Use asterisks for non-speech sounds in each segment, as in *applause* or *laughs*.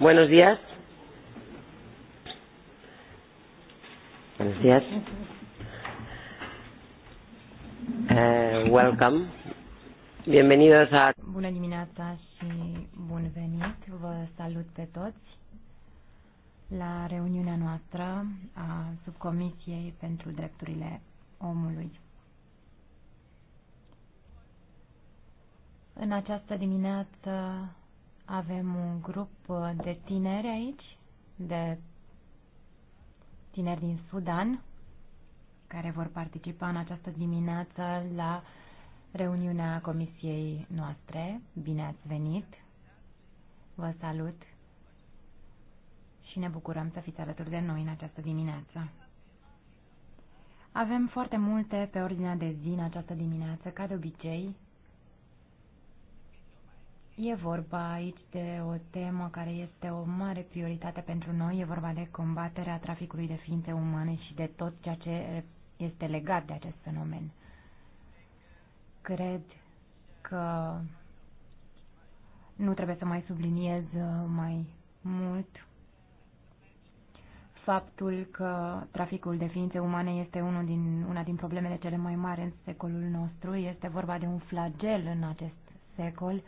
Buenos días. Buenos días. Uh, welcome. Bienvenidos a... Bună dimineața și bun venit. Vă salut pe toți la reuniunea noastră a Subcomisiei pentru Drepturile Omului. În această dimineață avem un grup uh, de tineri aici, de tineri din Sudan, care vor participa în această dimineață la reuniunea comisiei noastre. Bine ați venit! Vă salut și ne bucurăm să fiți alături de noi în această dimineață. Avem foarte multe pe ordinea de zi în această dimineață, ca de obicei, E vorba aici de o temă care este o mare prioritate pentru noi, e vorba de combaterea traficului de ființe umane și de tot ceea ce este legat de acest fenomen. Cred că nu trebuie să mai subliniez uh, mai mult faptul că traficul de ființe umane este unul din, una din problemele cele mai mari în secolul nostru. Este vorba de un flagel în acest secol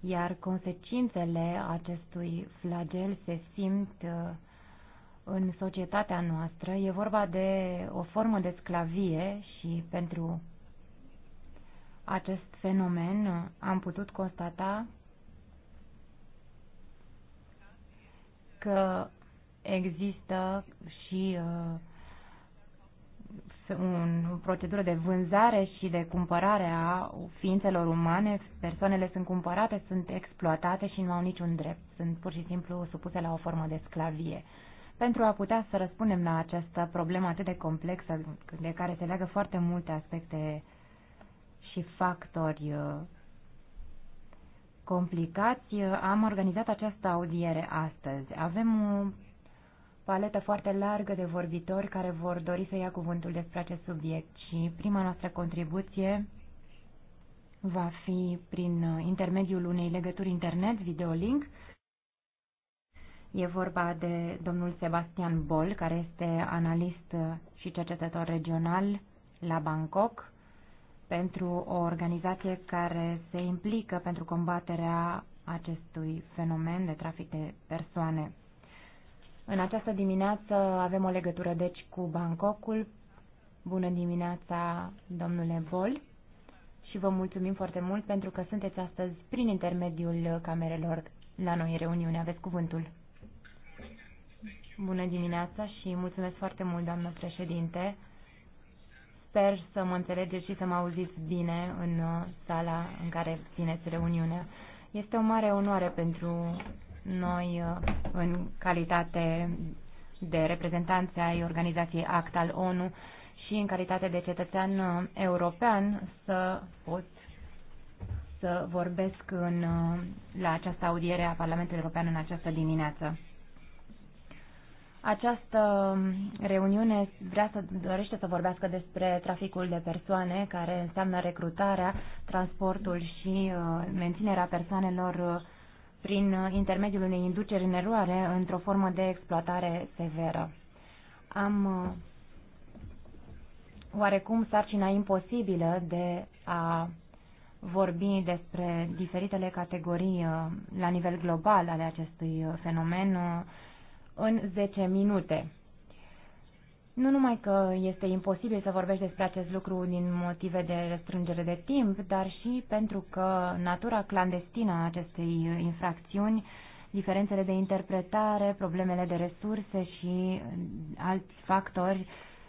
iar consecințele acestui flagel se simt uh, în societatea noastră. E vorba de o formă de sclavie și pentru acest fenomen am putut constata că există și uh, o procedură de vânzare și de cumpărare a ființelor umane. Persoanele sunt cumpărate, sunt exploatate și nu au niciun drept. Sunt pur și simplu supuse la o formă de sclavie. Pentru a putea să răspundem la această problemă atât de complexă, de care se leagă foarte multe aspecte și factori uh, complicați, uh, am organizat această audiere astăzi. Avem paletă foarte largă de vorbitori care vor dori să ia cuvântul despre acest subiect și prima noastră contribuție va fi prin uh, intermediul unei legături internet, videolink. E vorba de domnul Sebastian Bol, care este analist uh, și cercetător regional la Bangkok pentru o organizație care se implică pentru combaterea acestui fenomen de trafic de persoane. În această dimineață avem o legătură, deci, cu Bangkokul. Bună dimineața, domnule Bol, și vă mulțumim foarte mult pentru că sunteți astăzi prin intermediul camerelor la noi în reuniune. Aveți cuvântul. Bună dimineața și mulțumesc foarte mult, doamnă președinte. Sper să mă înțelegeți și să mă auziți bine în uh, sala în care țineți reuniunea. Este o mare onoare pentru noi, uh, în calitate de reprezentanți ai organizației ACT al ONU și în calitate de cetățean uh, european, să pot să vorbesc în, uh, la această audiere a Parlamentului European în această dimineață. Această reuniune vrea să dorește să vorbească despre traficul de persoane, care înseamnă recrutarea, transportul și menținerea persoanelor prin uh, intermediul unei induceri în eroare într-o formă de exploatare severă. Am uh, oarecum sarcina imposibilă de a vorbi despre diferitele categorii uh, la nivel global ale acestui fenomen în 10 minute. Nu numai că este imposibil să vorbești despre acest lucru din motive de restrângere de timp, dar și pentru că natura clandestină a acestei infracțiuni, diferențele de interpretare, problemele de resurse și alți factori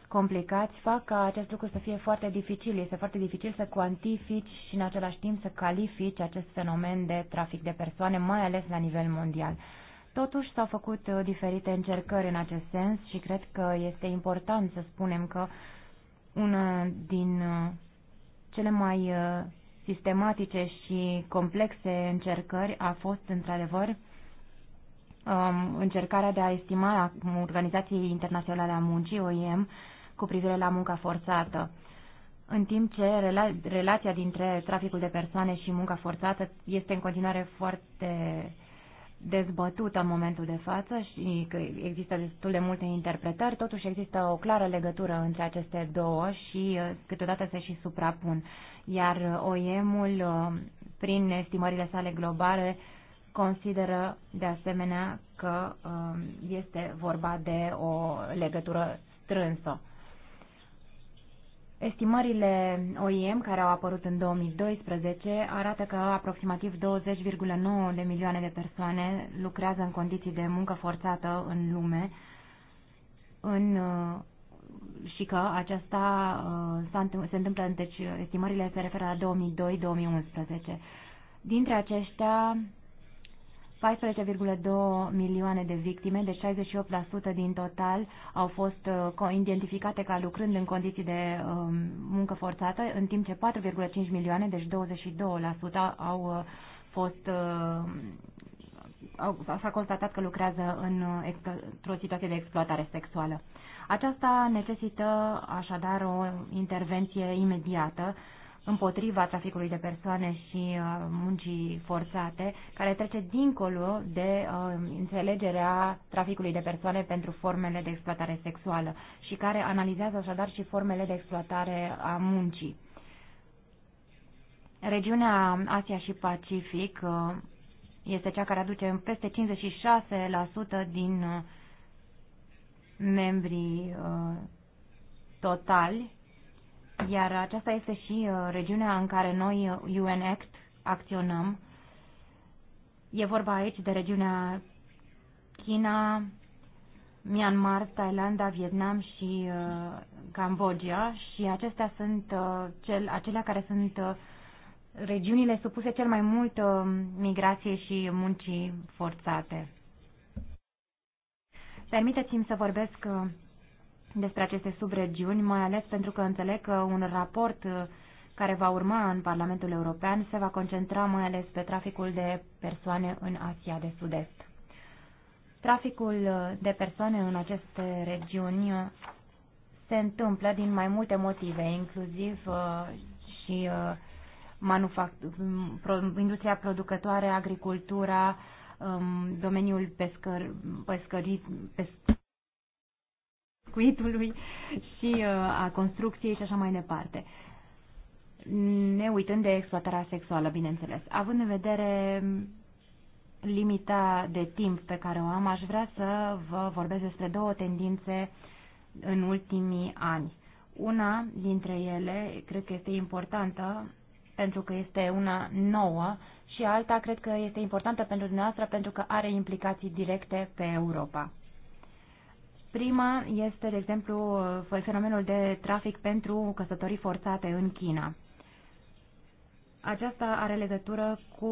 complicați fac ca acest lucru să fie foarte dificil. Este foarte dificil să cuantifici și în același timp să califici acest fenomen de trafic de persoane, mai ales la nivel mondial. Totuși s-au făcut uh, diferite încercări în acest sens și cred că este important să spunem că una din uh, cele mai uh, sistematice și complexe încercări a fost într-adevăr um, încercarea de a estima a Organizației Internaționale a Muncii, OIM, cu privire la munca forțată în timp ce rela relația dintre traficul de persoane și munca forțată este în continuare foarte dezbătută în momentul de față și că există destul de multe interpretări, totuși există o clară legătură între aceste două și uh, câteodată se și suprapun. Iar uh, OIM-ul, uh, prin estimările sale globale, consideră de asemenea că este vorba de o legătură strânsă. Estimările OIM care au apărut în 2012 arată că aproximativ 20,9 de milioane de persoane lucrează în condiții de muncă forțată în lume în, uh, și că aceasta uh, se întâmplă, deci estimările se referă la 2002-2011. Dintre aceștia, 14,2 milioane de victime, de deci 68% din total, au fost uh, identificate ca lucrând în condiții de um, muncă forțată, în timp ce 4,5 milioane, deci 22%, au uh, fost uh, s-a constatat că lucrează în, într-o situație de exploatare sexuală. Aceasta necesită așadar o intervenție imediată împotriva traficului de persoane și uh, muncii forțate, care trece dincolo de uh, înțelegerea traficului de persoane pentru formele de exploatare sexuală și care analizează așadar și formele de exploatare a muncii. Regiunea Asia și Pacific uh, este cea care aduce peste 56% din membrii totali iar aceasta este și uh, regiunea în care noi, uh, UN Act, acționăm. E vorba aici de regiunea China, Myanmar, Thailanda, Vietnam și uh, Cambodgia și acestea sunt cel, acelea care sunt regiunile supuse cel mai mult migrație migrației și muncii forțate. Permiteți-mi să vorbesc despre aceste subregiuni, mai ales pentru că înțeleg că un raport uh, care va urma în Parlamentul European se va concentra mai ales pe traficul de persoane în Asia de Sud-Est. Traficul uh, de persoane în aceste regiuni uh, se întâmplă din mai multe motive, inclusiv și industria producătoare, agricultura, um, domeniul pescări, pescări, circuitului și uh, a construcției și așa mai departe. Ne uitând de exploatarea sexuală, bineînțeles. Având în vedere limita de timp pe care o am, aș vrea să vă vorbesc despre două tendințe în ultimii ani. Una dintre ele cred că este importantă pentru că este una nouă și alta cred că este importantă pentru dumneavoastră pentru că are implicații directe pe Europa. Prima este, de exemplu, fenomenul de trafic pentru căsătorii forțate în China. Aceasta are legătură cu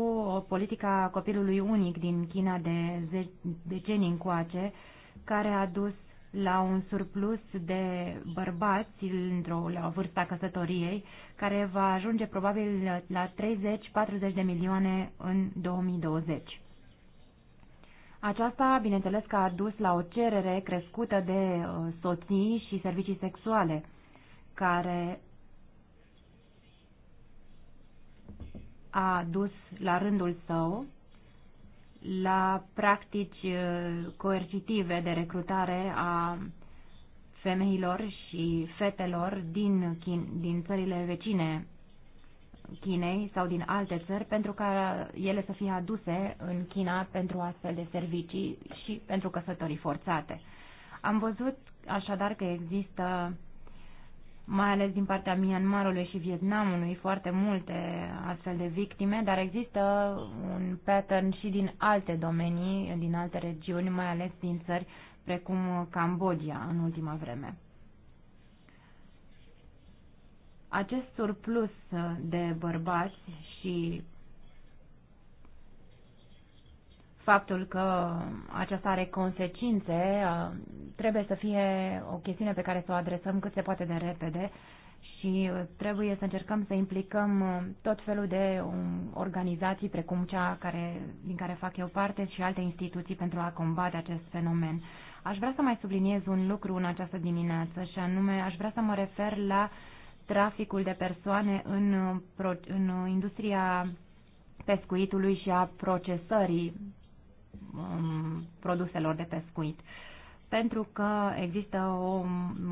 politica copilului unic din China de decenii încoace, care a dus la un surplus de bărbați într-o, la vârsta căsătoriei, care va ajunge probabil la 30-40 de milioane în 2020. Aceasta, bineînțeles, că a dus la o cerere crescută de uh, soții și servicii sexuale, care a dus la rândul său la practici uh, coercitive de recrutare a femeilor și fetelor din, din țările vecine Chinei sau din alte țări pentru ca ele să fie aduse în China pentru astfel de servicii și pentru căsătorii forțate. Am văzut așadar că există, mai ales din partea Myanmarului și Vietnamului, foarte multe astfel de victime, dar există un pattern și din alte domenii, din alte regiuni, mai ales din țări precum Cambodgia în ultima vreme. Acest surplus uh, de bărbați și faptul că aceasta are consecințe uh, trebuie să fie o chestiune pe care să o adresăm cât se poate de repede și uh, trebuie să încercăm să implicăm tot felul de um, organizații precum cea care, din care fac eu parte și alte instituții pentru a combate acest fenomen. Aș vrea să mai subliniez un lucru în această dimineață și anume aș vrea să mă refer la uh, traficul de persoane în, în industria pescuitului și a procesării um, produselor de pescuit. Pentru că există o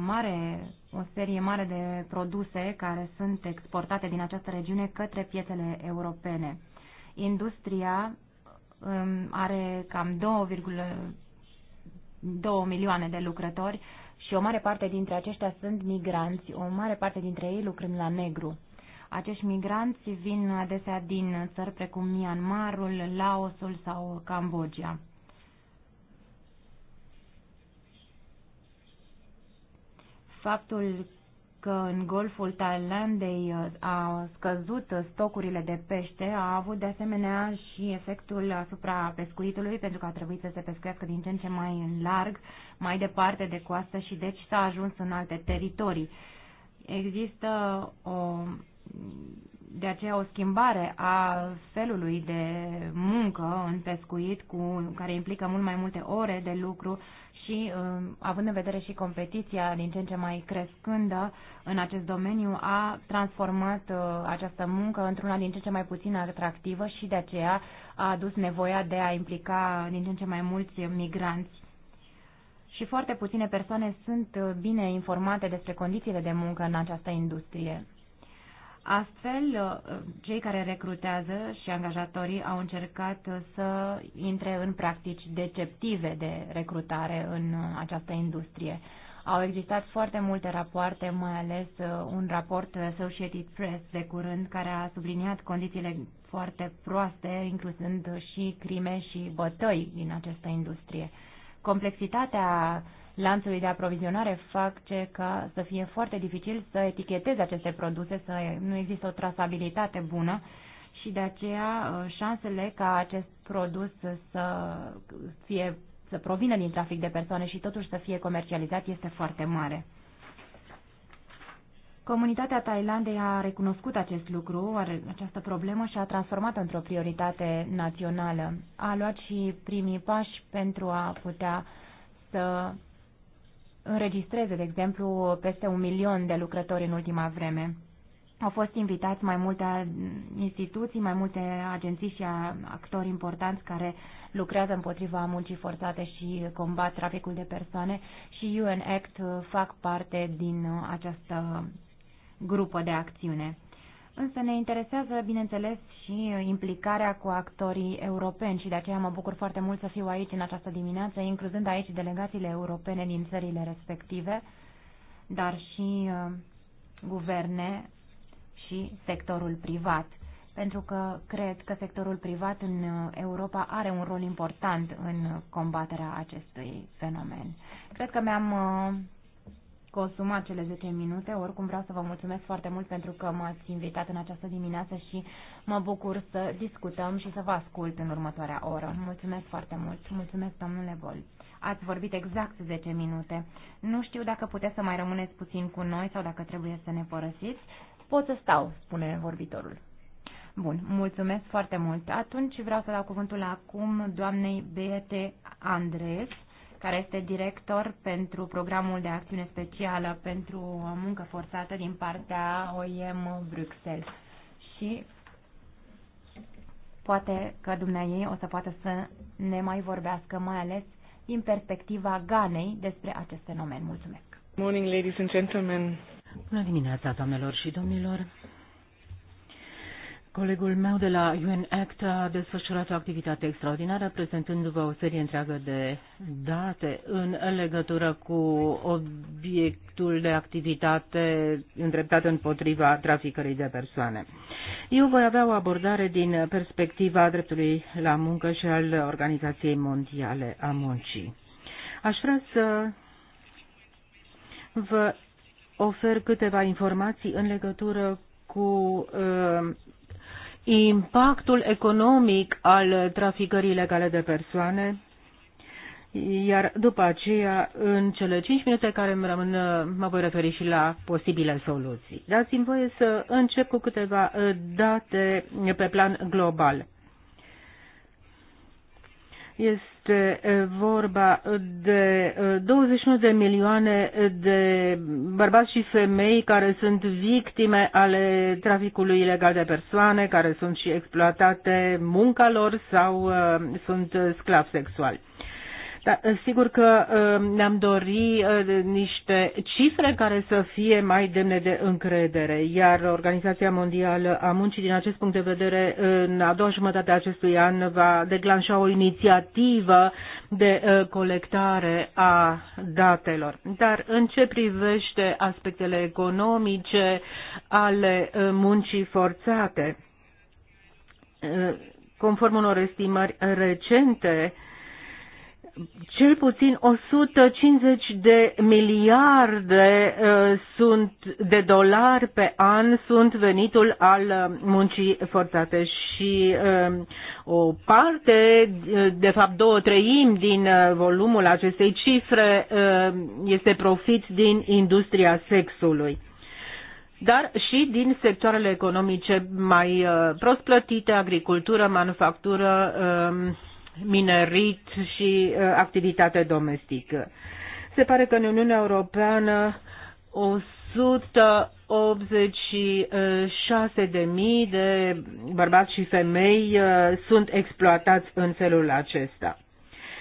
mare, o serie mare de produse care sunt exportate din această regiune către piețele europene. Industria um, are cam 2,2 milioane de lucrători, și o mare parte dintre aceștia sunt migranți, o mare parte dintre ei lucrând la negru. Acești migranți vin adesea din țări precum Myanmarul, Laosul sau Cambodgia. Faptul că în golful Thailandei uh, a scăzut stocurile de pește, a avut de asemenea și efectul asupra pescuitului, pentru că a trebuit să se pescuiască din ce în ce mai în larg, mai departe de coastă și deci s-a ajuns în alte teritorii. Există o de aceea o schimbare a felului de muncă în pescuit, cu, care implică mult mai multe ore de lucru și um, având în vedere și competiția din ce în ce mai crescândă în acest domeniu, a transformat uh, această muncă într-una din ce în ce mai puțin atractivă și de aceea a adus nevoia de a implica din ce în ce mai mulți migranți și foarte puține persoane sunt uh, bine informate despre condițiile de muncă în această industrie. Astfel, uh, cei care recrutează și angajatorii au încercat uh, să intre în practici deceptive de recrutare în uh, această industrie. Au existat foarte multe rapoarte, mai ales un raport Associated Press de curând, care a subliniat condițiile foarte proaste, incluzând și crime și bătăi din această industrie. Complexitatea lanțului de aprovizionare face ca să fie foarte dificil să eticheteze aceste produse, să nu există o trasabilitate bună și de aceea uh, șansele ca acest produs să fie să provină din trafic de persoane și totuși să fie comercializat este foarte mare. Comunitatea Thailandei a recunoscut acest lucru, această problemă și a transformat o într-o prioritate națională. A luat și primii pași pentru a putea să înregistreze, de exemplu, peste un milion de lucrători în ultima vreme. Au fost invitați mai multe instituții, mai multe agenții și actori importanți care lucrează împotriva muncii forțate și combat traficul de persoane și UN Act uh, fac parte din uh, această grupă de acțiune. Însă ne interesează, bineînțeles, și implicarea cu actorii europeni și de aceea mă bucur foarte mult să fiu aici în această dimineață, incluzând aici delegațiile europene din țările respective, dar și uh, guverne și sectorul privat. Pentru că cred că sectorul privat în uh, Europa are un rol important în combaterea acestui fenomen. Cred că mi-am uh, consumat cele 10 minute. Oricum vreau să vă mulțumesc foarte mult pentru că m-ați invitat în această dimineață și mă bucur să discutăm și să vă ascult în următoarea oră. Mulțumesc foarte mult. Mulțumesc, domnule Bol. Ați vorbit exact 10 minute. Nu știu dacă puteți să mai rămâneți puțin cu noi sau dacă trebuie să ne părăsiți. Pot să stau, spune vorbitorul. Bun, mulțumesc foarte mult. Atunci vreau să dau cuvântul acum doamnei Beate Andres, care este director pentru programul de acțiune specială pentru muncă forțată din partea OIM Bruxelles. Și poate că dumneai o să poată să ne mai vorbească, mai ales din perspectiva Ganei, despre acest fenomen. Mulțumesc! Morning, ladies and gentlemen! Bună dimineața, doamnelor și domnilor! Colegul meu de la UN Act a desfășurat o activitate extraordinară, prezentându-vă o serie întreagă de date în legătură cu obiectul de activitate îndreptat împotriva traficării de persoane. Eu voi avea o abordare din perspectiva dreptului la muncă și al Organizației Mondiale a Muncii. Aș vrea să vă ofer câteva informații în legătură cu uh, impactul economic al traficării legale de persoane, iar după aceea, în cele 5 minute care îmi rămân, mă voi referi și la posibile soluții. Dați-mi voie să încep cu câteva uh, date pe plan global. Este este vorba de 21 de milioane de bărbați și femei care sunt victime ale traficului ilegal de persoane, care sunt și exploatate munca lor sau sunt sclavi sexuali. Dar eh, sigur că eh, ne-am dori eh, niște cifre care să fie mai demne de încredere, iar Organizația Mondială a Muncii, din acest punct de vedere, în a doua jumătate a acestui an va declanșa o inițiativă de colectare a datelor. Dar în ce privește aspectele economice ale muncii forțate, conform unor estimări recente, cel puțin 150 de miliarde uh, sunt de dolari pe an sunt venitul al uh, muncii forțate și um, o parte, uh, de fapt două treimi din volumul acestei cifre este profit din industria sexului dar și din sectoarele economice mai prost plătite, agricultură, manufactură, um, minerit și uh, activitate domestică. Se pare că în Uniunea Europeană 186.000 de bărbați și femei uh, sunt exploatați în felul acesta.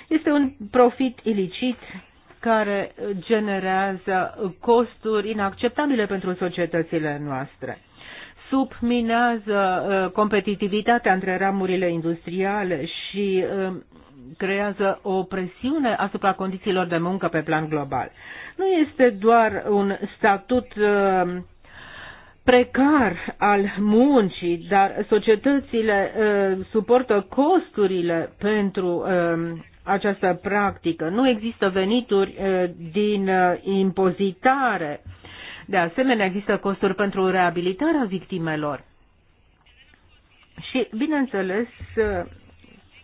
Este un profit ilicit care generează costuri inacceptabile pentru societățile noastre subminează uh, competitivitatea între ramurile industriale și um, creează o presiune asupra condițiilor de muncă pe plan global. Nu este doar un statut um, precar al muncii, dar societățile uh, suportă costurile pentru um, această practică. Nu există venituri uh, din impozitare de asemenea, există costuri pentru reabilitarea victimelor. Și, bineînțeles,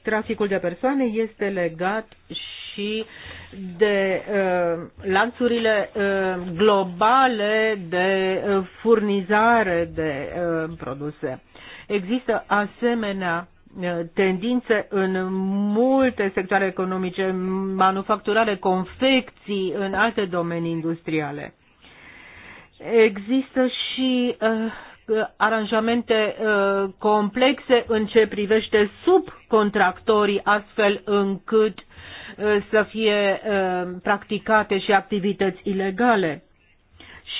traficul de persoane este legat și de uh, lanțurile uh, globale de uh, furnizare de uh, produse. Există asemenea uh, tendințe în multe sectoare economice, manufacturare, confecții, în alte domenii industriale. Există și uh, aranjamente uh, complexe în ce privește subcontractorii, astfel încât uh, să fie uh, practicate și activități ilegale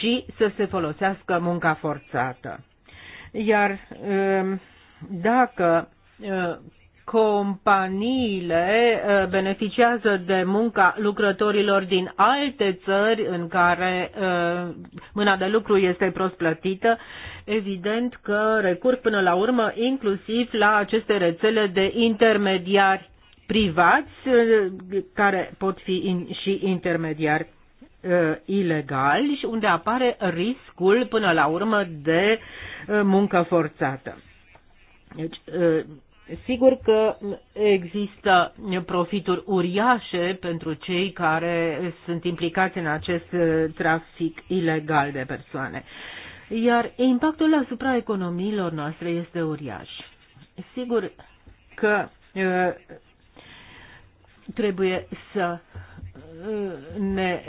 și să se folosească munca forțată. Iar uh, dacă uh, companiile uh, beneficiază de munca lucrătorilor din alte țări în care uh, mâna de lucru este prost plătită, evident că recurg până la urmă inclusiv la aceste rețele de intermediari privați uh, care pot fi și intermediari ilegali și unde apare riscul până la urmă de muncă forțată. Deci, Sigur că există profituri uriașe pentru cei care sunt implicați în acest uh, trafic ilegal de persoane. Iar impactul asupra economiilor noastre este uriaș. Sigur că uh, trebuie să ne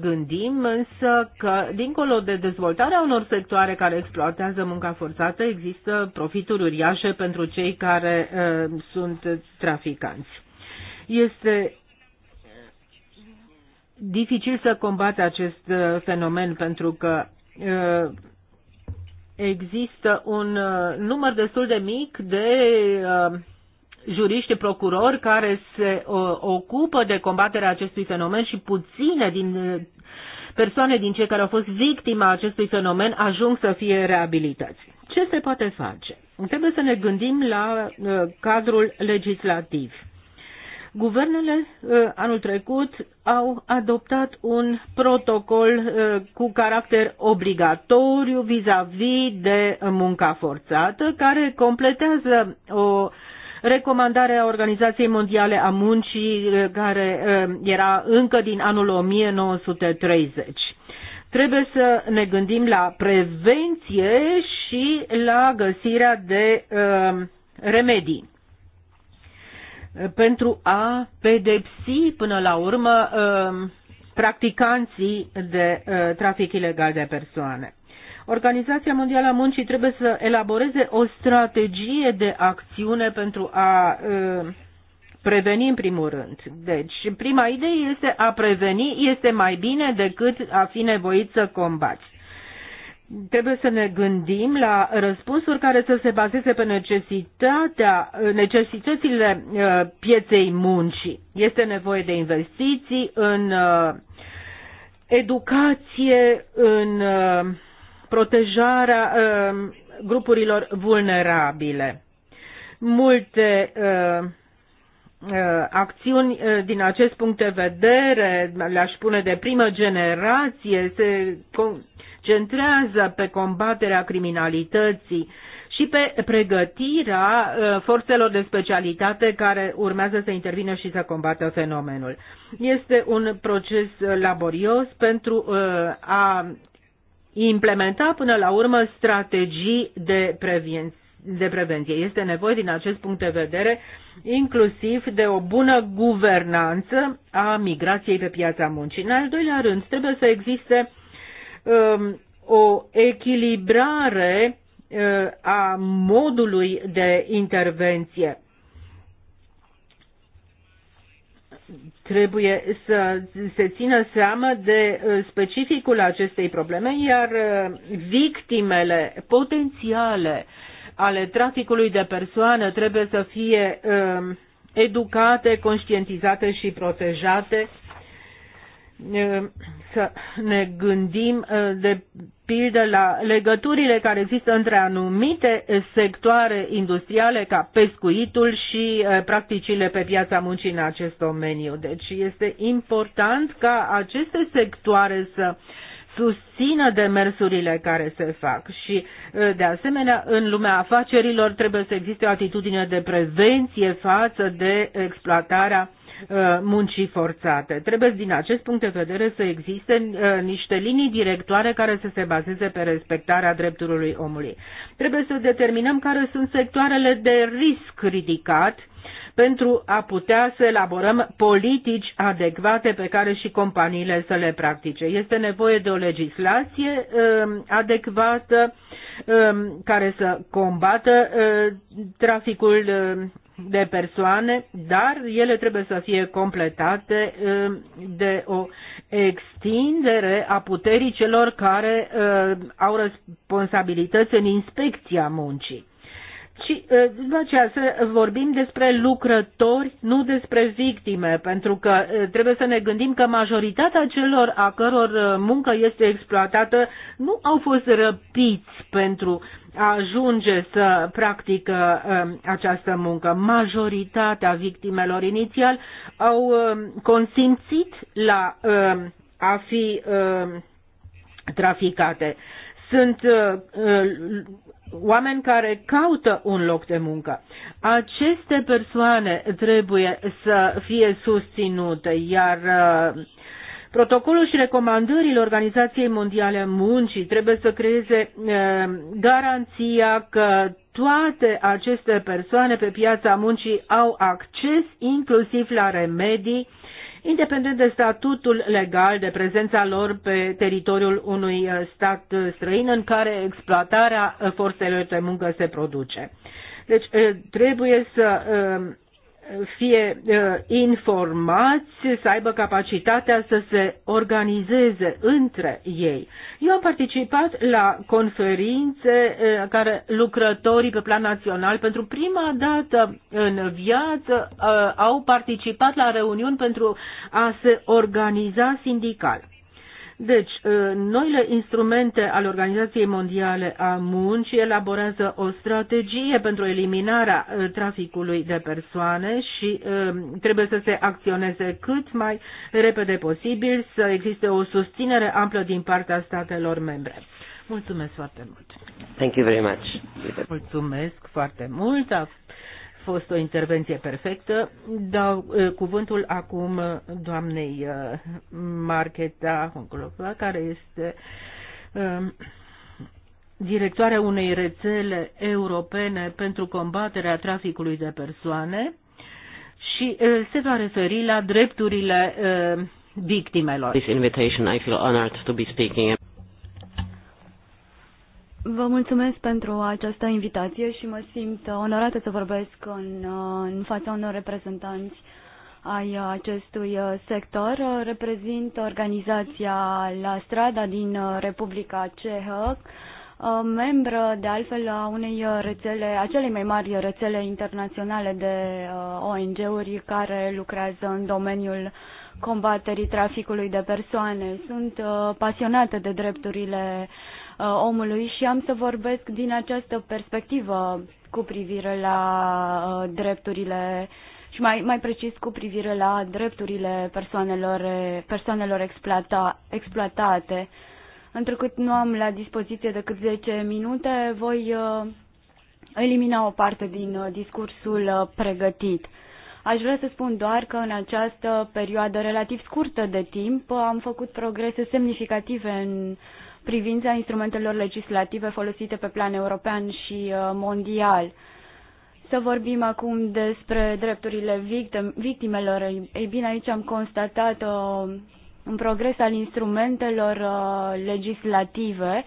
gândim însă că, dincolo de dezvoltarea unor sectoare care exploatează munca forțată, există profituri uriașe pentru cei care uh, sunt traficanți. Este dificil să combate acest fenomen pentru că uh, există un număr destul de mic de uh, juriști procurori care se ocupă de combaterea acestui fenomen și puține din persoane din cei care au fost victima acestui fenomen ajung să fie reabilitați. Ce se poate face? Trebuie să ne gândim la cadrul legislativ. Guvernele anul trecut au adoptat un protocol cu caracter obligatoriu vis-a-vis -vis de munca forțată, care completează o recomandarea Organizației Mondiale a Muncii, eh, care eh, era încă din anul 1930 trebuie să ne gândim la prevenție și la găsirea de eh, remedii pentru a pedepsi până la urmă practicanții de trafic ilegal de persoane. Organizația Mondială a Muncii trebuie să elaboreze o strategie de acțiune pentru a preveni în primul rând. Deci, prima idee este a preveni este mai bine decât a fi nevoit să combați. Trebuie să ne gândim la răspunsuri care să se bazeze pe necesitatea, necesitățile pieței muncii. Este nevoie de investiții în educație, în protejarea ehm, grupurilor vulnerabile. Multe ehm, ehm, acțiuni eh, din acest punct de vedere, le-aș spune de primă generație, se concentrează pe combaterea criminalității și pe pregătirea eh, forțelor de specialitate care urmează să intervină și să combată fenomenul. Este un proces eh, laborios pentru a implementa până la urmă strategii de prevenție de prevenție. Este nevoie din acest punct de vedere inclusiv de o bună guvernanță a migrației pe piața muncii. În al doilea rând, trebuie să existe um, o echilibrare uh, a modului de intervenție. Trebuie să se țină seamă de uh, specificul acestei probleme, iar uh, victimele potențiale ale traficului de persoană trebuie să fie uh, educate, conștientizate și protejate să ne gândim de pildă la legăturile care există între anumite sectoare industriale ca pescuitul și practicile pe piața muncii în acest domeniu. Deci este important ca aceste sectoare să susțină demersurile care se fac și, de asemenea, în lumea afacerilor trebuie să existe o atitudine de prevenție față de exploatarea uh, Uh, muncii forțate. Trebuie din acest punct de vedere să existe uh, niște linii directoare care să se bazeze pe respectarea drepturilor omului. Trebuie să determinăm care sunt sectoarele de risc ridicat pentru a putea să elaborăm politici adecvate pe care și companiile să le practice. Este nevoie de o legislație um, adecvată um, care să combată uh, traficul um, de persoane, dar ele trebuie să fie completate de o extindere a puterii celor care uh, au responsabilități în inspecția muncii. Și după aceea să vorbim despre lucrători, nu despre victime, pentru că trebuie să ne gândim că majoritatea celor a căror muncă este exploatată nu au fost răpiți pentru a ajunge să practică această muncă. Majoritatea victimelor inițial au consimțit la a fi traficate sunt uh, oameni care caută un loc de muncă. Aceste persoane trebuie să fie susținute, iar uh, protocolul și recomandările Organizației Mondiale a Muncii trebuie să creeze uh, garanția că toate aceste persoane pe piața muncii au acces inclusiv la remedii independent de statutul legal, de prezența lor pe teritoriul unui uh, stat uh, străin în care exploatarea uh, forțelor de muncă se produce. Deci trebuie să fie uh, informați, să aibă capacitatea să se organizeze între ei. Eu am participat la conferințe uh, care lucrătorii pe plan național pentru prima dată în viață uh, au participat la reuniuni pentru a se organiza sindical. Deci, uh, noile instrumente ale Organizației Mondiale a Muncii elaborează o strategie pentru eliminarea uh, traficului de persoane și um, trebuie să se acționeze cât mai repede posibil, să existe o susținere amplă din partea statelor membre. Mulțumesc foarte mult. Thank you very much. Mulțumesc foarte mult fost o intervenție perfectă. Dau cuvântul acum doamnei Marcheta Hunculova, care este directoarea unei rețele europene pentru combaterea traficului de persoane și se va referi la drepturile victimelor. This invitation I feel honored to be speaking. Vă mulțumesc pentru această invitație și mă simt onorată să vorbesc în, în fața unor reprezentanți ai acestui sector. Reprezint organizația La Strada din Republica Cehă, membră de altfel a unei rețele, a celei mai mari rețele internaționale de uh, ONG-uri care lucrează în domeniul combaterii traficului de persoane. Sunt uh, pasionată de drepturile Uh, omului și am să vorbesc din această perspectivă cu privire la uh, drepturile și mai, mai precis cu privire la drepturile persoanelor, persoanelor exploata, exploatate. Întrucât nu am la dispoziție decât 10 minute, voi uh, elimina o parte din discursul pregătit. Aș vrea să spun doar că în această perioadă relativ scurtă de timp am făcut progrese semnificative în privința instrumentelor legislative folosite pe plan european și uh, mondial. Să vorbim acum despre drepturile victim, victimelor. Ei bine, aici am constatat uh, un progres al instrumentelor uh, legislative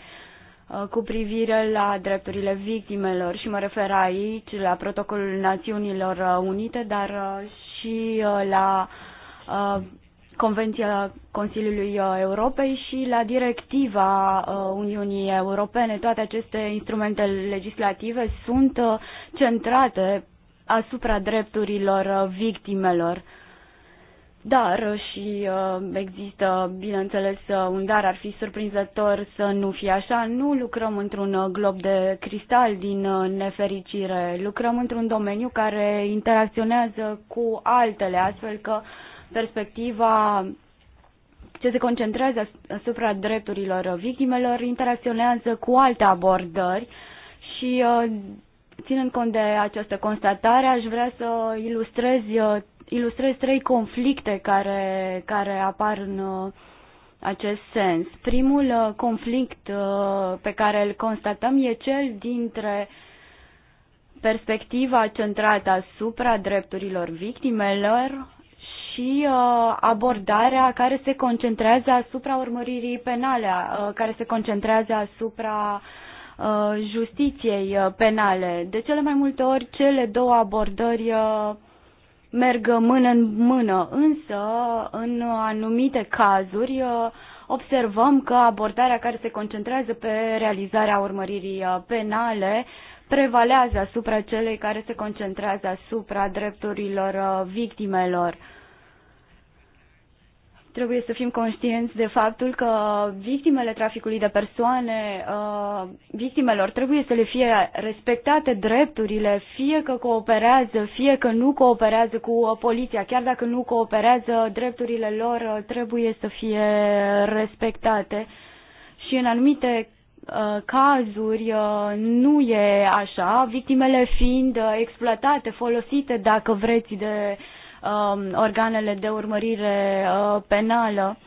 cu privire la drepturile victimelor și mă refer aici la protocolul Națiunilor Unite, dar și la Convenția Consiliului uh, Europei și la directiva uh, Uniunii Europene. Toate aceste instrumente legislative sunt uh, centrate asupra drepturilor victimelor. Dar și există, bineînțeles, un dar ar fi surprinzător să nu fie așa. Nu lucrăm într-un glob de cristal din nefericire. Lucrăm într-un domeniu care interacționează cu altele, astfel că uh, perspectiva ce se concentrează asupra drepturilor victimelor, interacționează cu alte abordări și uh, ținând cont de această constatare, aș vrea să ilustrez, uh, ilustrez trei conflicte care, care apar în uh, acest sens. Primul conflict pe care îl constatăm e cel dintre perspectiva centrată asupra drepturilor victimelor și uh, abordarea care se concentrează asupra urmăririi penale, uh, care se concentrează asupra uh, justiției penale. De cele mai multe ori, cele două abordări merg mână în mână, însă în anumite cazuri observăm că abordarea care se concentrează pe realizarea urmăririi penale prevalează asupra celei care se concentrează asupra drepturilor victimelor. Trebuie să fim conștienți de faptul că victimele traficului de persoane, uh, victimelor trebuie să le fie respectate drepturile, fie că cooperează, fie că nu cooperează cu uh, poliția. Chiar dacă nu cooperează, drepturile lor uh, trebuie să fie respectate. Și în anumite cazuri nu e așa, victimele fiind exploatate, folosite, dacă vreți, de uh, uh, organele de urmărire uh, penală.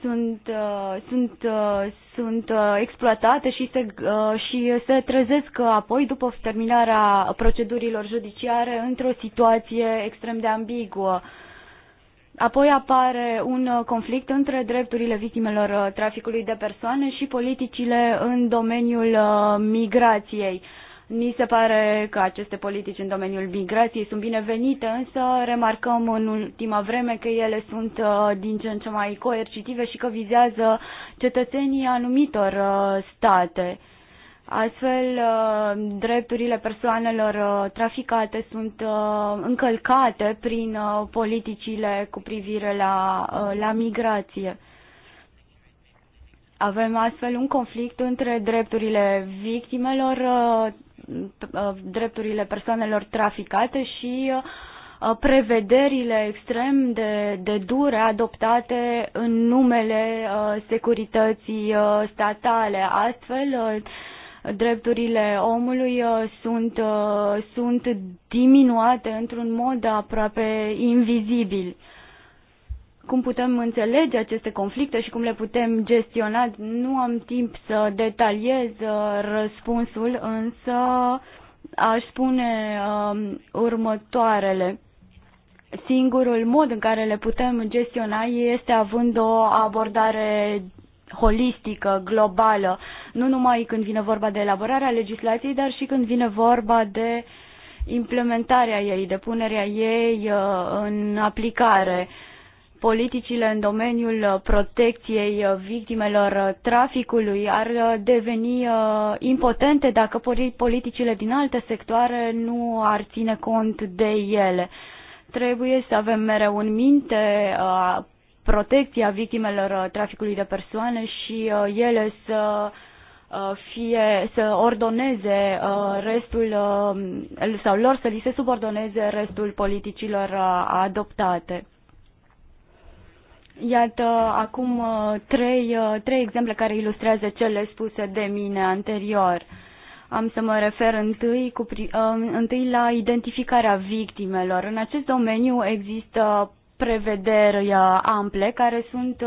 Sunt, uh, sunt, uh, sunt uh, exploatate și se, uh, și se trezesc apoi, după terminarea procedurilor judiciare, într-o situație extrem de ambiguă. Apoi apare un conflict între drepturile victimelor uh, traficului de persoane și politicile în domeniul uh, migrației. Uh, Ni se pare că aceste politici în domeniul migrației sunt binevenite, însă remarcăm în ultima vreme că ele sunt uh, din ce în ce mai coercitive și că vizează cetățenii anumitor uh, state. Astfel, uh, drepturile persoanelor traficate sunt încălcate prin politicile cu privire la, la migrație. Avem astfel un conflict între drepturile victimelor Uh, drepturile persoanelor traficate și uh, prevederile extrem de, de dure adoptate în numele uh, securității statale. Astfel, drepturile omului sunt, sunt diminuate într-un mod aproape invizibil cum putem înțelege aceste conflicte și cum le putem gestiona. Nu am timp să detaliez uh, răspunsul, însă aș spune um, următoarele. Singurul mod în care le putem gestiona este având o abordare holistică, globală, nu numai când vine vorba de elaborarea legislației, dar și când vine vorba de implementarea ei, de punerea ei uh, în aplicare politicile în domeniul uh, protecției uh, victimelor uh, traficului ar deveni impotente dacă politicile din alte sectoare nu ar ține cont de ele. Trebuie să avem mereu în minte protecția victimelor traficului de persoane și ele să fie să ordoneze restul sau lor să li se subordoneze restul politicilor adoptate. Iată acum uh, trei, uh, trei exemple care ilustrează cele spuse de mine anterior. Am să mă refer întâi, cu, uh, întâi la identificarea victimelor. În acest domeniu există prevederi ample care sunt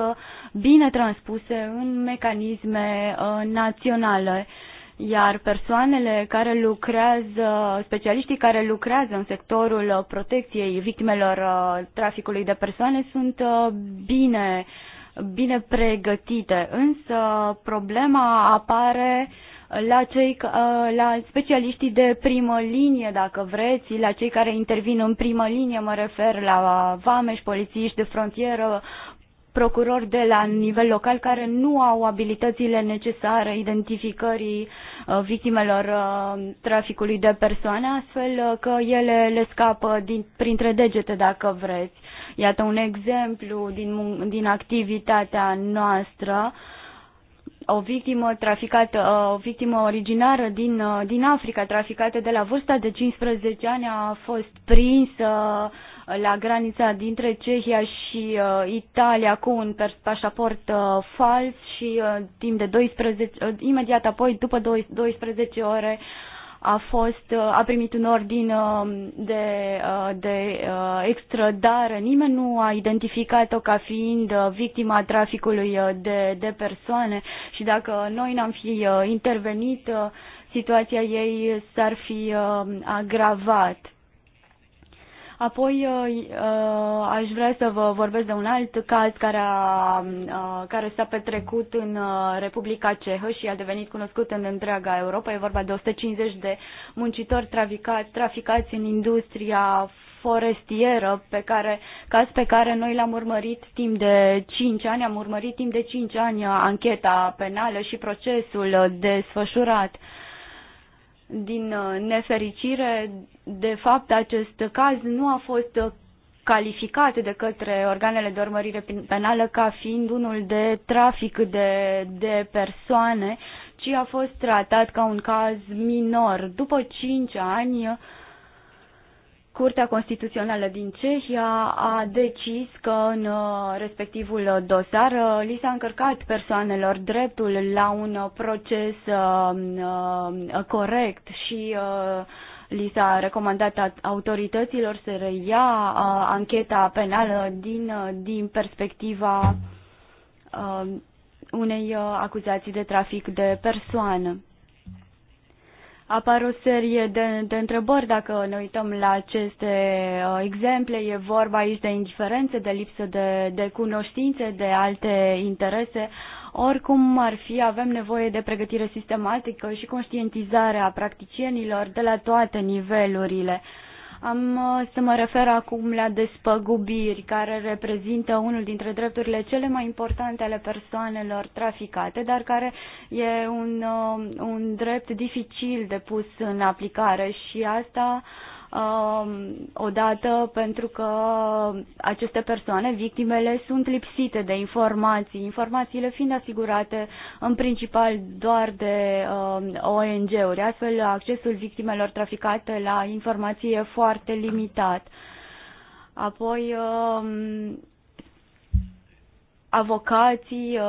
bine transpuse în mecanisme naționale iar persoanele care lucrează, specialiștii care lucrează în sectorul uh, protecției victimelor uh, traficului de persoane sunt uh, bine, bine pregătite, însă problema apare la, cei, la specialiștii de primă linie, dacă vreți, la cei care intervin în primă linie, mă refer la vameși, polițiști de frontieră, procurori de la nivel local care nu au abilitățile necesare identificării uh, victimelor uh, traficului de persoane, astfel uh, că ele le scapă din, printre degete, dacă vreți. Iată un exemplu din, din activitatea noastră. O victimă traficată, o victimă originară din, din Africa, traficată de la vârsta de 15 ani, a fost prinsă uh, la granița dintre Cehia și uh, Italia cu un pașaport uh, fals și uh, timp de 12, uh, imediat apoi, după 12 ore, a fost uh, a primit un ordin um, de, uh, de uh, extradare Nimeni nu a identificat-o ca fiind victima traficului de, de persoane și dacă noi n-am fi intervenit, situația ei s-ar fi agravat. Apoi uh, uh, aș vrea să vă vorbesc de un alt caz care, a, uh, care s-a petrecut în Republica Cehă și a devenit cunoscut în întreaga Europa. E vorba de 150 de muncitori traficați, traficați în industria forestieră pe care, caz pe care noi l-am urmărit timp de 5 ani, am urmărit timp de 5 ani ancheta penală și procesul desfășurat. Din nefericire, de fapt, acest caz nu a fost calificat de către organele de urmărire penală ca fiind unul de trafic de, de persoane, ci a fost tratat ca un caz minor. După cinci ani, Curtea Constituțională din Cehia a decis că în uh, respectivul dosar uh, li s-a încărcat persoanelor dreptul la un proces uh, corect și uh, li s-a recomandat autorităților să reia ancheta penală din, din perspectiva unei acuzații de trafic de persoană. Apar o serie de, de întrebări dacă ne uităm la aceste exemple. E vorba aici de indiferență, de lipsă de, de cunoștințe, de alte interese. Uh, oricum ar fi, avem nevoie de pregătire sistematică și conștientizare a practicienilor de la toate nivelurile. Am uh, să mă refer acum la despăgubiri, care reprezintă unul dintre drepturile cele mai importante ale persoanelor traficate, dar care e un, uh, un drept dificil de pus în aplicare și asta uh, Um, odată pentru că aceste persoane, victimele, sunt lipsite de informații, informațiile fiind asigurate în principal doar de um, ONG-uri. Astfel, accesul victimelor traficate la informații e foarte limitat. Apoi, um, avocații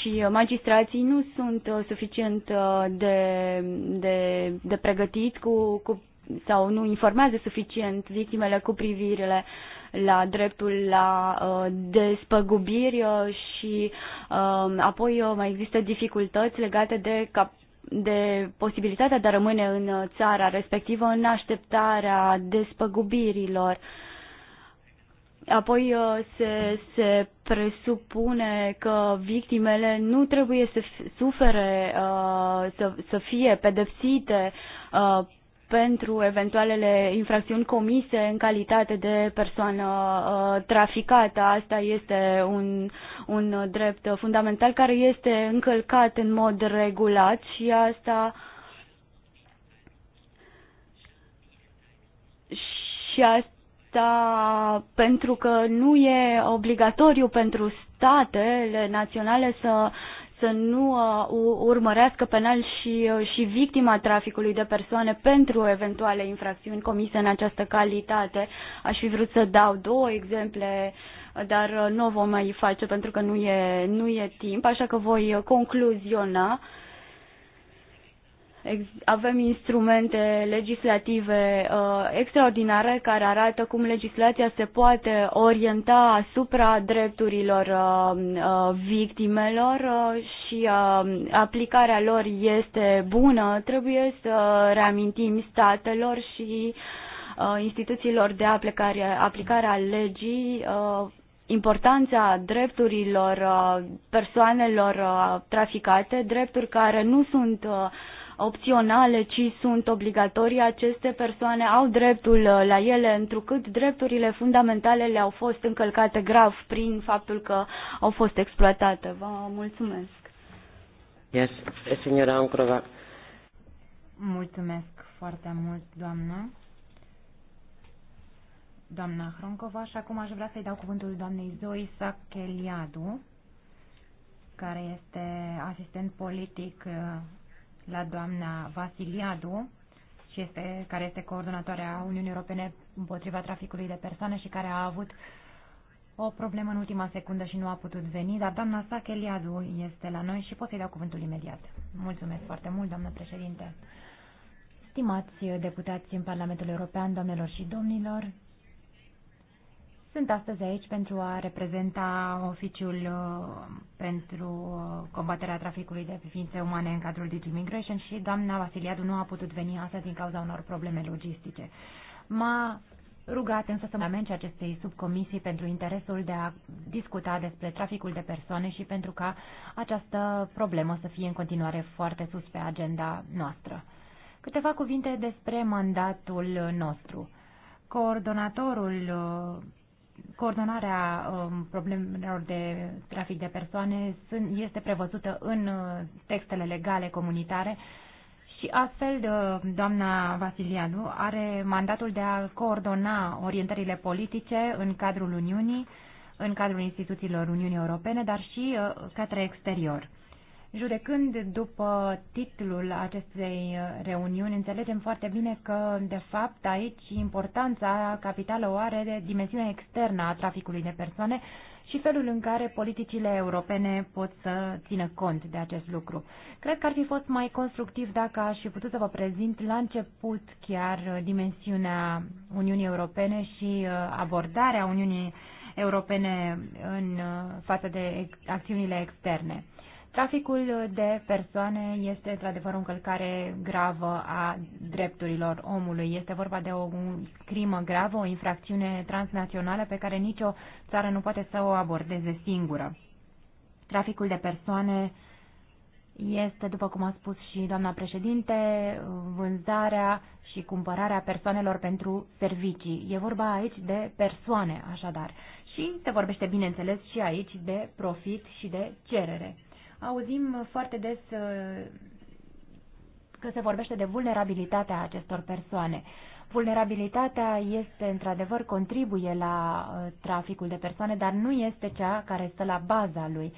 și magistrații nu sunt uh, suficient uh, de, de, de pregătiți cu, cu sau nu informează suficient victimele cu privire la dreptul la uh, despăgubiri uh, și uh, apoi uh, mai există dificultăți legate de cap de posibilitatea de a rămâne în uh, țara respectivă în așteptarea despăgubirilor. Apoi uh, se, se presupune că victimele nu trebuie să sufere, uh, să, să fie pedepsite pentru eventualele infracțiuni comise în calitate de persoană uh, traficată. Asta este un, un drept fundamental care este încălcat în mod regulat și asta și asta pentru că nu e obligatoriu pentru statele naționale să să nu uh, urmărească penal și, uh, și victima traficului de persoane pentru eventuale infracțiuni comise în această calitate. Aș fi vrut să dau două exemple, dar uh, nu o vom mai face pentru că nu e, nu e timp, așa că voi concluziona. Uh, avem instrumente legislative uh, extraordinare care arată cum legislația se poate orienta asupra drepturilor uh, uh, victimelor uh, și uh, aplicarea lor este bună. Trebuie să reamintim statelor și uh, instituțiilor de aplicare, aplicare a legii uh, importanța drepturilor uh, persoanelor uh, traficate, drepturi care nu sunt uh, opționale, ci sunt obligatorii, aceste persoane au dreptul uh, la ele, întrucât drepturile fundamentale le-au fost încălcate grav prin faptul că au fost exploatate. Vă mulțumesc. Yes, signora Ancrova. Mulțumesc foarte mult, doamnă. Doamna Hroncova și acum aș vrea să-i dau cuvântul doamnei Zoe Sacheliadu, care este asistent politic uh, la doamna Vasiliadu, și este, care este coordonatoarea Uniunii Europene împotriva traficului de persoane și care a avut o problemă în ultima secundă și nu a putut veni, dar doamna Sacheliadu este la noi și pot să-i dau cuvântul imediat. Mulțumesc foarte mult, doamnă președinte. Stimați deputați în Parlamentul European, doamnelor și domnilor, sunt astăzi aici pentru a reprezenta oficiul uh, pentru uh, combaterea traficului de ființe umane în cadrul Digimigration și doamna Vasiliadu nu a putut veni astăzi din cauza unor probleme logistice. M-a rugat însă să mă amenci acestei subcomisii pentru interesul de a discuta despre traficul de persoane și pentru ca această problemă să fie în continuare foarte sus pe agenda noastră. Câteva cuvinte despre mandatul nostru. Coordonatorul uh, coordonarea um, problemelor de trafic de persoane este prevăzută în uh, textele legale comunitare și astfel uh, doamna Vasilianu are mandatul de a coordona orientările politice în cadrul Uniunii, în cadrul instituțiilor Uniunii Europene, dar și uh, către exterior. Judecând după titlul acestei reuniuni, înțelegem foarte bine că, de fapt, aici importanța capitală o are de dimensiunea externă a traficului de persoane și felul în care politicile europene pot să țină cont de acest lucru. Cred că ar fi fost mai constructiv dacă aș fi putut să vă prezint la început chiar dimensiunea Uniunii Europene și uh, abordarea Uniunii Europene în uh, față de acțiunile externe. Traficul de persoane este într-adevăr o încălcare gravă a drepturilor omului. Este vorba de o crimă gravă, o infracțiune transnațională pe care nicio țară nu poate să o abordeze singură. Traficul de persoane este, după cum a spus și doamna președinte, vânzarea și cumpărarea persoanelor pentru servicii. E vorba aici de persoane, așadar. Și se vorbește, bineînțeles, și aici de profit și de cerere. Auzim foarte des uh, că se vorbește de vulnerabilitatea acestor persoane. Vulnerabilitatea este, într-adevăr, contribuie la uh, traficul de persoane, dar nu este cea care stă la baza lui.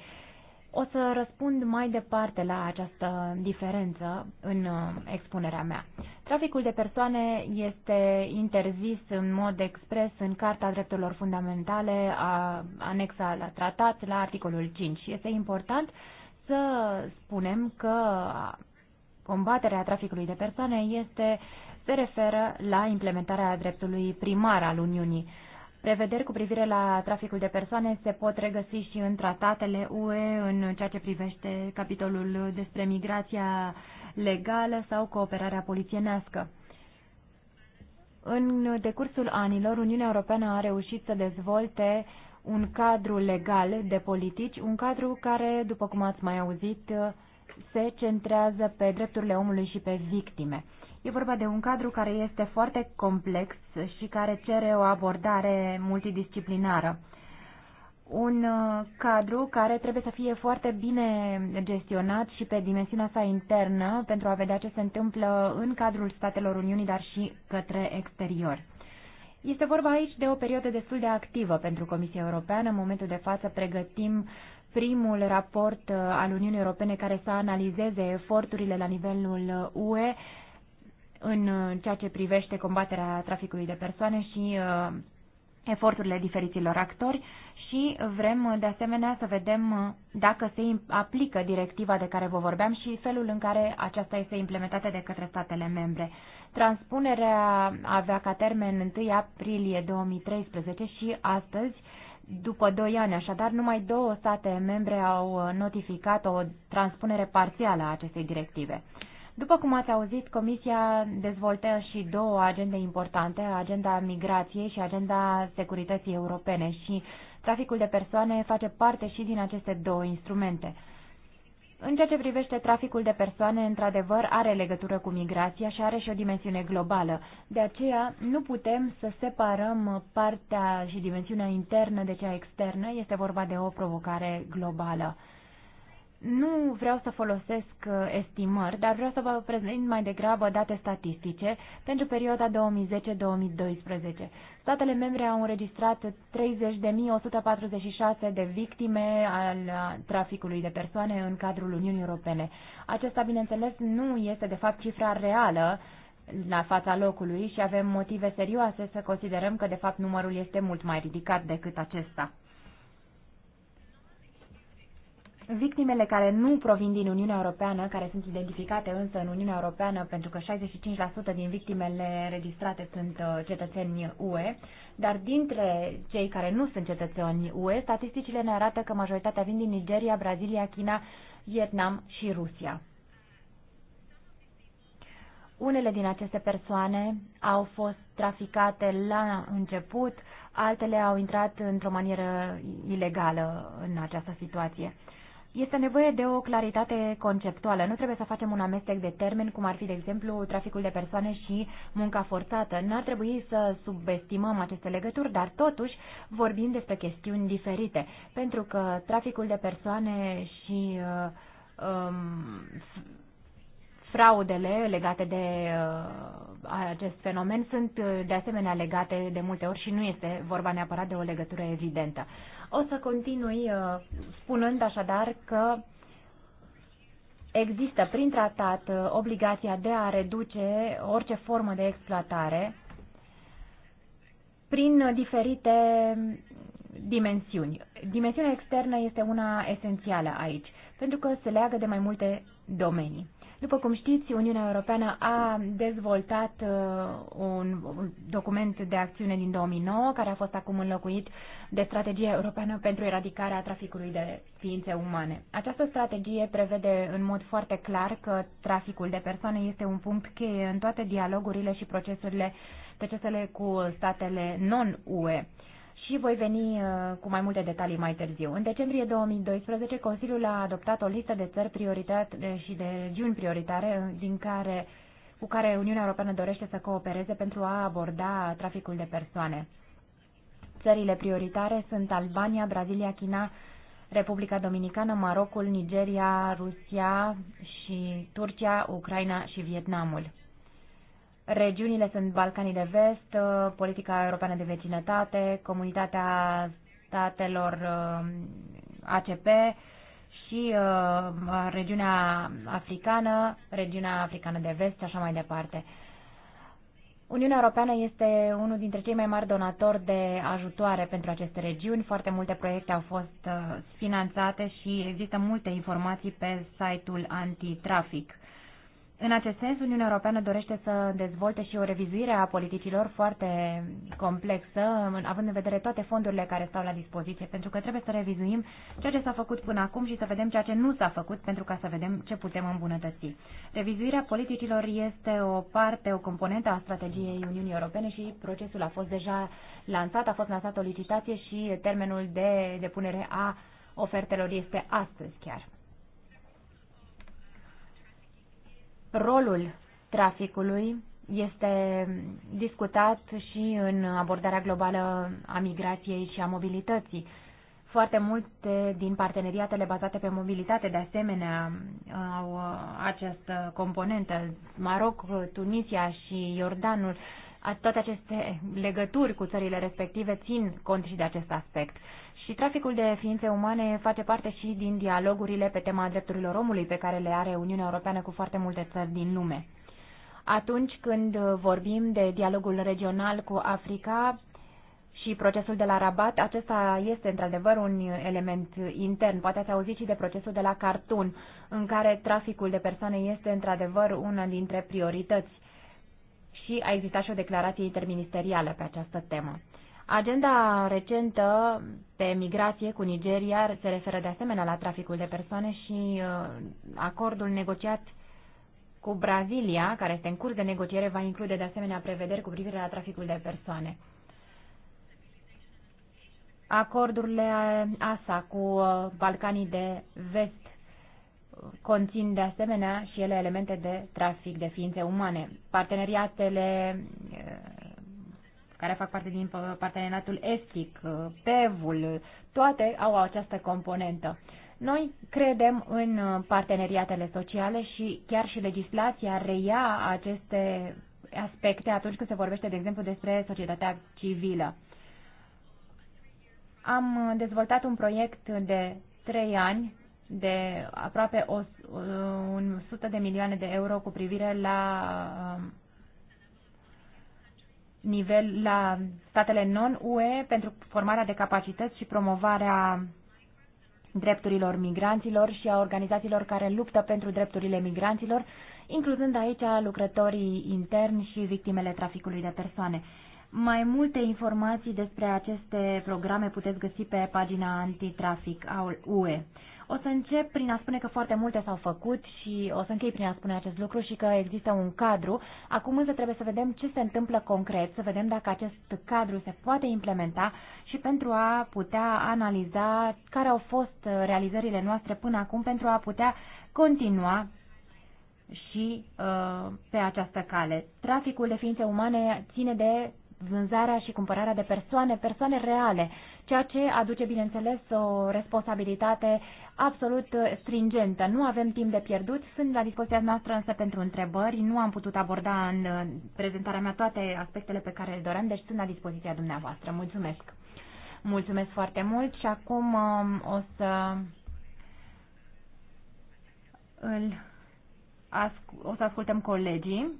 O să răspund mai departe la această diferență în uh, expunerea mea. Traficul de persoane este interzis în mod expres în Carta Drepturilor Fundamentale, a, anexa la tratat, la articolul 5. Este important să spunem că combaterea traficului de persoane este, se referă la implementarea dreptului primar al Uniunii. Prevederi cu privire la traficul de persoane se pot regăsi și în tratatele UE în ceea ce privește capitolul despre migrația legală sau cooperarea polițienească. În decursul anilor, Uniunea Europeană a reușit să dezvolte uh, un cadru legal de politici, un cadru care, după cum ați mai auzit, se centrează pe drepturile omului și pe victime. E vorba de un cadru care este foarte complex și care cere o abordare multidisciplinară. Un uh, cadru care trebuie să fie foarte bine gestionat și pe dimensiunea sa internă pentru a vedea ce se întâmplă în cadrul statelor Uniunii, dar și către exterior. Este vorba aici de o perioadă destul de activă pentru Comisia Europeană. În momentul de față pregătim primul raport uh, al Uniunii Europene care să analizeze eforturile la nivelul UE în uh, ceea ce privește combaterea traficului de persoane și uh, eforturile diferiților actori și vrem de asemenea să vedem dacă se aplică directiva de care vă vorbeam și felul în care aceasta este implementată de către statele membre. Transpunerea avea ca termen 1 aprilie 2013 și astăzi, după 2 ani așadar, numai două state membre au notificat o transpunere parțială a acestei directive. După cum ați auzit, Comisia dezvoltă și două agende importante, agenda migrației și agenda securității europene și traficul de persoane face parte și din aceste două instrumente. În ceea ce privește traficul de persoane, într-adevăr, are legătură cu migrația și are și o dimensiune globală. De aceea, nu putem să separăm partea și dimensiunea internă de cea externă, este vorba de o provocare globală. Nu vreau să folosesc uh, estimări, dar vreau să vă prezint mai degrabă date statistice pentru perioada 2010-2012. Statele membre au înregistrat 30.146 de victime al uh, traficului de persoane în cadrul Uniunii Europene. Acesta, bineînțeles, nu este de fapt cifra reală la fața locului și avem motive serioase să considerăm că de fapt numărul este mult mai ridicat decât acesta. Victimele care nu provin din Uniunea Europeană, care sunt identificate însă în Uniunea Europeană, pentru că 65% din victimele registrate sunt uh, cetățeni UE, dar dintre cei care nu sunt cetățeni UE, statisticile ne arată că majoritatea vin din Nigeria, Brazilia, China, Vietnam și Rusia. Unele din aceste persoane au fost traficate la început, altele au intrat într-o manieră ilegală în această situație. Este nevoie de o claritate conceptuală. Nu trebuie să facem un amestec de termeni, cum ar fi, de exemplu, traficul de persoane și munca forțată. N-ar trebui să subestimăm aceste legături, dar totuși vorbim despre chestiuni diferite, pentru că traficul de persoane și uh, um, fraudele legate de uh, acest fenomen sunt uh, de asemenea legate de multe ori și nu este vorba neapărat de o legătură evidentă. O să continui uh, spunând așadar că există prin tratat obligația de a reduce orice formă de exploatare prin diferite dimensiuni. Dimensiunea externă este una esențială aici, pentru că se leagă de mai multe domenii. După cum știți, Uniunea Europeană a dezvoltat uh, un document de acțiune din 2009, care a fost acum înlocuit de Strategia Europeană pentru Eradicarea Traficului de Ființe Umane. Această strategie prevede în mod foarte clar că traficul de persoane este un punct cheie în toate dialogurile și procesurile, procesele cu statele non-UE și voi veni uh, cu mai multe detalii mai târziu. În decembrie 2012, Consiliul a adoptat o listă de țări prioritate și de regiuni prioritare uh, din care, cu care Uniunea Europeană dorește să coopereze pentru a aborda traficul de persoane. Țările prioritare sunt Albania, Brazilia, China, Republica Dominicană, Marocul, Nigeria, Rusia și Turcia, Ucraina și Vietnamul. Regiunile sunt Balcanii de Vest, uh, politica europeană de vecinătate, comunitatea statelor uh, ACP și uh, regiunea africană, regiunea africană de vest și așa mai departe. Uniunea Europeană este unul dintre cei mai mari donatori de ajutoare pentru aceste regiuni. Foarte multe proiecte au fost finanțate și există multe informații pe site-ul antitrafic. În acest sens, Uniunea Europeană dorește să dezvolte și o revizuire a politicilor foarte complexă, având în vedere toate fondurile care stau la dispoziție, pentru că trebuie să revizuim ceea ce s-a făcut până acum și să vedem ceea ce nu s-a făcut pentru ca să vedem ce putem îmbunătăți. Revizuirea politicilor este o parte, o componentă a strategiei Uniunii Europene și procesul a fost deja lansat, a fost lansat o licitație și termenul de depunere a ofertelor este astăzi chiar. rolul traficului este discutat și în abordarea globală a migrației și a mobilității. Foarte multe din parteneriatele bazate pe mobilitate, de asemenea, au această componentă. Maroc, Tunisia și Iordanul toate aceste legături cu țările respective țin cont și de acest aspect. Și traficul de ființe umane face parte și din dialogurile pe tema drepturilor omului pe care le are Uniunea Europeană cu foarte multe țări din lume. Atunci când vorbim de dialogul regional cu Africa și procesul de la Rabat, acesta este într-adevăr un element intern. Poate ați auzit și de procesul de la Cartun, în care traficul de persoane este într-adevăr una dintre priorități și a existat și o declarație interministerială pe această temă. Agenda recentă pe migrație cu Nigeria se referă de asemenea la traficul de persoane și uh, acordul negociat cu Brazilia, care este în curs de negociere, va include de asemenea prevederi cu privire la traficul de persoane. Acordurile ASA cu uh, Balcanii de Vest conțin de asemenea și ele elemente de trafic de ființe umane. Parteneriatele eh, care fac parte din parteneriatul estic, eh, PEV-ul, toate au această componentă. Noi credem în parteneriatele sociale și chiar și legislația reia aceste aspecte atunci când se vorbește, de exemplu, despre societatea civilă. Am dezvoltat un proiect de trei ani de aproape 100 uh, de milioane de euro cu privire la um, nivel la statele non-UE pentru formarea de capacități și promovarea drepturilor migranților și a organizațiilor care luptă pentru drepturile migranților, incluzând aici lucrătorii interni și victimele traficului de persoane. Mai multe informații despre aceste programe puteți găsi pe pagina antitrafic al UE. O să încep prin a spune că foarte multe s-au făcut și o să închei prin a spune acest lucru și că există un cadru. Acum însă trebuie să vedem ce se întâmplă concret, să vedem dacă acest cadru se poate implementa și pentru a putea analiza care au fost realizările noastre până acum pentru a putea continua și uh, pe această cale. Traficul de ființe umane ține de vânzarea și cumpărarea de persoane, persoane reale, ceea ce aduce, bineînțeles, o responsabilitate absolut stringentă. Nu avem timp de pierdut, sunt la dispoziția noastră însă pentru întrebări, nu am putut aborda în uh, prezentarea mea toate aspectele pe care le doream, deci sunt la dispoziția dumneavoastră. Mulțumesc! Mulțumesc foarte mult și acum um, o să îl o să ascultăm colegii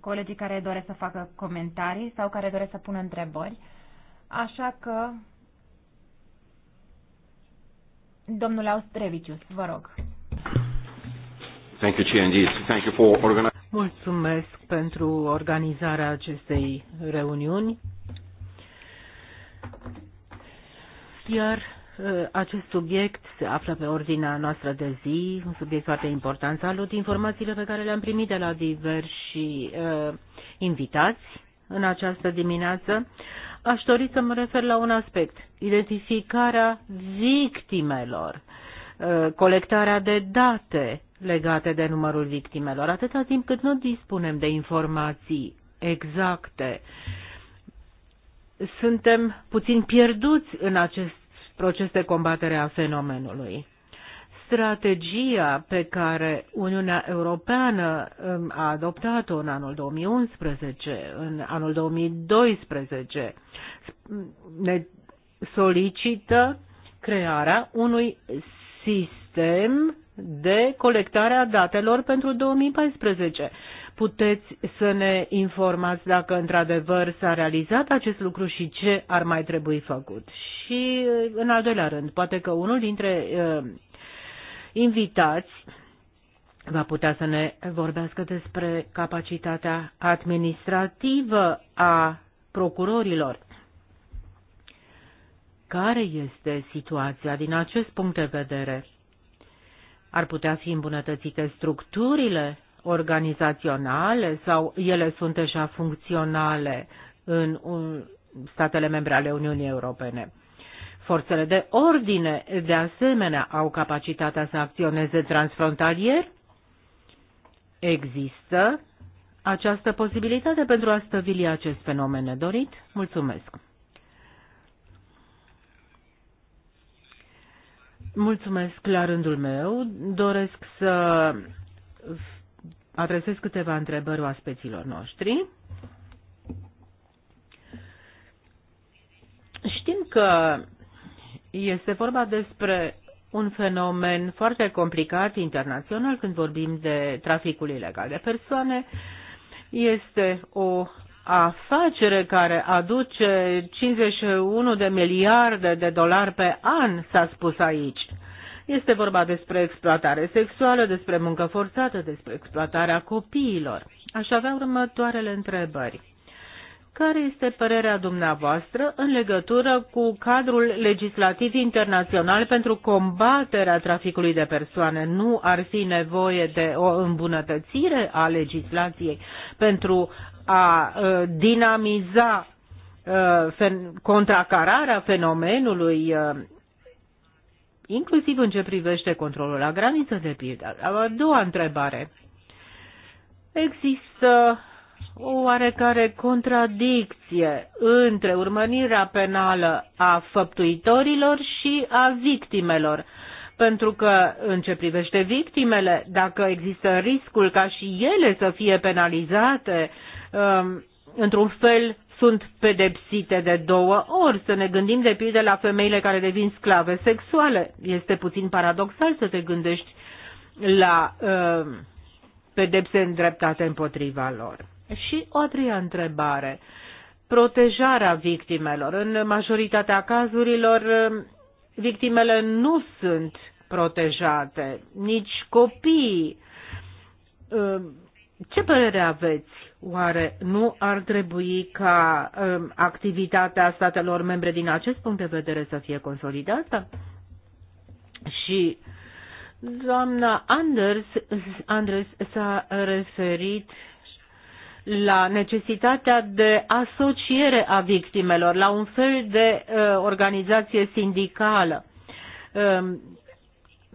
colegii care doresc să facă comentarii sau care doresc să pună întrebări. Așa că, domnul Austrevicius, vă rog. Thank you, Thank you for Mulțumesc pentru organizarea acestei reuniuni. Iar Uh, acest subiect se află pe ordinea noastră de zi, un subiect foarte important. Salut informațiile pe care le-am primit de la diversi uh, invitați în această dimineață. Aș dori să mă refer la un aspect, identificarea victimelor, uh, colectarea de date legate de numărul victimelor, atâta timp cât nu dispunem de informații exacte. Suntem puțin pierduți în acest proces de combatere a fenomenului. Strategia pe care Uniunea Europeană um, a adoptat-o în anul 2011, în anul 2012, ne solicită crearea unui sistem de colectare a datelor pentru 2014 puteți să ne informați dacă într-adevăr s-a realizat acest lucru și ce ar mai trebui făcut. Și uh, în al doilea rând, poate că unul dintre uh, invitați va putea să ne vorbească despre capacitatea administrativă a procurorilor. Care este situația din acest punct de vedere? Ar putea fi îmbunătățite structurile organizaționale sau ele sunt deja funcționale în statele membre ale Uniunii Europene. Forțele de ordine, de asemenea, au capacitatea să acționeze transfrontalier? Există această posibilitate pentru a stăvili acest fenomen nedorit? Mulțumesc! Mulțumesc la rândul meu. Doresc să adresez câteva întrebări oaspeților noștri. Știm că este vorba despre un fenomen foarte complicat internațional când vorbim de traficul ilegal de persoane. Este o afacere care aduce 51 de miliarde de dolari pe an, s-a spus aici. Este vorba despre exploatare sexuală, despre muncă forțată, despre exploatarea copiilor. Aș avea următoarele întrebări. Care este părerea dumneavoastră în legătură cu cadrul legislativ internațional pentru combaterea traficului de persoane? Nu ar fi nevoie de o îmbunătățire a legislației pentru a uh, dinamiza uh, contracararea fenomenului uh, inclusiv în ce privește controlul la graniță de pildă. A doua întrebare. Există o oarecare contradicție între urmărirea penală a făptuitorilor și a victimelor. Pentru că, în ce privește victimele, dacă există riscul ca și ele să fie penalizate, um, într-un fel sunt pedepsite de două ori. Să ne gândim de pildă la femeile care devin sclave sexuale. Este puțin paradoxal să te gândești la uh, pedepse îndreptate împotriva lor. Și o treia întrebare. Protejarea victimelor. În majoritatea cazurilor, uh, victimele nu sunt protejate, nici copiii. Uh, ce părere aveți? Oare nu ar trebui ca um, activitatea statelor membre din acest punct de vedere să fie consolidată? Și doamna Anders, Anders s-a referit la necesitatea de asociere a victimelor, la un fel de uh, organizație sindicală. Uh,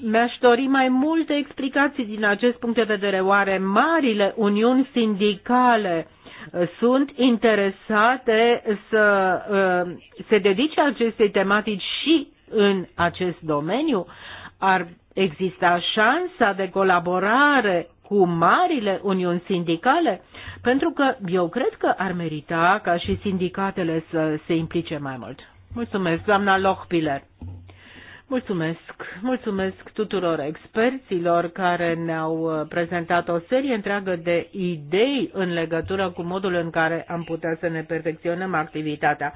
mi-aș dori mai multe explicații din acest punct de vedere. Oare marile uniuni sindicale uh, sunt interesate să uh, se dedice acestei tematici și în acest domeniu? Ar exista șansa de colaborare cu marile uniuni sindicale? Pentru că eu cred că ar merita ca și sindicatele să se implice mai mult. Mulțumesc, doamna Lochpiller. Mulțumesc, mulțumesc tuturor experților care ne-au uh, prezentat o serie întreagă de idei în legătură cu modul în care am putea să ne perfecționăm activitatea.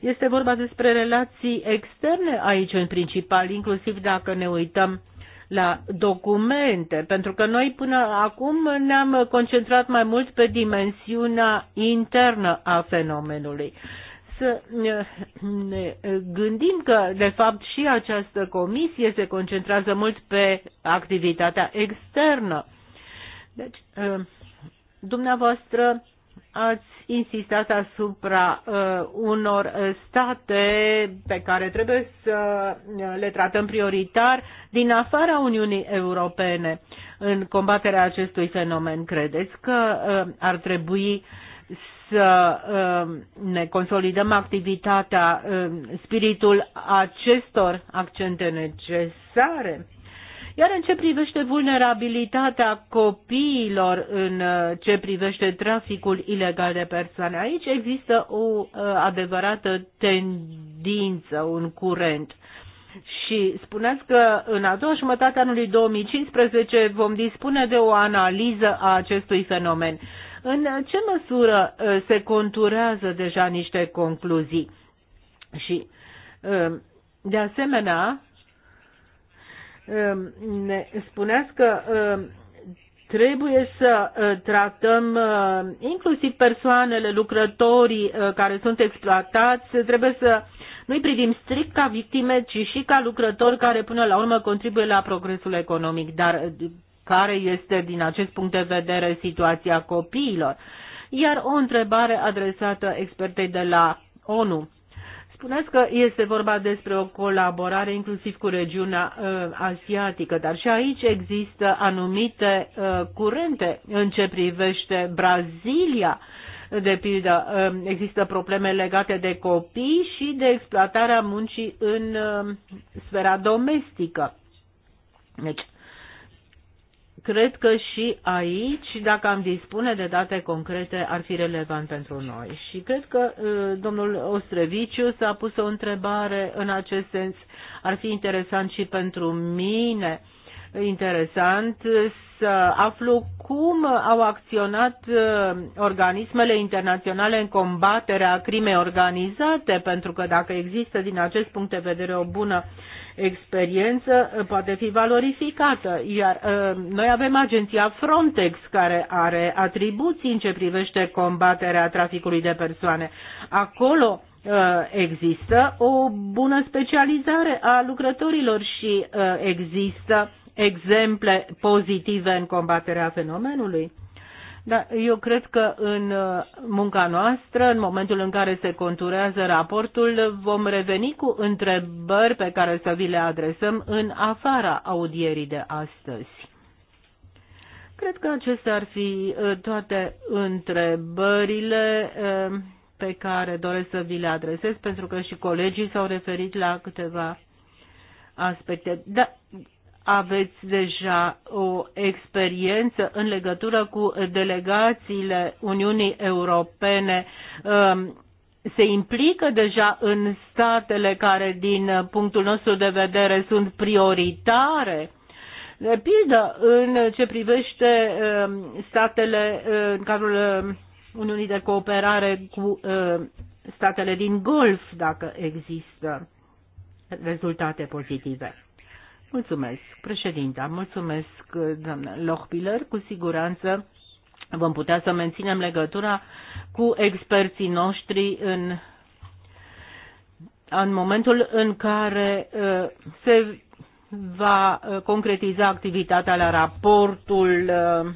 Este vorba despre relații externe aici în principal, inclusiv dacă ne uităm la documente, pentru că noi până acum ne-am concentrat mai mult pe dimensiunea internă a fenomenului să ne gândim că, de fapt, și această comisie se concentrează mult pe activitatea externă. Deci, uh, dumneavoastră ați insistat asupra uh, unor state pe care trebuie să le tratăm prioritar din afara Uniunii Europene în combaterea acestui fenomen. Credeți că uh, ar trebui să um, ne consolidăm activitatea în um, spiritul acestor accente necesare. Iar în ce privește vulnerabilitatea copiilor, în uh, ce privește traficul ilegal de persoane, aici există o uh, adevărată tendință, un curent. Și spuneți că în a doua jumătate anului 2015 vom dispune de o analiză a acestui fenomen. În ce măsură ă, se conturează deja niște concluzii? Și, ă, de asemenea, ă, ne spuneați că trebuie să tratăm inclusiv persoanele, lucrătorii care sunt exploatați, trebuie să nu-i privim strict ca victime, ci și ca lucrători care până la urmă contribuie la progresul economic. Dar care este din acest punct de vedere situația copiilor. Iar o întrebare adresată expertei de la ONU. Spuneți că este vorba despre o colaborare inclusiv cu regiunea uh, asiatică, dar și aici există anumite uh, curente în ce privește Brazilia. De pildă, uh, există probleme legate de copii și de exploatarea muncii în uh, sfera domestică. Deci, cred că și aici, dacă am dispune de date concrete, ar fi relevant pentru noi. Și cred că uh, domnul Ostreviciu s-a pus o întrebare în acest sens. Ar fi interesant și pentru mine interesant să aflu cum au acționat uh, organismele internaționale în combaterea crimei organizate, pentru că dacă există din acest punct de vedere o bună experiență poate fi valorificată. Iar uh, noi avem agenția Frontex care are atribuții în ce privește combaterea traficului de persoane. Acolo uh, există o bună specializare a lucrătorilor și uh, există exemple pozitive în combaterea fenomenului. Da, eu cred că în uh, munca noastră, în momentul în care se conturează raportul, vom reveni cu întrebări pe care să vi le adresăm în afara audierii de astăzi. Cred că acestea ar fi uh, toate întrebările uh, pe care doresc să vi le adresez, pentru că și colegii s-au referit la câteva aspecte. Da, aveți deja o experiență în legătură cu delegațiile Uniunii Europene um, se implică deja în statele care, din punctul nostru de vedere, sunt prioritare. De pildă, în ce privește um, statele în cadrul um, Uniunii de Cooperare cu statele din Golf, dacă există rezultate pozitive. Mulțumesc, președinta. Mulțumesc, doamna Lochbiller. Cu siguranță vom putea să menținem legătura cu experții noștri în, în momentul în care uh, se va uh, concretiza activitatea la raportul uh,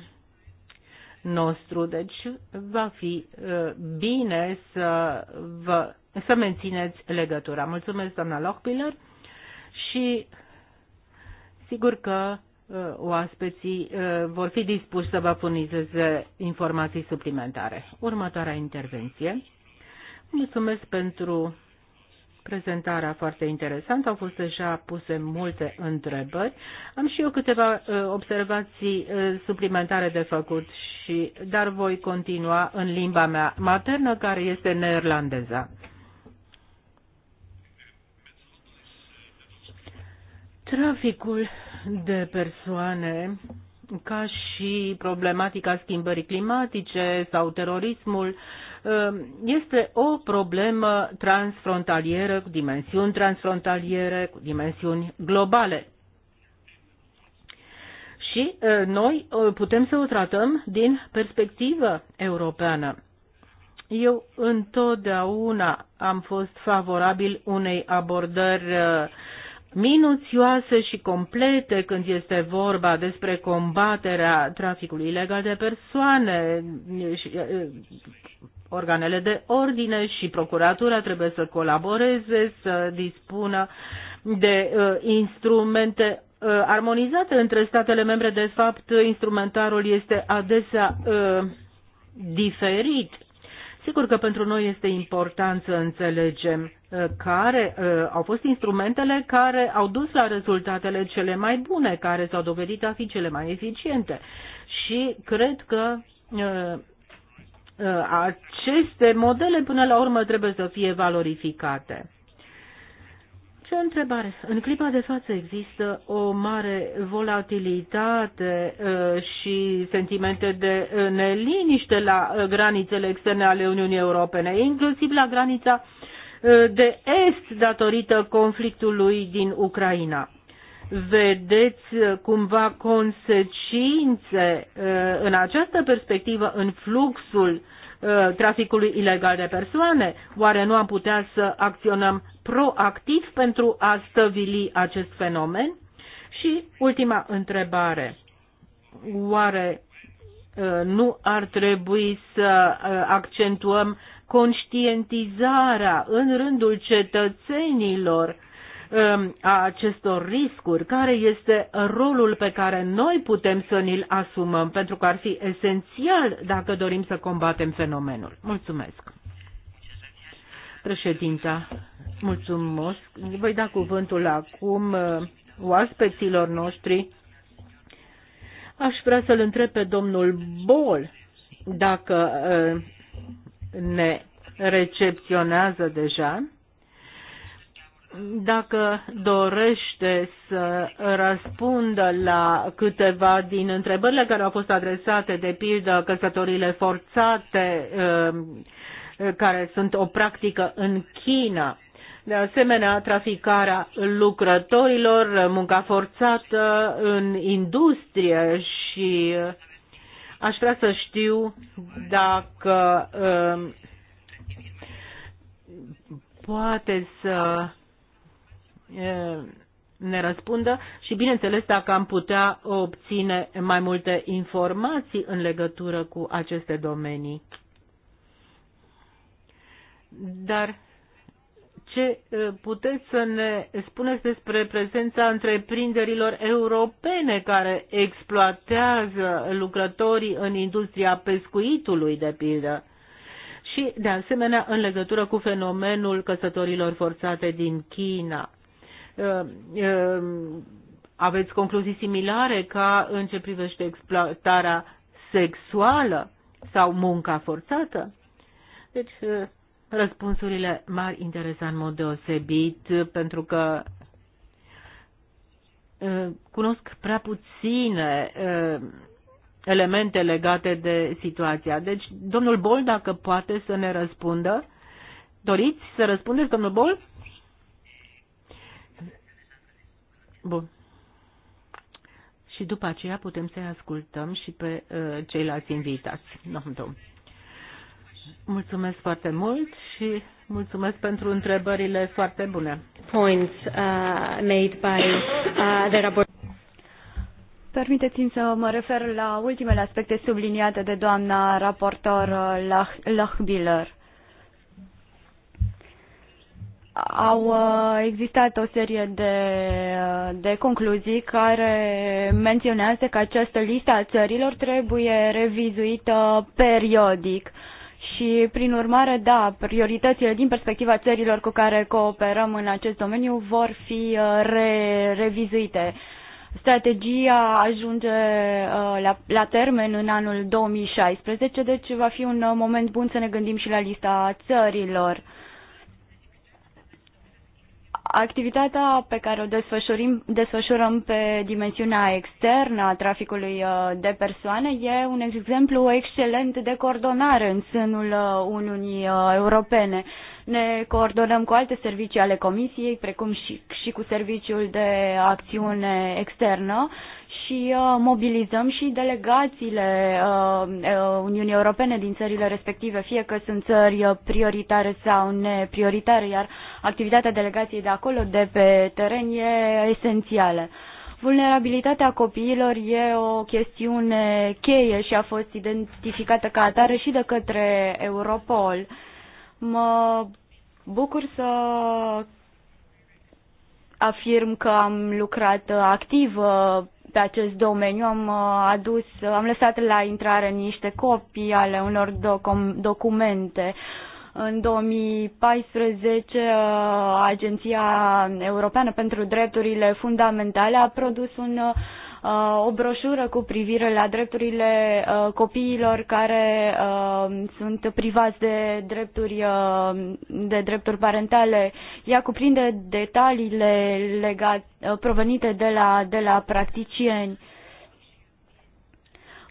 nostru. Deci va fi uh, bine să, vă, să mențineți legătura. Mulțumesc, doamna Lochbiller. Și Sigur că uh, oaspeții uh, vor fi dispuși să vă furnizeze informații suplimentare. Următoarea intervenție. Mulțumesc pentru prezentarea foarte interesantă. Au fost deja puse multe întrebări. Am și eu câteva uh, observații suplimentare de făcut, și, dar voi continua în limba mea maternă, care este neerlandeza. Traficul de persoane ca și problematica schimbării climatice sau terorismul, um, este o problemă transfrontalieră, cu dimensiuni transfrontaliere, cu dimensiuni globale. Și uh, noi uh, putem să o tratăm din perspectivă europeană. Eu întotdeauna am fost favorabil unei abordări uh, minuțioase și complete când este vorba despre combaterea traficului ilegal de persoane. Și, organele de ordine și procuratura trebuie să colaboreze, să dispună de instrumente armonizate între statele membre. De fapt, instrumentarul este adesea diferit Sigur că pentru noi este important să înțelegem uh, care uh, au fost instrumentele care au dus la rezultatele cele mai bune, care s-au dovedit a fi cele mai eficiente. Și cred că uh, aceste modele până la urmă trebuie să fie valorificate. Ce întrebare? În clipa de față există o mare volatilitate uh, și sentimente de uh, neliniște la uh, granițele externe ale Uniunii Europene, inclusiv la granița de est datorită conflictului din Ucraina. Vedeți cumva consecințe în această perspectivă în fluxul uh, Uh, traficului ilegal de persoane? Oare nu am putea să acționăm proactiv pentru a stăvili acest fenomen? Și ultima întrebare. Oare uh, nu ar trebui să uh, accentuăm conștientizarea în rândul cetățenilor Um, a acestor riscuri, care este rolul pe care noi putem să ni-l asumăm, pentru că ar fi esențial dacă dorim să combatem fenomenul. Mulțumesc. Președinta, mulțumesc. Voi da cuvântul acum uh, oaspeților noștri. Aș vrea să-l întreb pe domnul Bol dacă uh, ne recepționează deja dacă dorește să răspundă la câteva din întrebările care au fost adresate, de pildă căsătorile forțate, um, care sunt o practică în China, de asemenea traficarea lucrătorilor, munca forțată în industrie și uh, aș vrea să știu dacă um, poate să ne răspundă și, bineînțeles, dacă am putea obține mai multe informații în legătură cu aceste domenii. Dar ce puteți să ne spuneți despre prezența întreprinderilor europene care exploatează lucrătorii în industria pescuitului, de pildă? Și, de asemenea, în legătură cu fenomenul căsătorilor forțate din China Uh, um, aveți concluzii similare ca în ce privește exploatarea sexuală sau munca forțată? Deci, uh, răspunsurile m-ar interesa în mod deosebit pentru că uh, cunosc prea puține elemente legate de situația. Deci, domnul Bol, dacă poate să ne răspundă, doriți să răspundeți, domnul Bol? Bun. Și după aceea putem să-i ascultăm și pe uh, ceilalți invitați. Domnul. Mulțumesc foarte mult și mulțumesc pentru întrebările foarte bune. Points uh, made by uh, the rapport. Permiteți-mi să mă refer la ultimele aspecte subliniate de doamna raportor uh, Lachbiller au uh, existat o serie de, uh, de concluzii care menționează că această listă a țărilor trebuie revizuită periodic și, prin urmare, da, prioritățile din perspectiva țărilor cu care cooperăm în acest domeniu vor fi uh, re, revizuite. Strategia ajunge la, la termen în anul 2016, deci va fi un moment bun să ne gândim și la lista țărilor. Activitatea pe care o desfășurim, desfășurăm pe dimensiunea externă a traficului uh, de persoane e un exemplu excelent de coordonare în sânul uh, Uniunii uh, Europene. Ne coordonăm cu alte servicii ale Comisiei, precum și, și cu Serviciul de Acțiune Externă și uh, mobilizăm și delegațiile uh, uh, Uniunii Europene din țările respective, fie că sunt țări prioritare sau neprioritare, iar activitatea delegației de acolo, de pe teren, e esențială. Vulnerabilitatea copiilor e o chestiune cheie și a fost identificată ca atare și de către Europol. Mă bucur să afirm că am lucrat activ pe acest domeniu. Am uh, adus, am lăsat la intrare niște copii ale unor doc- documente. În 2014, uh, Agenția Europeană pentru Drepturile Fundamentale a produs un uh, Uh, o broșură cu privire la drepturile uh, copiilor care uh, sunt privați de drepturi, de drepturi parentale. Ea cuprinde detaliile legat, provenite de la, de la practicieni.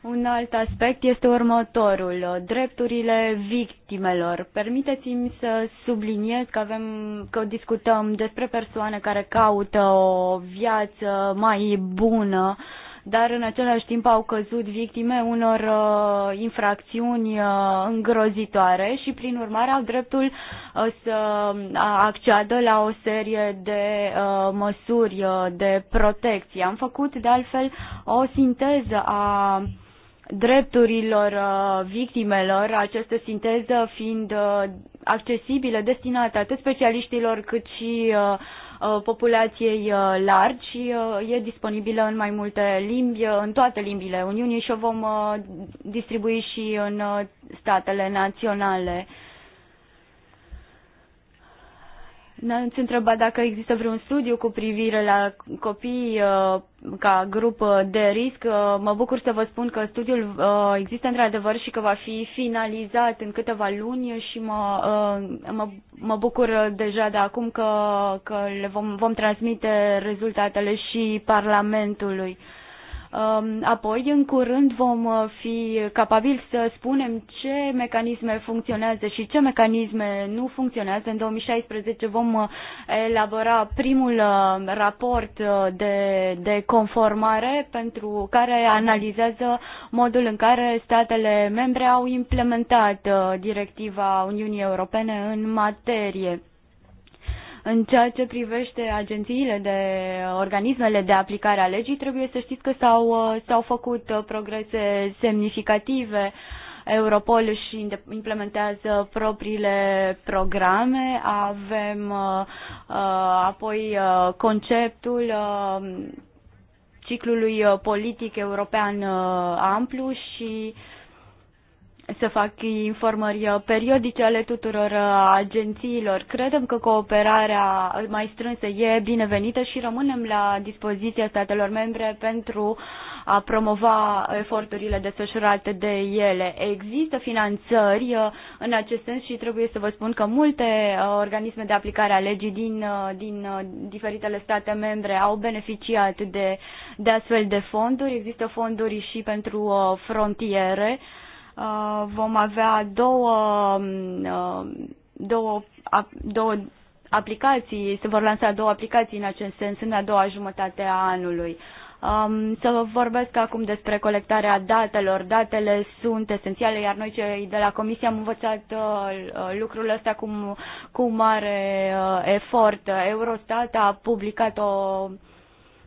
Un alt aspect este următorul, drepturile victimelor. Permiteți-mi să subliniez că, avem, că discutăm despre persoane care caută o viață mai bună, dar în același timp au căzut victime unor uh, infracțiuni uh, îngrozitoare și prin urmare au dreptul uh, să acceadă la o serie de uh, măsuri uh, de protecție. Am făcut de altfel o sinteză a uh, drepturilor uh, victimelor, această sinteză fiind uh, accesibilă, destinată atât specialiștilor cât și uh, populației largi și e disponibilă în mai multe limbi, în toate limbile Uniunii și o vom distribui și în statele naționale. Ne-ați întrebat dacă există vreun studiu cu privire la copii uh, ca grup uh, de risc. Uh, mă bucur să vă spun că studiul există într-adevăr și că va fi finalizat în câteva luni și mă, mă, mă bucur deja de acum că, că le vom, vom transmite rezultatele și Parlamentului. Um, apoi, în curând, vom uh, fi capabili să spunem ce mecanisme funcționează și ce mecanisme nu funcționează. În 2016 vom uh, elabora primul uh, raport de, de conformare pentru care analizează modul în care statele membre au implementat directiva Uniunii Europene în materie. În ceea ce privește agențiile de organismele de aplicare a legii, trebuie să știți că s-au, uh, s-au făcut uh, progrese semnificative. Europol își implementează propriile programe, avem uh, apoi conceptul ciclului politic european amplu și uh, se fac informări uh, periodice ale tuturor uh, agențiilor. Credem că cooperarea mai strânsă e binevenită și rămânem la dispoziția statelor membre pentru a promova eforturile desfășurate de ele. Există finanțări uh, în acest sens și trebuie să vă spun că multe organisme de aplicare a legii din, din diferitele state membre au beneficiat de, de astfel de fonduri. Există fonduri și pentru frontiere Uh, vom avea două, um, uh, două, două aplicații, se vor lansa două aplicații în acest sens în a doua jumătate a anului. Um, să vorbesc acum despre colectarea datelor. Datele sunt esențiale, iar noi cei de la Comisie am învățat uh, uh lucrul astea cu, cu mare uh, efort. Eurostat a publicat o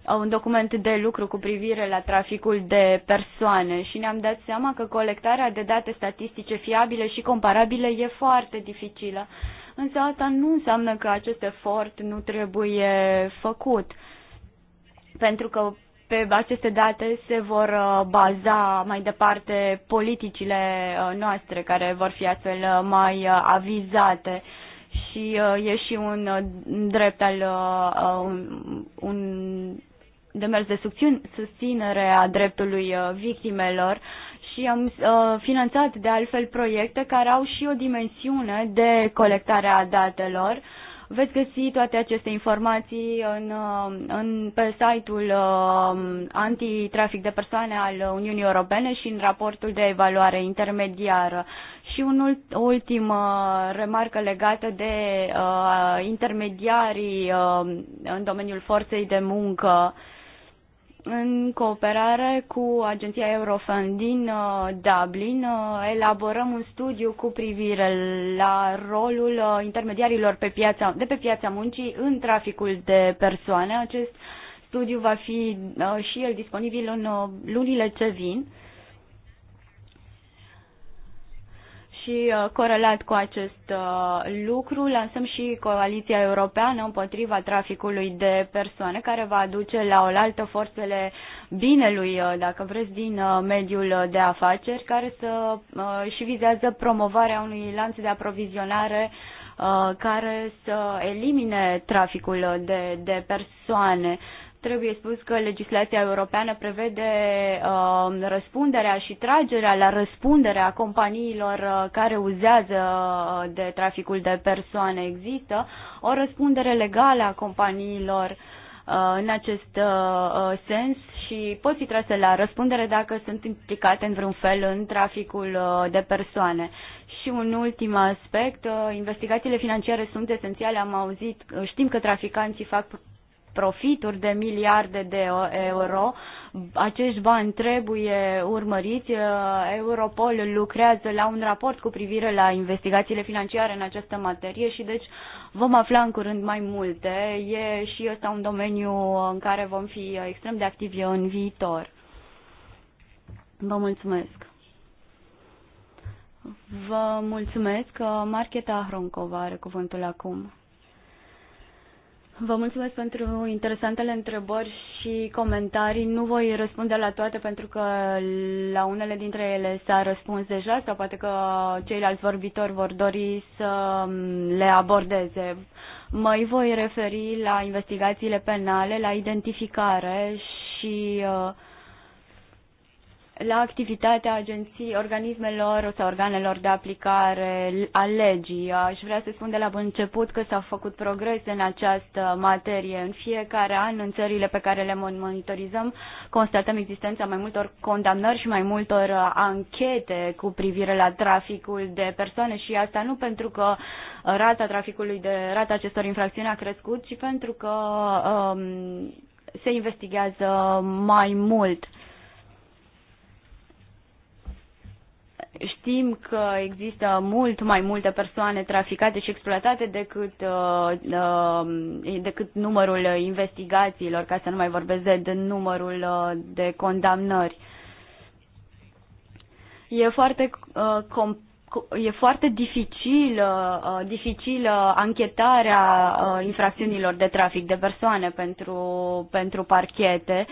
un document de lucru cu privire la traficul de persoane și ne-am dat seama că colectarea de date statistice fiabile și comparabile e foarte dificilă. Însă asta nu înseamnă că acest efort nu trebuie făcut, pentru că pe aceste date se vor uh, baza mai departe politicile uh, noastre care vor fi astfel uh, mai avizate și e și un drept al un, un demers de susținere a dreptului uh, victimelor și am uh, finanțat de altfel proiecte care au și o dimensiune de colectare a datelor. Veți găsi toate aceste informații în, uh, în, pe site-ul uh, antitrafic de persoane al Uniunii Europene și în raportul de evaluare intermediară. Și un ultim remarcă legată de uh, intermediarii uh, în domeniul forței de muncă în cooperare cu Agenția Eurofund din uh, Dublin, uh, elaborăm un studiu cu privire la rolul uh, intermediarilor pe piața, de pe piața muncii în traficul de persoane. Acest studiu va fi și el disponibil în lunile ce vin. și uh, corelat cu acest uh, lucru lansăm și Coaliția Europeană împotriva traficului de persoane, care va aduce la oaltă forțele binelui, uh, dacă vreți, din mediul de afaceri, care să și vizează promovarea unui lanț de aprovizionare care să elimine traficul de, de persoane. Uh, Trebuie spus că legislația europeană prevede uh, răspunderea și tragerea la răspunderea companiilor uh, care uzează uh, de traficul de persoane. Există o răspundere legală a companiilor uh, în acest uh, uh sens și pot fi trase la răspundere dacă sunt implicate în vreun fel în traficul uh, de persoane. Și un ultim aspect, uh, investigațiile financiare sunt esențiale, am auzit, uh, știm că traficanții fac profituri de miliarde de euro. Acești bani trebuie urmăriți. Europol lucrează la un raport cu privire la investigațiile financiare în această materie și deci vom afla în curând mai multe. E și ăsta un domeniu în care vom fi extrem de activi în viitor. Vă mulțumesc. Vă mulțumesc. Marcheta Hronkova are cuvântul acum. Vă mulțumesc pentru interesantele întrebări și comentarii. Nu voi răspunde la toate pentru că la unele dintre ele s-a răspuns deja sau poate că ceilalți vorbitori vor dori să le abordeze. Mai voi referi la investigațiile penale, la identificare și uh, la activitatea agenții, organismelor sau organelor de aplicare a legii. Aș vrea să spun de la început că s-au făcut progrese în această materie. În fiecare an, în țările pe care le monitorizăm, constatăm existența mai multor condamnări și mai multor uh, anchete cu privire la traficul de persoane și asta nu pentru că uh, rata traficului de rata acestor infracțiuni a crescut, ci pentru că um, se investigează mai mult. Știm că există mult mai multe persoane traficate și exploatate decât, uh, uh, decât numărul investigațiilor, ca să nu mai vorbesc de numărul uh, de condamnări. E foarte com, e foarte dificil, dificil anchetarea infracțiunilor de trafic de persoane pentru, pentru parchete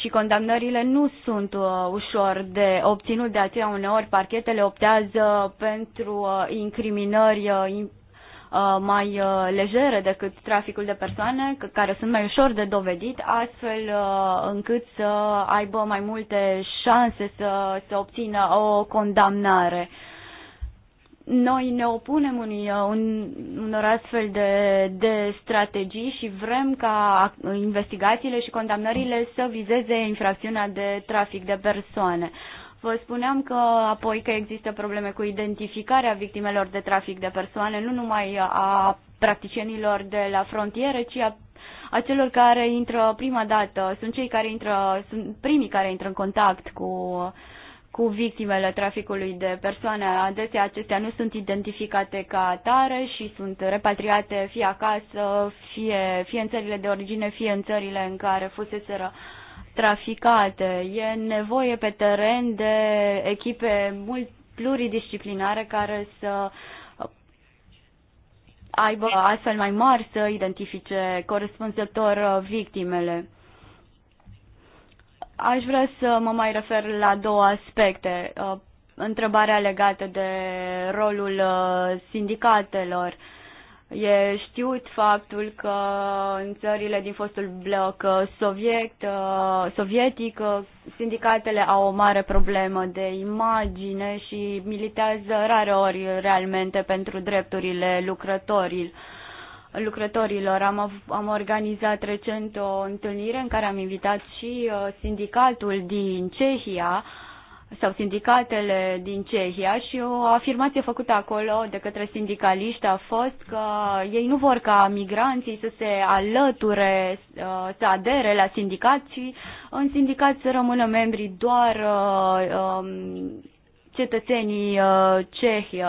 și condamnările nu sunt uh, ușor de obținut, de aceea uneori parchetele optează pentru uh, incriminări uh, uh mai uh, legere decât traficul de persoane, care sunt mai ușor de dovedit, astfel uh, încât să aibă mai multe șanse să, să obțină o condamnare. Uh, noi ne opunem unui, uh, un, unor astfel de, de strategii și vrem ca investigațiile și condamnările să vizeze infracțiunea de trafic de persoane. Vă spuneam că apoi că există probleme cu identificarea victimelor de trafic de persoane, nu numai a practicienilor de la frontieră, ci a, a celor care intră prima dată, sunt cei care intră, sunt primii care intră în contact cu uh, cu victimele traficului de persoane. Adesea acestea nu sunt identificate ca atare și sunt repatriate fie acasă, fie, fie în țările de origine, fie în țările în care fuseseră traficate. E nevoie pe teren de echipe mult pluridisciplinare care să aibă astfel mai mari să identifice corespunzător victimele. Aș vrea să mă mai refer la două aspecte. Uh, întrebarea legată de rolul uh, sindicatelor. E știut faptul că în țările din fostul bloc uh, soviet, sovietic, sindicatele au o mare problemă de imagine și militează ori realmente pentru drepturile lucrătorilor lucrătorilor. Am, am organizat recent o întâlnire în care am invitat și uh, sindicatul din Cehia sau sindicatele din Cehia și o afirmație făcută acolo de către sindicaliști a fost că ei nu vor ca migranții să se alăture, uh, să adere la sindicat, ci în sindicat să rămână membrii doar uh, um, cetățenii cehi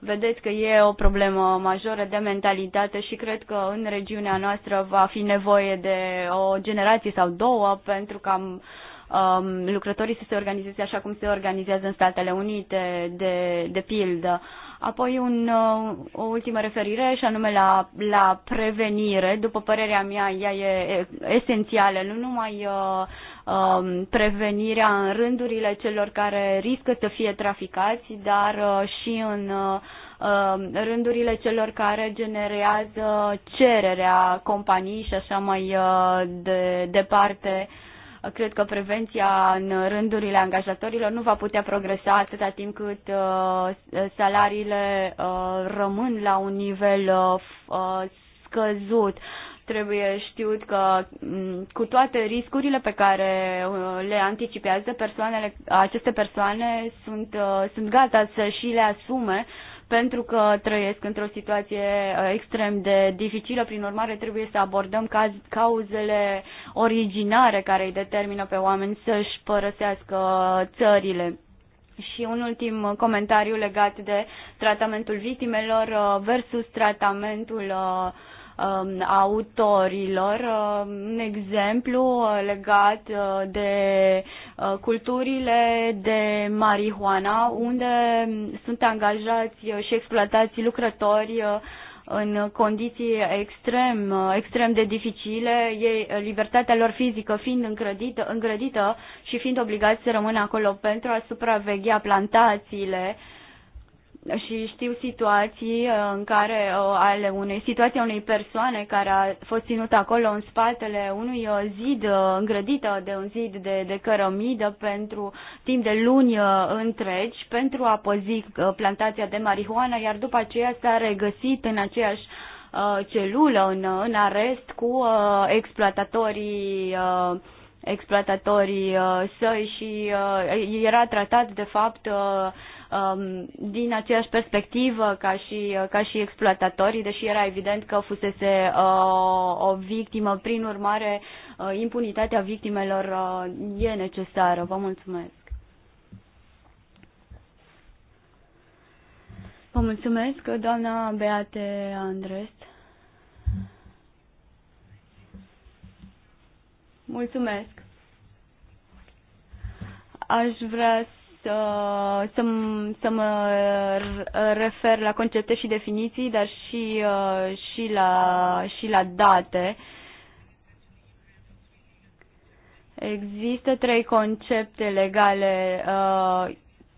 Vedeți că e o problemă majoră de mentalitate și cred că în regiunea noastră va fi nevoie de o generație sau două pentru că am um, lucrătorii să se organizeze așa cum se organizează în Statele Unite, de, de pildă. Apoi un, uh, o ultimă referire și anume la, la prevenire. După părerea mea, ea e esențială, nu numai uh, um, prevenirea în rândurile celor care riscă să fie traficați, dar uh, și în uh, um, rândurile celor care generează cererea companii și așa mai uh, de, departe. Cred că prevenția în rândurile angajatorilor nu va putea progresa atâta timp cât uh, salariile uh, rămân la un nivel scăzut. Trebuie știut că cu toate riscurile pe care uh, le anticipează, persoanele, aceste persoane sunt, uh, sunt gata să și le asume pentru că trăiesc într-o situație uh, extrem de dificilă, prin urmare trebuie să abordăm caz, cauzele originare care îi determină pe oameni să-și părăsească țările. Și un ultim comentariu legat de tratamentul victimelor versus tratamentul uh, Um, autorilor, um, un exemplu uh, legat uh, de uh, culturile de marihuana, unde um, sunt angajați și exploatați lucrători în condiții extrem, extrem de dificile, ei, libertatea lor fizică fiind îngrădită, îngrădită și fiind obligați să rămână acolo pentru a supraveghea plantațiile uh, și știu situații uh, în care uh, ale unei situații unei persoane care a fost ținută acolo în spatele unui uh, zid îngrădită de un zid de, de cărămidă pentru timp de luni întregi pentru a păzi plantația de marihuana, iar după aceea s-a regăsit în aceeași celulă în, în arest cu exploatatorii exploatatorii săi și era tratat de fapt Um, din aceeași perspectivă ca și, uh, ca și exploatatorii, deși era evident că fusese uh, o victimă. Prin urmare, uh, impunitatea victimelor e necesară. Vă mulțumesc! Vă mulțumesc, doamna Beate Andres. Mulțumesc. Aș vrea să, să mă refer la concepte și definiții, dar și, uh, și, la, și la date. Există trei concepte legale, uh,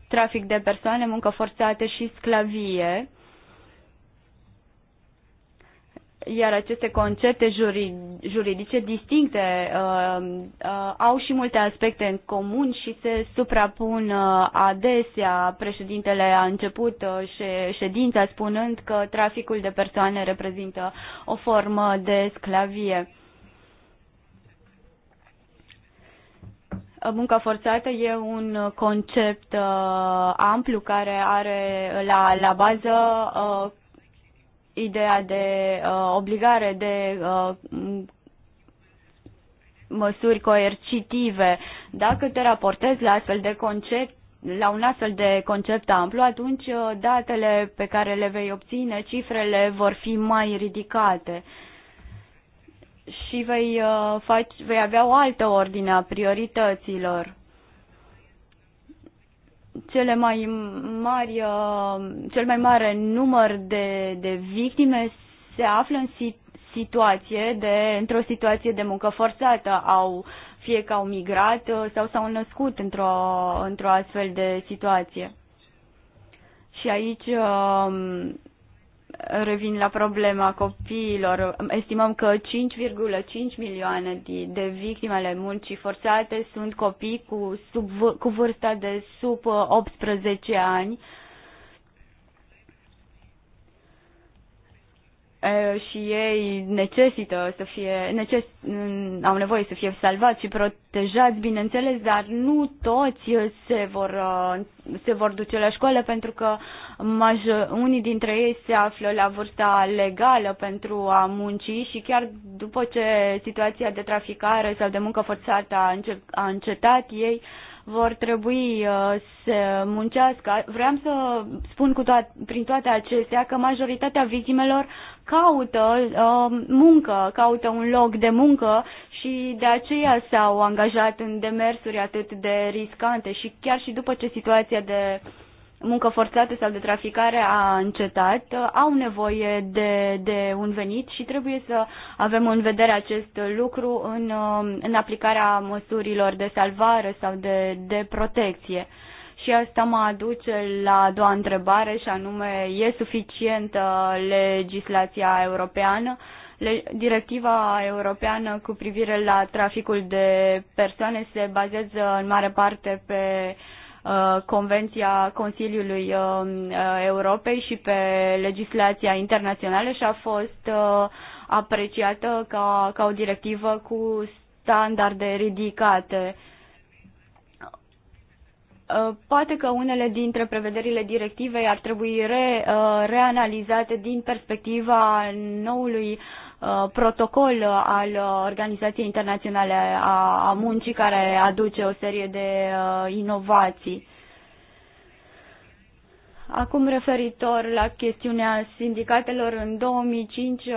trafic de persoane, muncă forțată și sclavie iar aceste concepte juridice distincte uh, uh, au și multe aspecte în comun și se suprapun uh, adesea. Președintele a început uh, ședința spunând că traficul de persoane reprezintă o formă de sclavie. Munca forțată e un concept uh, amplu care are la, la bază uh, ideea de uh, obligare de uh, măsuri coercitive. Dacă te raportezi la astfel de concept, la un astfel de concept amplu, atunci uh, datele pe care le vei obține, cifrele vor fi mai ridicate și vei, uh, faci, vei avea o altă ordine a priorităților cele mai mari, uh, cel mai mare număr de, de victime se află în situație de, într-o situație de muncă forțată, au, fie că au migrat uh, sau s-au născut într-o, într-o astfel de situație. Și aici um, revin la problema copiilor. Estimăm că 5,5 milioane de, de victime ale muncii forțate sunt copii cu, sub, cu vârsta de sub 18 uh, ani. Uh, și ei necesită să fie, neces, au nevoie să fie salvați și protejați, bineînțeles, dar nu toți se vor, uh, se vor duce la școală pentru că unii dintre ei se află la vârsta legală pentru a munci și chiar după ce situația de traficare sau de muncă forțată a, înce- a încetat, ei vor trebui uh, să muncească. Vreau să spun cu toat, prin toate acestea că majoritatea victimelor caută uh, muncă, caută un loc de muncă și de aceea s-au angajat în demersuri atât de riscante și chiar și după ce situația de muncă forțată sau de traficare a încetat, au nevoie de, de un venit și trebuie să avem în vedere acest lucru în, um, în aplicarea măsurilor de salvare sau de, de protecție. Și asta mă aduce la a doua întrebare și anume, e suficientă legislația europeană? Directiva europeană cu privire la traficul de persoane se bazează în mare parte pe uh, Convenția Consiliului uh, Europei și pe legislația internațională și a fost uh, apreciată ca, ca o directivă cu standarde ridicate. Uh, Uh, poate că unele dintre prevederile directivei ar trebui re, uh, reanalizate din perspectiva noului uh, protocol al Organizației Internaționale a Muncii care aduce o serie de inovații. Acum referitor la chestiunea sindicatelor, în 2005 uh,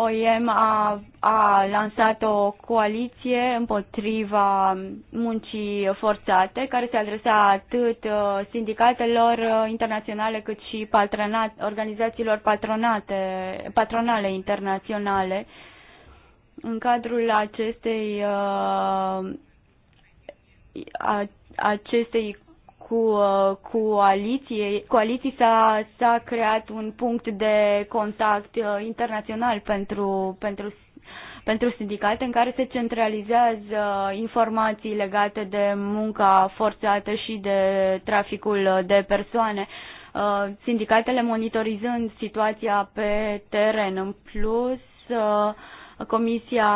OIM a, a lansat o coaliție împotriva muncii forțate, care se adresa atât uh, sindicatelor uh, internaționale cât și patronat, organizațiilor patronate, patronale internaționale. În cadrul acestei a, acestei cu coaliție, uh, coaliții s-a, s-a creat un punct de contact uh, internațional pentru, pentru pentru sindicate în care se centralizează informații legate de munca forțată și de traficul de persoane, uh, sindicatele monitorizând situația pe teren. În plus, Comisia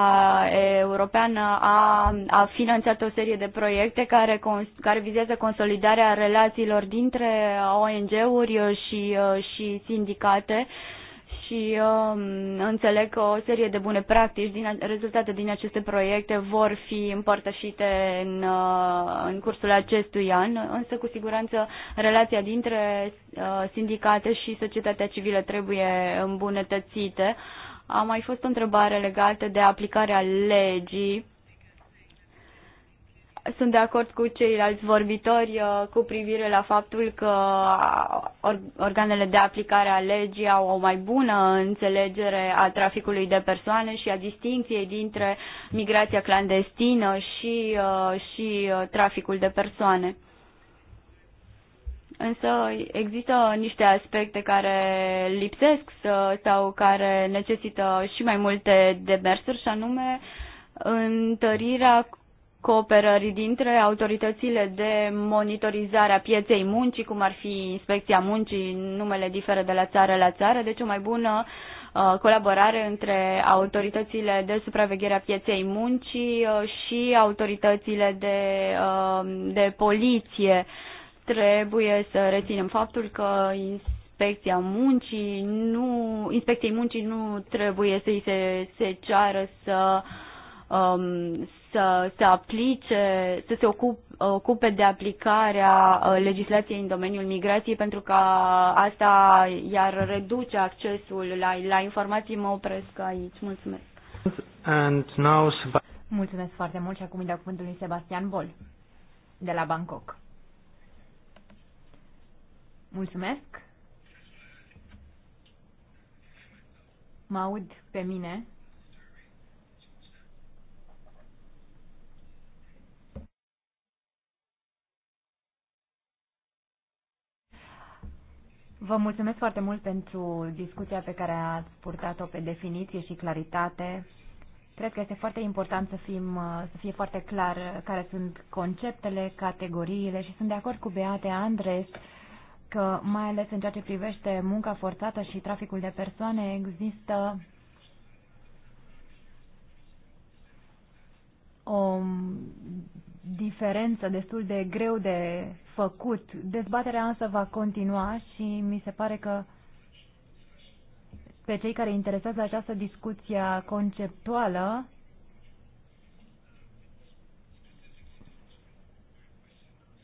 Europeană a, a finanțat o serie de proiecte care, care vizează consolidarea relațiilor dintre ONG-uri și, și sindicate și um, înțeleg că o serie de bune practici, din, rezultate din aceste proiecte vor fi împărtășite în, uh, în cursul acestui an, însă cu siguranță relația dintre uh, sindicate și societatea civilă trebuie îmbunătățită. Uh, a mai fost o întrebare legată de aplicarea legii. Sunt de acord cu ceilalți vorbitori uh, cu privire la faptul că uh, organele de aplicare a legii au o mai bună înțelegere a traficului de persoane și a distinției dintre migrația clandestină și, uh, și traficul de persoane. Însă există niște aspecte care lipsesc sau care necesită și mai multe demersuri și anume întărirea cooperării dintre autoritățile de monitorizare a pieței muncii, cum ar fi inspecția muncii, numele diferă de la țară la țară, deci o mai bună uh, colaborare între autoritățile de supraveghere a pieței muncii uh, și autoritățile de, uh, de poliție Trebuie să reținem faptul că inspecția muncii nu, inspecției muncii nu trebuie să-i se, se ceară să, um, să se aplice, să se ocup, ocupe de aplicarea uh, legislației în domeniul migrației, pentru că asta iar reduce accesul la, la informații. Mă opresc aici. Mulțumesc. And now, Mulțumesc foarte mult și acum îi dau cuvântul lui Sebastian Bol, de la Bangkok. Mulțumesc. Mă aud pe mine. Vă mulțumesc foarte mult pentru discuția pe care ați purtat-o pe definiție și claritate. Cred că este foarte important să, fim, să fie foarte clar care sunt conceptele, categoriile și sunt de acord cu Beate Andres că, mai ales în ceea ce privește munca forțată și traficul de persoane, există o diferență destul de greu de făcut. Dezbaterea însă va continua și mi se pare că pe cei care interesează această discuție conceptuală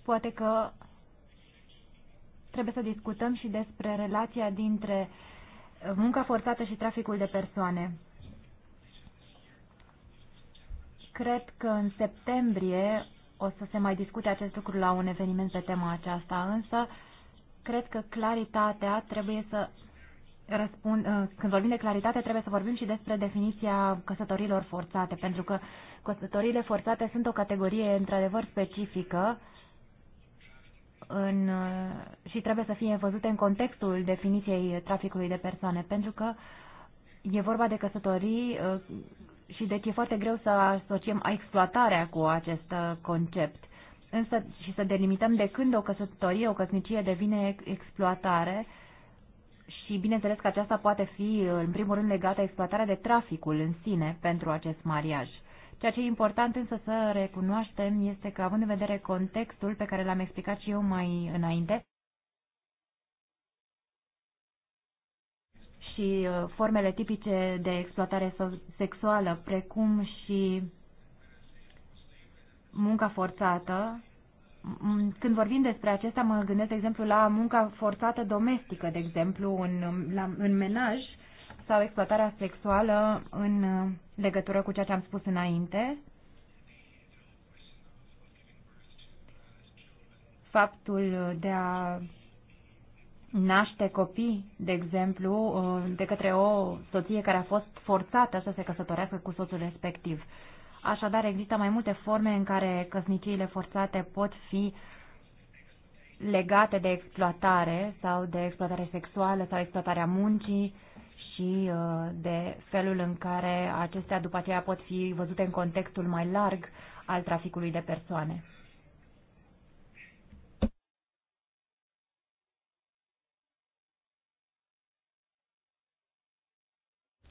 poate că trebuie să discutăm și despre relația dintre munca forțată și traficul de persoane. Cred că în septembrie o să se mai discute acest lucru la un eveniment pe tema aceasta, însă cred că claritatea trebuie să răspund, uh, când vorbim de claritate, trebuie să vorbim și despre definiția căsătorilor forțate, pentru că căsătorile forțate sunt o categorie într-adevăr specifică în, uh, și trebuie să fie văzute în contextul definiției traficului de persoane, pentru că e vorba de căsătorii uh, și deci e foarte greu să asociem exploatarea cu acest uh, concept. Însă și să delimităm de când o căsătorie, o căsnicie devine exploatare și bineînțeles că aceasta poate fi în primul rând legată exploatarea de traficul în sine pentru acest mariaj. Ceea ce e important însă să recunoaștem este că, având în vedere contextul pe care l-am explicat și eu mai înainte, și uh, formele tipice de exploatare sexuală, precum și munca forțată. Când vorbim despre acesta, mă gândesc, de exemplu, la munca forțată domestică, de exemplu, în, la, în menaj, sau exploatarea sexuală în uh, legătură cu ceea ce am spus înainte. Faptul de a naște copii, de exemplu, uh, de către o soție care a fost forțată să se căsătorească cu soțul respectiv. Așadar, există mai multe forme în care căsniciile forțate pot fi legate de exploatare sau de exploatare sexuală sau exploatarea muncii și uh, de felul în care acestea după aceea pot fi văzute în contextul mai larg al traficului de persoane.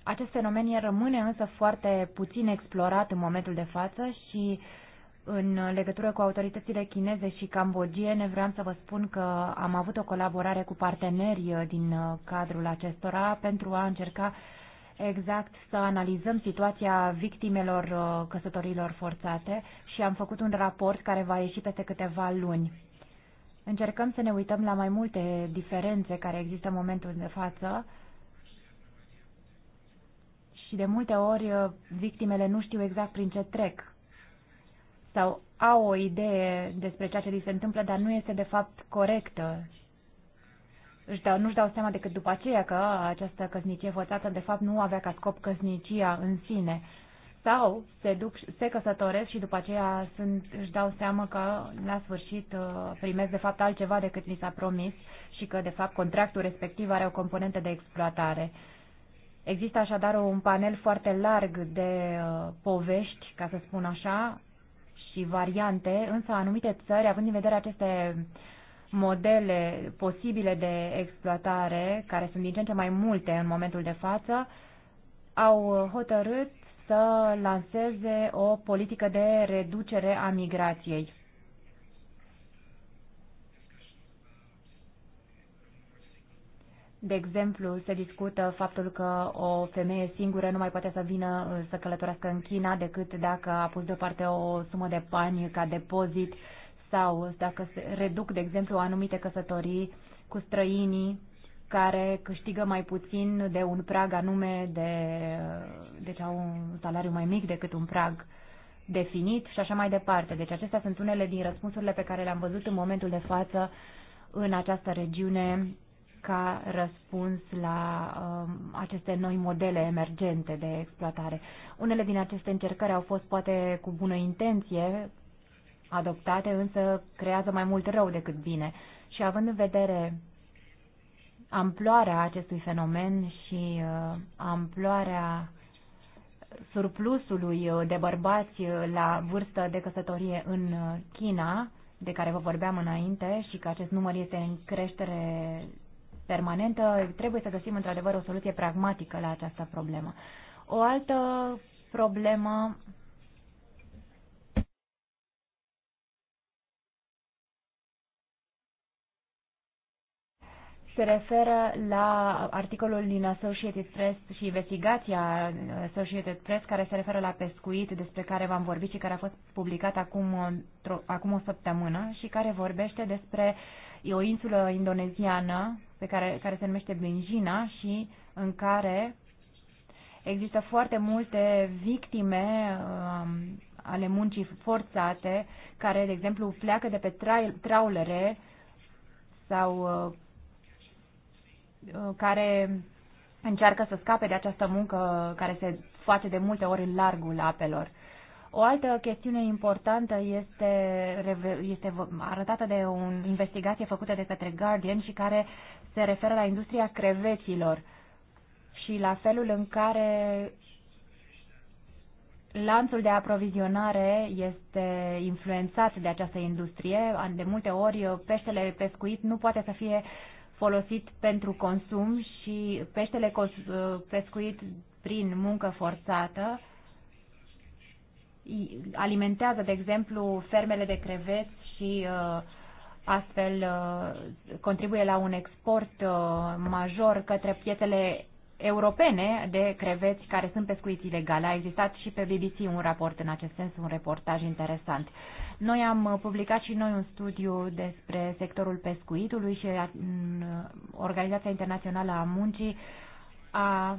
Acest fenomen rămâne însă foarte puțin explorat în momentul de față și uh, în legătură cu autoritățile chineze și cambogiene, vreau să vă spun că am avut o colaborare cu parteneri uh, din uh, cadrul acestora pentru a încerca exact să analizăm situația victimelor uh, căsătorilor forțate și am făcut un raport care va ieși peste câteva luni. Încercăm să ne uităm la mai multe diferențe care există în momentul de față și de multe ori victimele nu știu exact prin ce trec sau au o idee despre ceea ce li se întâmplă, dar nu este de fapt corectă. Își dau, nu-și dau seama decât după aceea că această căsnicie forțată de fapt nu avea ca scop căsnicia în sine. Sau se, duc, se căsătoresc și după aceea sunt, își dau seama că la sfârșit uh, primesc de fapt altceva decât li s-a promis și că de fapt contractul respectiv are o componentă de exploatare. Există așadar un panel foarte larg de uh, povești, ca să spun așa, și variante, însă anumite țări, având în vedere aceste modele posibile de exploatare, care sunt din ce în ce mai multe în momentul de față, au hotărât să lanseze o politică de reducere a migrației. De exemplu, se discută faptul că o femeie singură nu mai poate să vină uh, să călătorească în China decât dacă a pus deoparte o sumă de bani ca depozit sau dacă se reduc, de exemplu, anumite căsătorii cu străinii care câștigă mai puțin de un prag anume de, uh, deci au un salariu mai mic decât un prag definit și așa mai departe. Deci acestea sunt unele din răspunsurile pe care le-am văzut în momentul de față în această regiune ca răspuns la um, aceste noi modele emergente de exploatare. Unele din aceste încercări au fost poate cu bună intenție adoptate, însă creează mai mult rău decât bine. Și având în vedere amploarea acestui fenomen și uh, amploarea surplusului de bărbați la vârstă de căsătorie în China, de care vă vorbeam înainte și că acest număr este în creștere permanentă, trebuie să găsim într-adevăr o soluție pragmatică la această problemă. O altă problemă se referă la articolul din Associated Press și investigația Associated Press care se referă la pescuit despre care v-am vorbit și care a fost publicat acum, acum o săptămână și care vorbește despre o insulă indoneziană pe care, care se numește Benjina și în care există foarte multe victime um, ale muncii forțate care, de exemplu, pleacă de pe traulere sau uh, Uh, care încearcă să scape de această muncă care se face de multe ori în largul apelor. O altă chestiune importantă este, este arătată de o investigație făcută de către Guardian și care se referă la industria creveților și la felul în care lanțul de aprovizionare este influențat de această industrie. De multe ori peștele pescuit nu poate să fie uh, folosit pentru consum și peștele pescuit prin muncă forțată alimentează, de exemplu, fermele de creveți și uh, astfel uh, contribuie la un export uh, major către piețele europene de creveți care sunt pescuiți ilegal. A existat și pe BBC un raport în acest sens, un reportaj interesant. Noi am publicat și noi un studiu despre sectorul pescuitului și uh, Organizația Internațională a Muncii a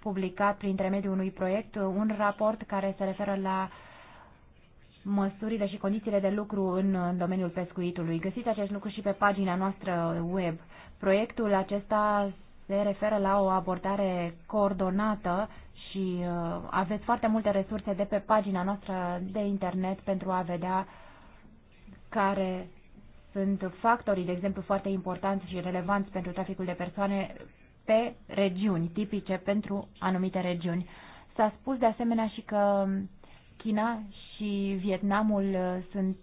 publicat prin intermediul unui proiect un raport care se referă la măsurile și condițiile de lucru în domeniul pescuitului. Găsiți acest lucru și pe pagina noastră web. Proiectul acesta se referă la o abordare coordonată și uh, aveți foarte multe resurse de pe pagina noastră de internet pentru a vedea care sunt factorii, de exemplu, foarte importanți și relevanți pentru traficul de persoane pe regiuni, tipice pentru anumite regiuni. S-a spus de asemenea și că China și Vietnamul uh, sunt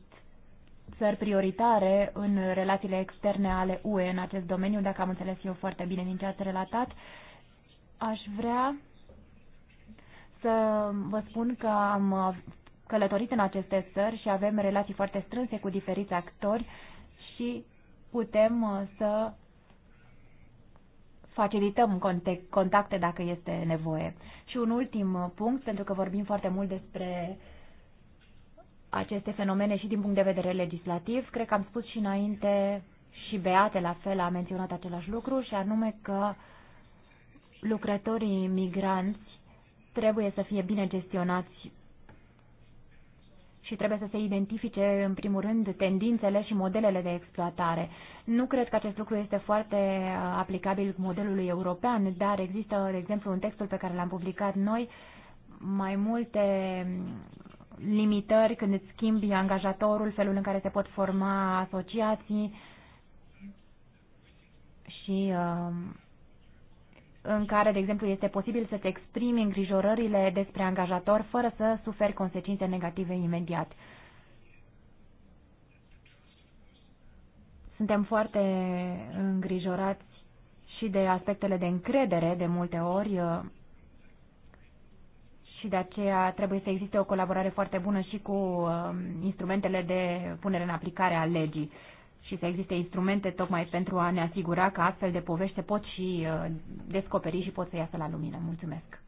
țări prioritare în relațiile externe ale UE în acest domeniu, dacă am înțeles eu foarte bine din ce ați relatat. Aș vrea să vă spun că am călătorit în aceste țări și avem relații foarte strânse cu diferiți actori și putem uh, să facilităm contacte dacă este nevoie. Și un ultim uh, punct, pentru că vorbim foarte mult despre uh, aceste fenomene și din punct de vedere legislativ. Cred că am spus și înainte și Beate la fel a menționat același lucru și anume că lucrătorii migranți trebuie să fie bine gestionați și trebuie să se identifice, în primul rând, tendințele și modelele de exploatare. Nu cred că acest lucru este foarte uh, aplicabil modelului european, dar există, de exemplu, un textul pe care l-am publicat noi, mai multe limitări când îți schimbi angajatorul, felul în care se pot forma asociații și um, în care, de exemplu, este posibil să-ți exprimi îngrijorările despre angajator fără să suferi consecințe negative imediat. Suntem foarte îngrijorați și de aspectele de încredere de multe ori uh, și de aceea trebuie să existe o colaborare foarte bună și cu um, instrumentele de punere în aplicare a legii și să existe instrumente tocmai pentru a ne asigura că astfel de povești se pot și uh, descoperi și pot să iasă la lumină. Mulțumesc!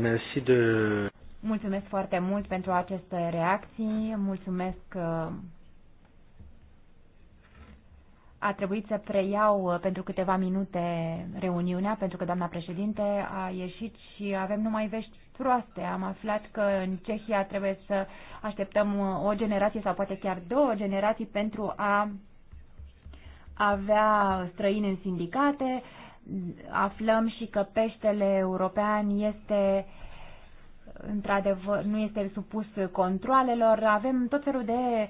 Euh, Mulțumesc foarte mult pentru aceste reacții. Mulțumesc uh, a trebuit să preiau uh, pentru câteva minute reuniunea, pentru că doamna președinte a ieșit și avem numai vești proaste. Am aflat că în Cehia trebuie să așteptăm uh, o generație sau poate chiar două generații pentru a avea străini în sindicate. Aflăm și că peștele european este într-adevăr nu este supus controlelor. Avem tot felul de uh,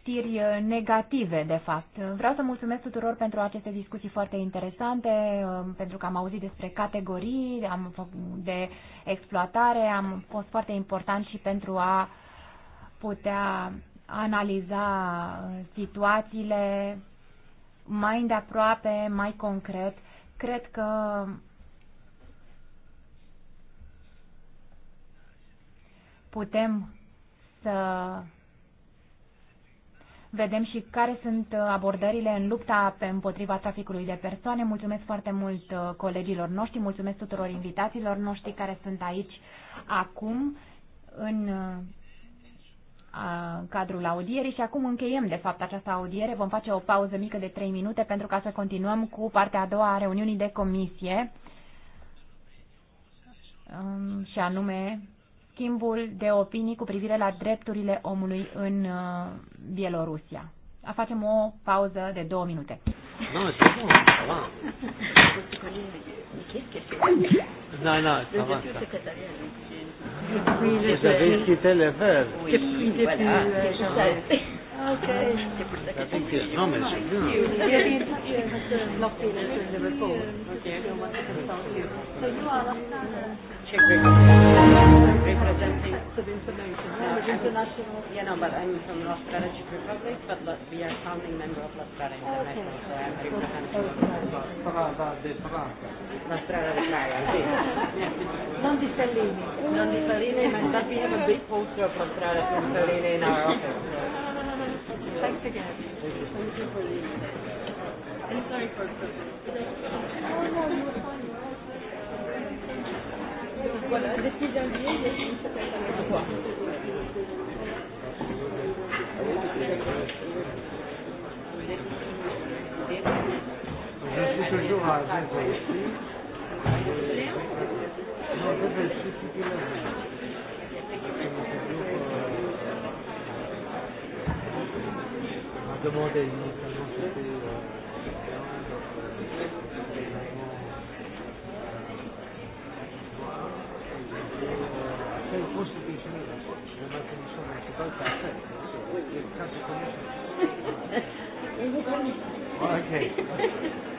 știri uh, negative, de fapt. Vreau să mulțumesc tuturor pentru aceste discuții foarte interesante, um, pentru că am auzit despre categorii de exploatare, am fost foarte important și pentru a putea analiza uh, situațiile mai îndeaproape, mai concret. Cred că putem să vedem și care sunt uh, abordările în lupta împotriva traficului de persoane. Mulțumesc foarte mult uh, colegilor noștri, mulțumesc tuturor invitațiilor noștri care sunt aici acum în uh, cadrul audierii și acum încheiem de fapt această audiere. Vom face o pauză mică de 3 minute pentru ca să continuăm cu partea a doua a reuniunii de comisie um, și anume schimbul de opinii cu privire la drepturile omului în Bielorusia. A facem o pauză de două minute. No, c'est bon, ça va. Non, non, ça va. Oui, je vais quitter le verre. Oui, voilà, c'est ça. Ok. C'est pour ça que c'est bien. Non, mais c'est bien. You have to lock in the report. Okay. So you are Check back depth of information. No, no, international. Yeah, no, but I'm from La Strategic Republic, but La, we are founding member of La Strada International, okay. so I'm representing La Strada de Praga. La Strada de Praga, sì. Non di Fellini. Non di Fellini, but we have a big poster of La Strada from Fellini in our office. So. Thanks again. Thank you for the. I'm sorry for the. Oh, no, you Voilà, décision liée, décision ça peut être Je suis toujours à Genève ici. Non, c'était. *laughs* Okay. *laughs*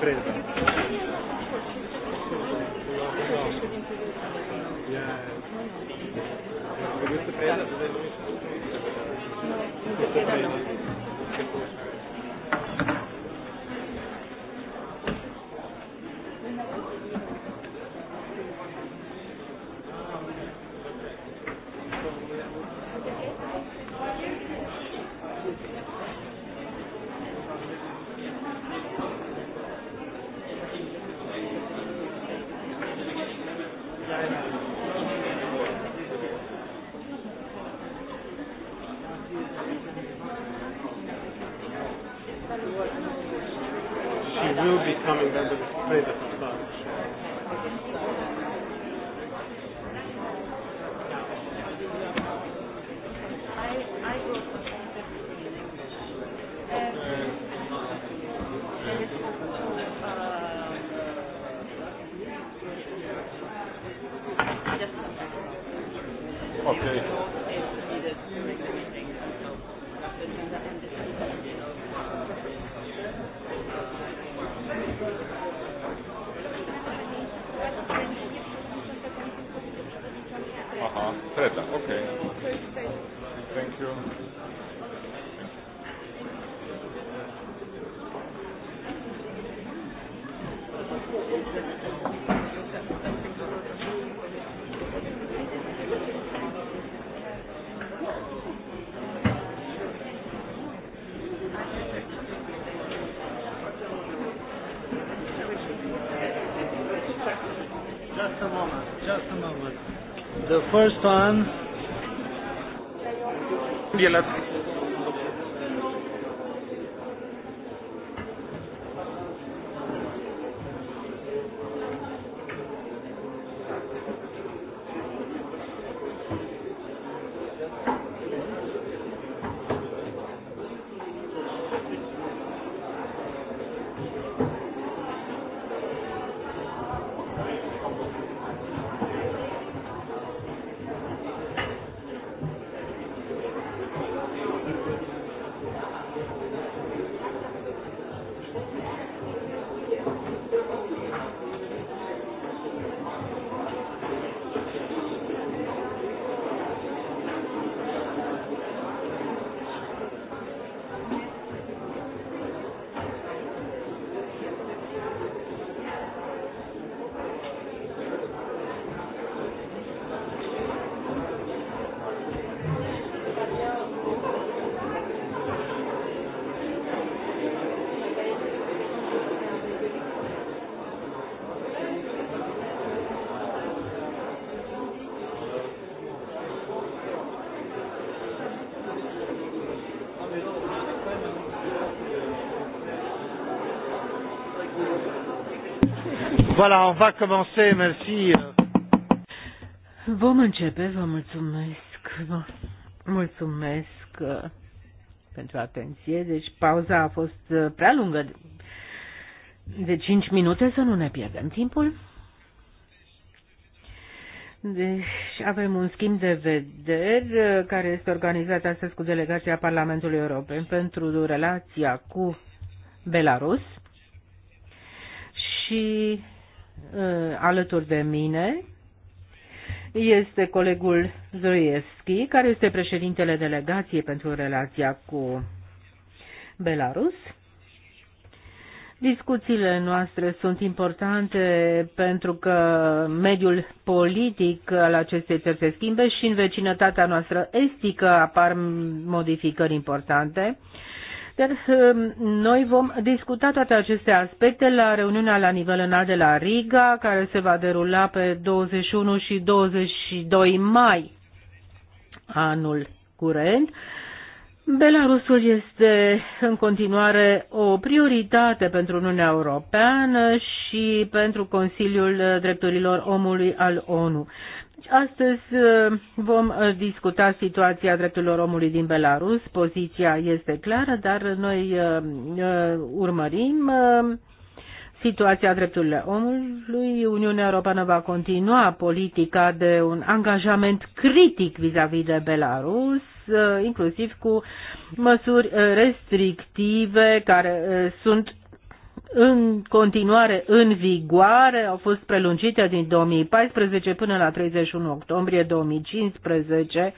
prins. first one. Yeah, let's Voilà, on va commencer, merci. Vom începe, vă mulțumesc. Vă mulțumesc uh, pentru atenție. Deci pauza a fost uh, prea lungă, de 5 minute, să nu ne pierdem timpul. Deci avem un schimb de vederi uh, care este organizat astăzi cu delegația Parlamentului European pentru relația cu Belarus și Uh, alături de mine este colegul Zoievski, care este președintele delegației pentru relația cu Belarus. Discuțiile noastre sunt importante pentru că mediul politic al acestei țări se schimbe și în vecinătatea noastră estică apar modificări importante. Uh, dar um, noi vom discuta toate aceste aspecte la reuniunea la nivel înalt de la Riga, care se va derula pe 21 și 22 mai anul curent. Belarusul este în continuare o prioritate pentru Uniunea Europeană și pentru Consiliul Drepturilor Omului al ONU. Astăzi uh, vom uh, discuta situația drepturilor omului din Belarus. Poziția este clară, dar noi uh, urmărim situația drepturilor omului. Uniunea Europeană va continua politica de un angajament critic vis-a-vis -vis de Belarus, inclusiv cu măsuri restrictive care sunt în continuare în vigoare, au fost prelungite din 2014 până la 31 octombrie 2015,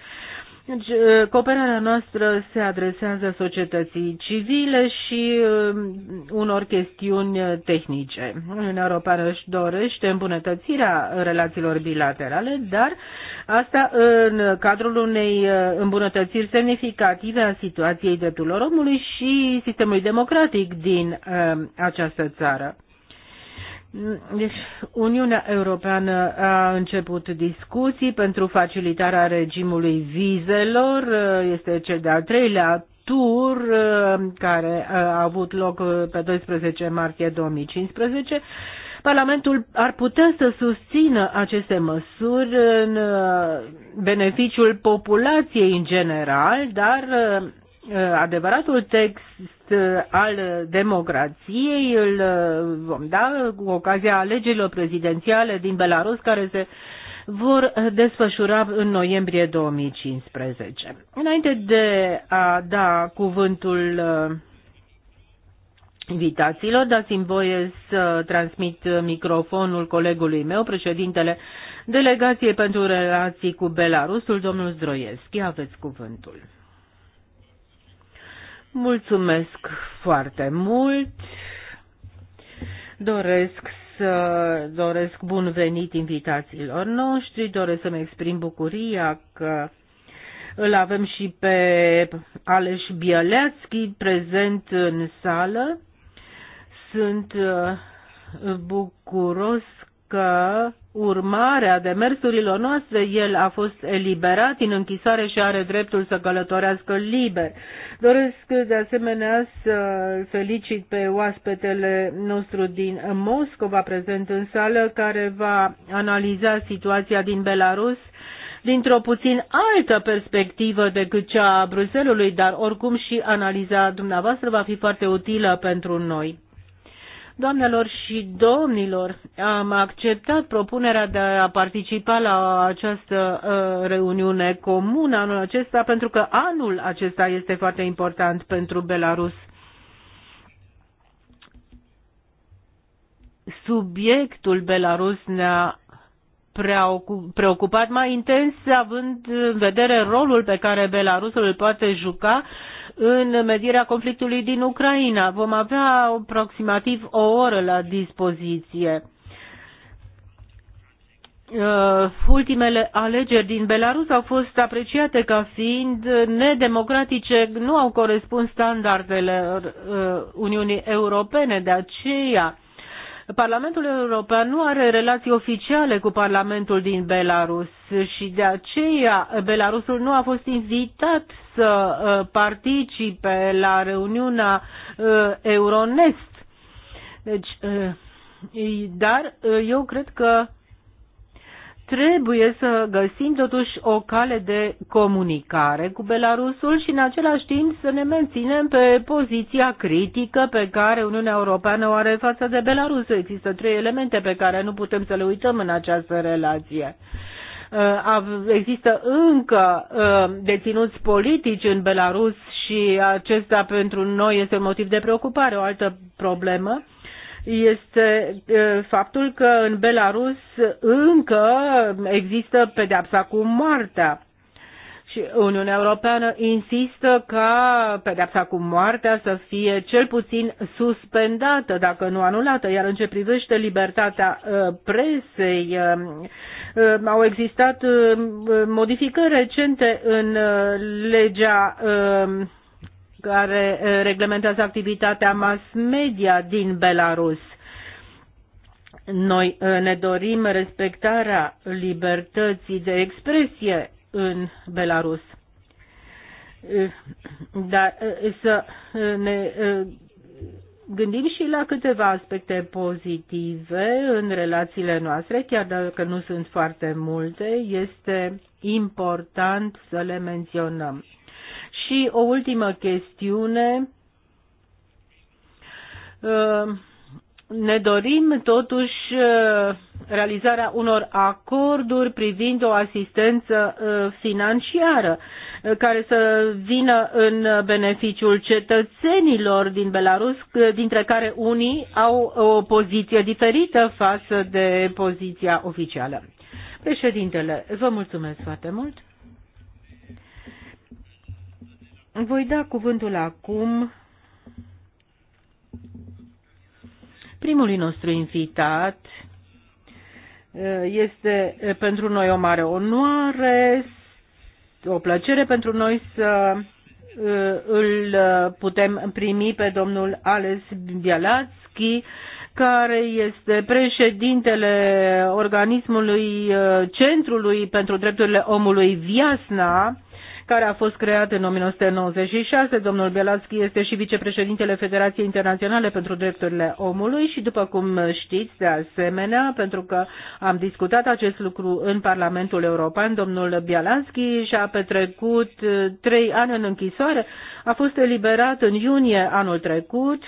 deci, uh, cooperarea noastră se adresează societății civile și um, unor chestiuni tehnice. Uniunea Europeană își dorește îmbunătățirea relațiilor bilaterale, dar asta în cadrul unei uh, îmbunătățiri semnificative a situației drepturilor omului și sistemului democratic din uh, această țară. Deci, Uniunea Europeană a început discuții pentru facilitarea regimului vizelor. Este cel de-al treilea tur uh, care uh, a avut loc uh, pe 12 martie 2015. Parlamentul ar putea să susțină aceste măsuri în beneficiul populației în general, dar adevăratul text Uh, al democrației îl uh, vom da cu ocazia alegerilor prezidențiale din Belarus care se vor desfășura în noiembrie 2015. Înainte de a da cuvântul uh, invitațiilor, dați-mi voie să transmit microfonul colegului meu, președintele Delegației pentru Relații cu Belarusul, domnul Zdroieschi. Aveți cuvântul. Mulțumesc foarte mult. Doresc să doresc bun venit invitațiilor noștri, doresc să-mi exprim bucuria că îl avem și pe Aleș Bialeațchi prezent în sală. Sunt uh, bucuros că urmarea demersurilor noastre, el a fost eliberat din închisoare și are dreptul să călătorească liber. Doresc de asemenea să felicit pe oaspetele nostru din Moscova prezent în sală, care va analiza situația din Belarus dintr-o puțin altă perspectivă decât cea a Bruselului, dar oricum și analiza dumneavoastră va fi foarte utilă pentru noi. Doamnelor și domnilor, am acceptat propunerea de a participa la această uh, reuniune comună anul acesta pentru că anul acesta este foarte important pentru Belarus. Subiectul Belarus ne-a preocupat mai intens având în vedere rolul pe care Belarusul îl poate juca în medierea conflictului din Ucraina. Vom avea aproximativ o oră la dispoziție. Uh, ultimele alegeri din Belarus au fost apreciate ca fiind nedemocratice, nu au corespuns standardele uh, Uniunii Europene, de aceea Parlamentul European nu are relații oficiale cu Parlamentul din Belarus și de aceea Belarusul nu a fost invitat să uh, participe la reuniunea uh, Euronest. Deci, uh, dar eu cred că trebuie să găsim totuși o cale de comunicare cu Belarusul și în același timp să ne menținem pe poziția critică pe care Uniunea Europeană o are față de Belarus. Există trei elemente pe care nu putem să le uităm în această relație. Uh, există încă uh, deținuți politici în Belarus și acesta pentru noi este un motiv de preocupare. O altă problemă este faptul că în Belarus încă există pedeapsa cu moartea. Și Uniunea Europeană insistă ca pedepsa cu moartea să fie cel puțin suspendată, dacă nu anulată, iar în ce privește libertatea presei, au existat modificări recente în legea care eh, reglementează activitatea mass media din Belarus. Noi eh, ne dorim respectarea libertății de expresie în Belarus. Eh, dar să ne gândim și la câteva aspecte pozitive în relațiile noastre, chiar dacă nu sunt foarte multe, este important să le menționăm. Și o ultimă chestiune. Uh, ne dorim totuși uh, realizarea unor acorduri privind o asistență uh, financiară care să vină în beneficiul cetățenilor din Belarus, dintre care unii au o poziție diferită față de poziția oficială. Președintele, vă mulțumesc foarte mult. Voi da cuvântul acum primului nostru invitat. Este pentru noi o mare onoare, o plăcere pentru noi să uh, îl putem primi pe domnul Ales Bialatski, care este președintele organismului uh, Centrului pentru Drepturile Omului Viasna, care a fost creat în 1996. Domnul Bielatski este și vicepreședintele Federației Internaționale pentru Drepturile Omului și, după cum știți, de asemenea, pentru că am discutat acest lucru în Parlamentul European, domnul Bielatski și-a petrecut uh, trei ani în închisoare, a fost eliberat în iunie anul trecut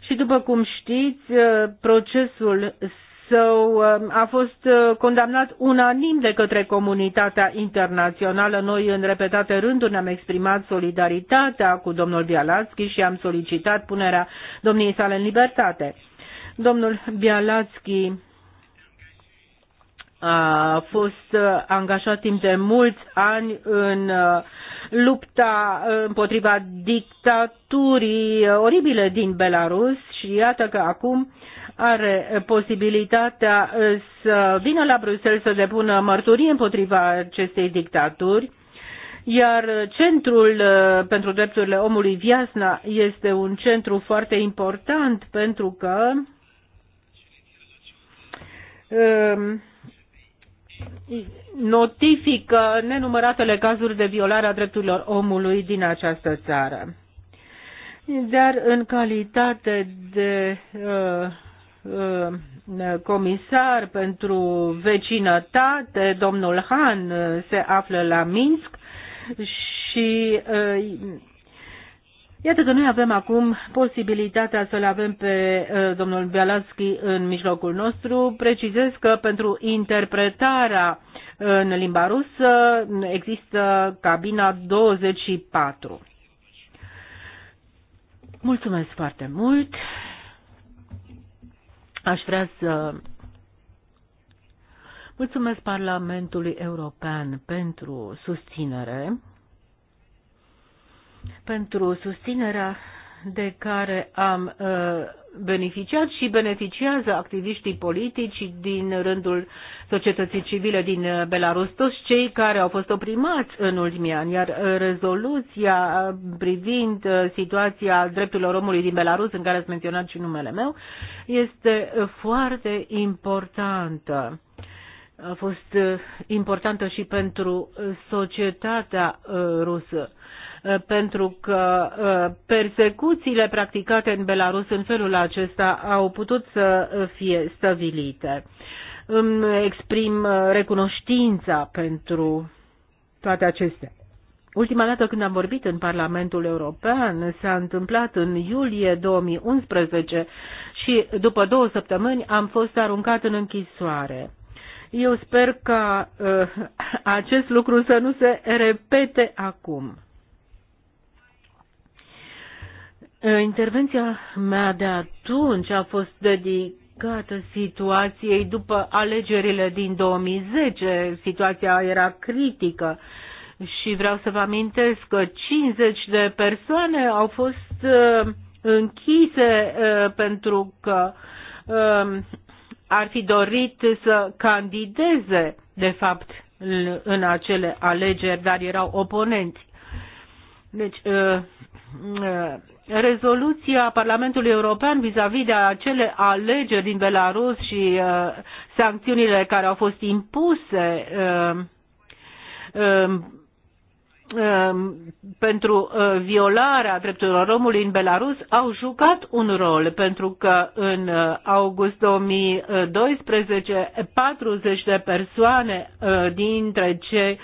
și, după cum știți, uh, procesul său um, a fost uh, condamnat unanim de către comunitatea internațională. Noi în repetate rânduri ne-am exprimat solidaritatea cu domnul Bialatski și am solicitat punerea domniei sale în libertate. Domnul Bialatski a fost uh, angajat timp de mulți ani în uh, lupta împotriva dictaturii oribile din Belarus și iată că acum are posibilitatea uh, să vină la Bruxelles să depună mărturie împotriva acestei dictaturi, iar Centrul uh, pentru Drepturile Omului Viasna este un centru foarte important pentru că um, notifică nenumăratele cazuri de violare a drepturilor omului din această țară. Dar în calitate de uh, Uh, comisar pentru vecinătate, domnul Han, uh, se află la Minsk și uh, Iată că noi avem acum posibilitatea să-l avem pe domnul Bialaschi în mijlocul nostru. Precizez că pentru interpretarea în limba rusă există cabina 24. Mulțumesc foarte mult! Aș vrea să mulțumesc Parlamentului European pentru susținere, pentru susținerea de care am uh, beneficiat și beneficiază activiștii politici din rândul societății civile din Belarus, toți cei care au fost oprimați în ultimii ani, iar rezoluția privind situația drepturilor omului din Belarus, în care ați menționat și numele meu, este foarte importantă a fost importantă și pentru societatea rusă. Uh, pentru că uh, persecuțiile practicate în Belarus în felul acesta au putut să fie stăvilite. Îmi exprim uh, recunoștința pentru toate acestea. Ultima dată când am vorbit în Parlamentul European s-a întâmplat în iulie 2011 și după două săptămâni am fost aruncat în închisoare. Eu sper ca uh, *laughs* acest lucru să nu se repete acum. Ă, intervenția mea de atunci a fost dedicată situației după alegerile din 2010. Situația era critică și vreau să vă amintesc că 50 de persoane au fost ă, închise ă, pentru că ar fi dorit să candideze, de fapt, în acele alegeri, dar erau oponenți. Deci, Uh, rezoluția Parlamentului European vis-a-vis -vis de acele alegeri din Belarus și uh, sancțiunile care au fost impuse uh, um, um, pentru violarea drepturilor omului în Belarus au jucat un rol, pentru că în august 2012 40 de persoane dintre cei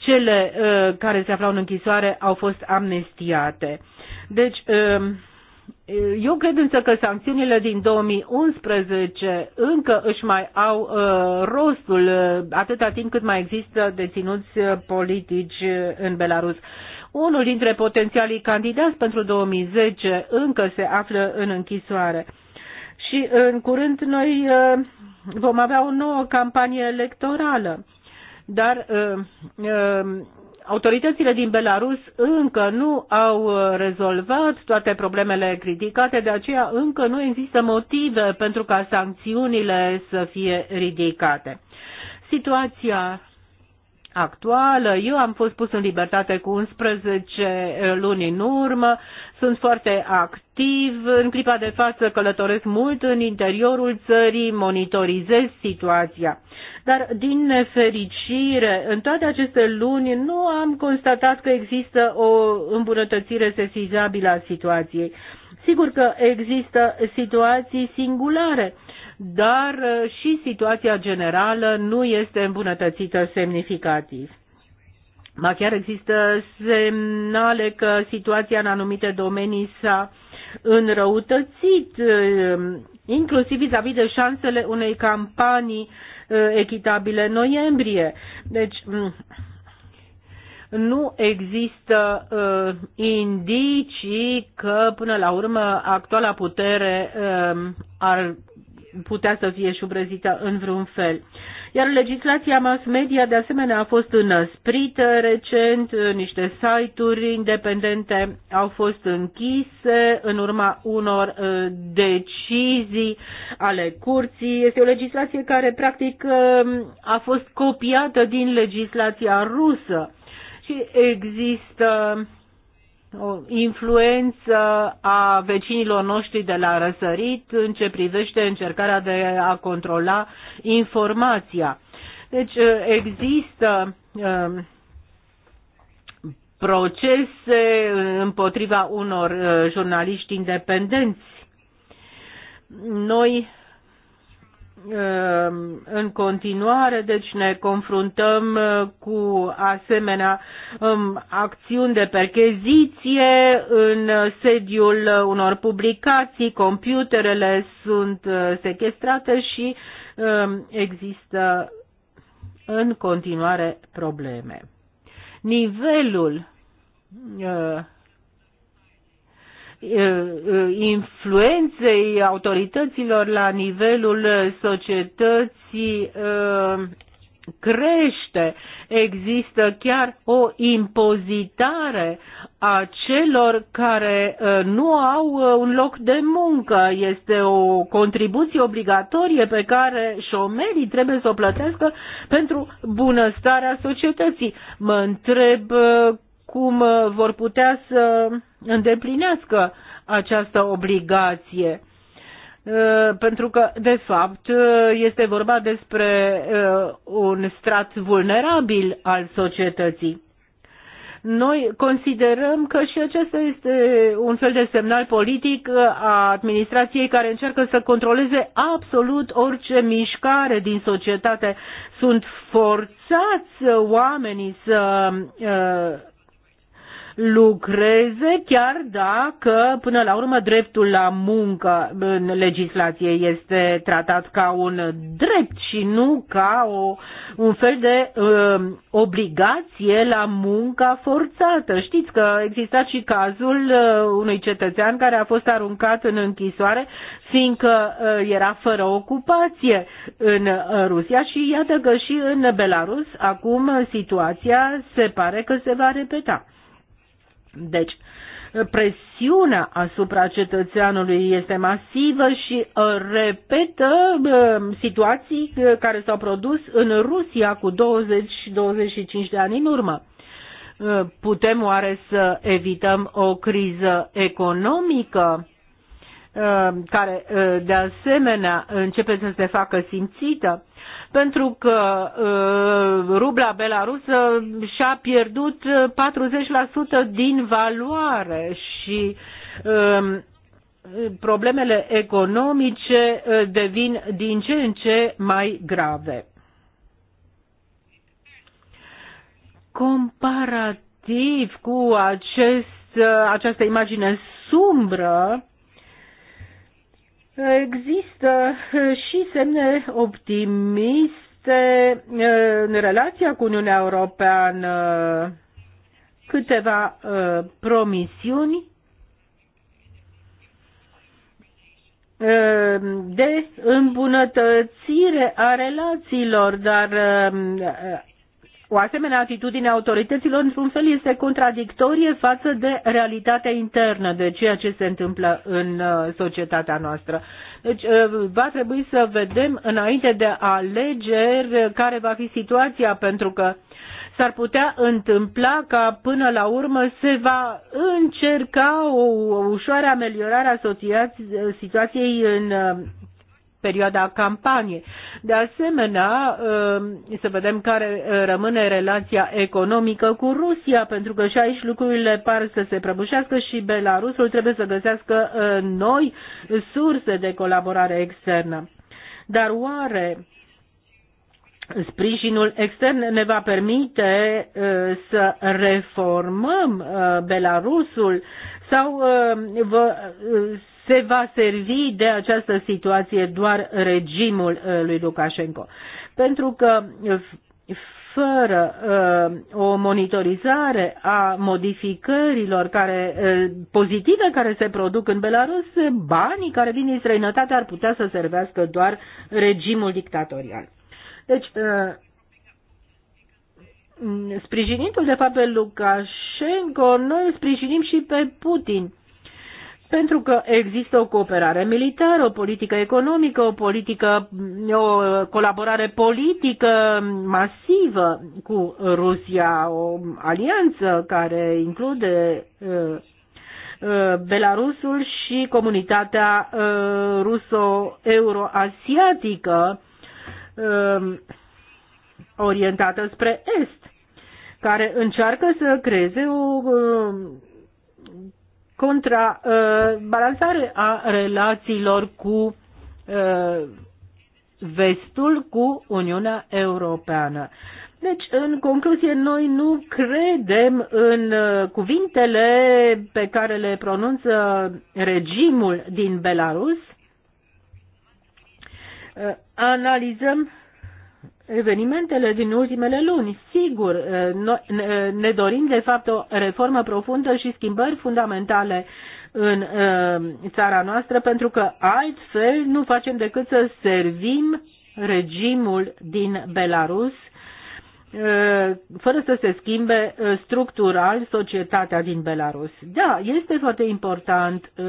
cele uh, care se aflau în închisoare au fost amnestiate. Deci, um, uh, eu cred însă că sancțiunile din 2011 încă își mai au uh, rostul uh, atâta timp cât mai există deținuți uh, politici uh, în Belarus. Unul dintre potențialii candidați pentru 2010 încă se află în închisoare. Și în curând noi uh, vom avea o nouă campanie electorală. Dar uh, uh, autoritățile din Belarus încă nu au uh, rezolvat toate problemele criticate, de aceea încă nu există motive pentru ca sancțiunile să fie ridicate. Situația actuală. Eu am fost pus în libertate cu 11 luni în urmă, sunt foarte activ, în clipa de față călătoresc mult în interiorul țării, monitorizez situația. Dar, din nefericire, în toate aceste luni nu am constatat că există o îmbunătățire sesizabilă a situației. Sigur că există situații singulare dar uh, și situația generală nu este îmbunătățită semnificativ. Ma chiar există semnale că situația în anumite domenii s-a înrăutățit, uh, inclusiv vis-a-vis de șansele unei campanii uh, echitabile în noiembrie. Deci, mm, nu există uh, indicii că până la urmă actuala putere uh, ar putea să fie șubrezită în vreun fel. Iar legislația mass media de asemenea a fost înăsprită recent, niște site-uri independente au fost închise în urma unor uh, decizii ale curții. Este o legislație care practic um, a fost copiată din legislația rusă și există o influență a vecinilor noștri de la răsărit în ce privește încercarea de a controla informația. Deci uh, există um, procese uh, împotriva unor uh, jurnaliști independenți. Noi Um, în continuare, deci ne confruntăm uh, cu asemenea um, acțiuni de percheziție în sediul unor publicații, computerele sunt uh, sequestrate și um, există în continuare probleme. Nivelul uh, Eh, eh, influenței autorităților la nivelul societății eh, crește. Există chiar o impozitare a celor care nu au un loc de muncă. Este o contribuție obligatorie pe care șomerii trebuie să o plătească pentru bunăstarea societății. Mă întreb cum uh, vor putea să îndeplinească această obligație. Uh, pentru că, de fapt, uh, este vorba despre un strat vulnerabil al societății. Noi considerăm că și acesta este un fel de semnal politic a administrației care încearcă să controleze absolut orice mișcare din societate. Sunt forțați oamenii să lucreze, chiar dacă, până la urmă, dreptul la muncă în legislație este tratat ca un drept și nu ca o, un fel de uh, obligație la munca forțată. Știți că a existat și cazul uh, unui cetățean care a fost aruncat în închisoare fiindcă uh, era fără ocupație în uh, Rusia și iată că și în Belarus acum situația se pare că se va repeta. Deci, presiunea asupra cetățeanului este masivă și uh, repetă uh, situații uh, care s-au produs în Rusia cu 20-25 de ani în urmă. Putem oare să evităm o criză economică care de asemenea începe să se facă simțită? pentru că uh, rubla belarusă și-a pierdut 40% uh, din valoare și um, problemele economice uh, devin din ce în ce mai grave. Comparativ cu acest, această imagine sumbră, Există uh, și semne optimiste uh, în relația cu Uniunea Europeană, câteva uh, promisiuni de îmbunătățire a relațiilor, dar o asemenea atitudine a autorităților, într-un fel, este contradictorie față de realitatea internă, de ceea ce se întâmplă în uh, societatea noastră. Deci, uh, va trebui să vedem, înainte de alegeri, care va fi situația, pentru că s-ar putea întâmpla ca până la urmă se va încerca o ușoară ameliorare a situației în uh, perioada campaniei. De asemenea, um, să vedem care uh, rămâne relația economică cu Rusia, pentru că și aici lucrurile par să se prăbușească și Belarusul trebuie să găsească uh, noi surse de colaborare externă. Dar oare sprijinul extern ne va permite uh, să reformăm Belarusul sau se va servi de această situație doar regimul uh, lui Lukashenko. Pentru că uh, fără uh, o monitorizare a modificărilor care, uh, pozitive care se produc în Belarus, banii care vin din străinătate ar putea să servească doar regimul dictatorial. Deci, uh, sprijinindu-l de fapt pe Lukashenko, noi îl sprijinim și pe Putin. Uh, pentru că există o cooperare militară, o politică economică, o politică, o colaborare politică masivă cu Rusia, o alianță care include uh, uh, Belarusul și comunitatea uh, ruso-euroasiatică um, orientată spre est, care încearcă să creeze o Uh, balansare a relațiilor cu uh, vestul, cu Uniunea Europeană. Deci, în concluzie, noi nu credem în uh, cuvintele pe care le pronunță regimul din Belarus. Analizăm evenimentele din ultimele luni. Sigur, eh, eh, ne dorim de fapt o reformă profundă și schimbări fundamentale în eh, țara noastră, pentru că altfel nu facem decât să servim regimul din Belarus fără să se schimbe uh, structural societatea din Belarus. Da, este foarte important uh,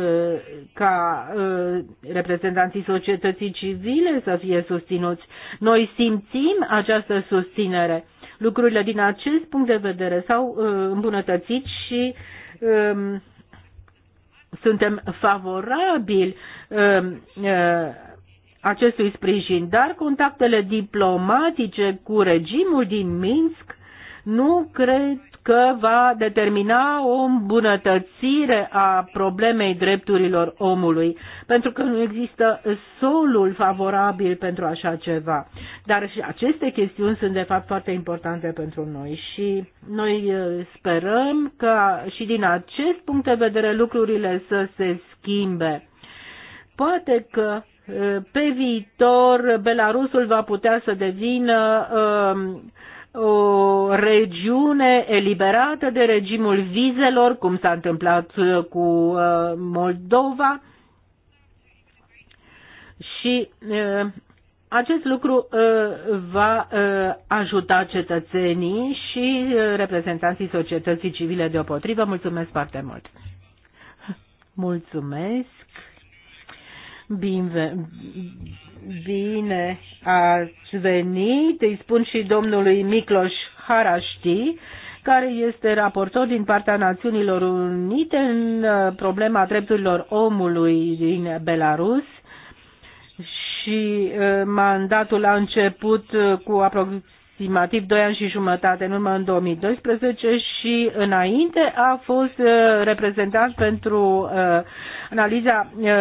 ca uh, reprezentanții societății civile să fie susținuți. Noi simțim această susținere. Lucrurile din acest punct de vedere s-au îmbunătățit și um, suntem favorabili um, acestui sprijin, dar contactele diplomatice cu regimul din Minsk nu cred că va determina o îmbunătățire a problemei drepturilor omului, pentru că nu există solul favorabil pentru așa ceva. Dar și aceste chestiuni sunt de fapt foarte importante pentru noi și noi uh, sperăm că și din acest punct de vedere lucrurile să se schimbe. Poate că pe viitor Belarusul va putea să devină um, o regiune eliberată de regimul vizelor, cum s-a întâmplat uh, cu uh, Moldova. Și uh, acest lucru va ajuta cetățenii și reprezentanții societății civile deopotrivă. Mulțumesc foarte mult! Mulțumesc! Bine ați venit, îi spun și domnului Micloș Haraști, care este raportor din partea Națiunilor Unite în uh, problema drepturilor omului din Belarus și uh, mandatul a început uh, cu aproximativ aproximativ 2 ani și jumătate în urmă în 2012 și înainte a fost uh, reprezentant pentru uh, analiza uh,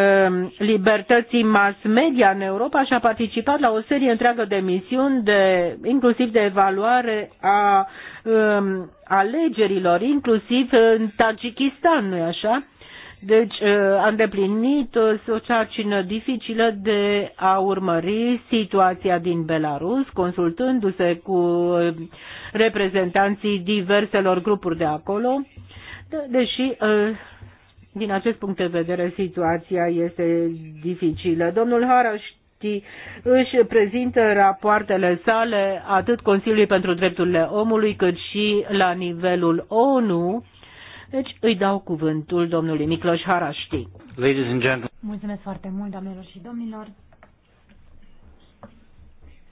libertății mass media în Europa și a participat la o serie întreagă de misiuni, de, inclusiv de evaluare a um, alegerilor, inclusiv în Tajikistan, nu-i așa? Deci uh, a îndeplinit uh, o sarcină dificilă de a urmări situația din Belarus, consultându-se cu uh, reprezentanții diverselor grupuri de acolo, deși din acest punct de vedere situația este dificilă. Domnul Haraș își prezintă rapoartele sale atât Consiliului pentru Drepturile Omului cât și la nivelul ONU deci îi dau cuvântul domnului Micloș Haraști. Ladies and gentlemen. Mulțumesc foarte mult, doamnelor și domnilor.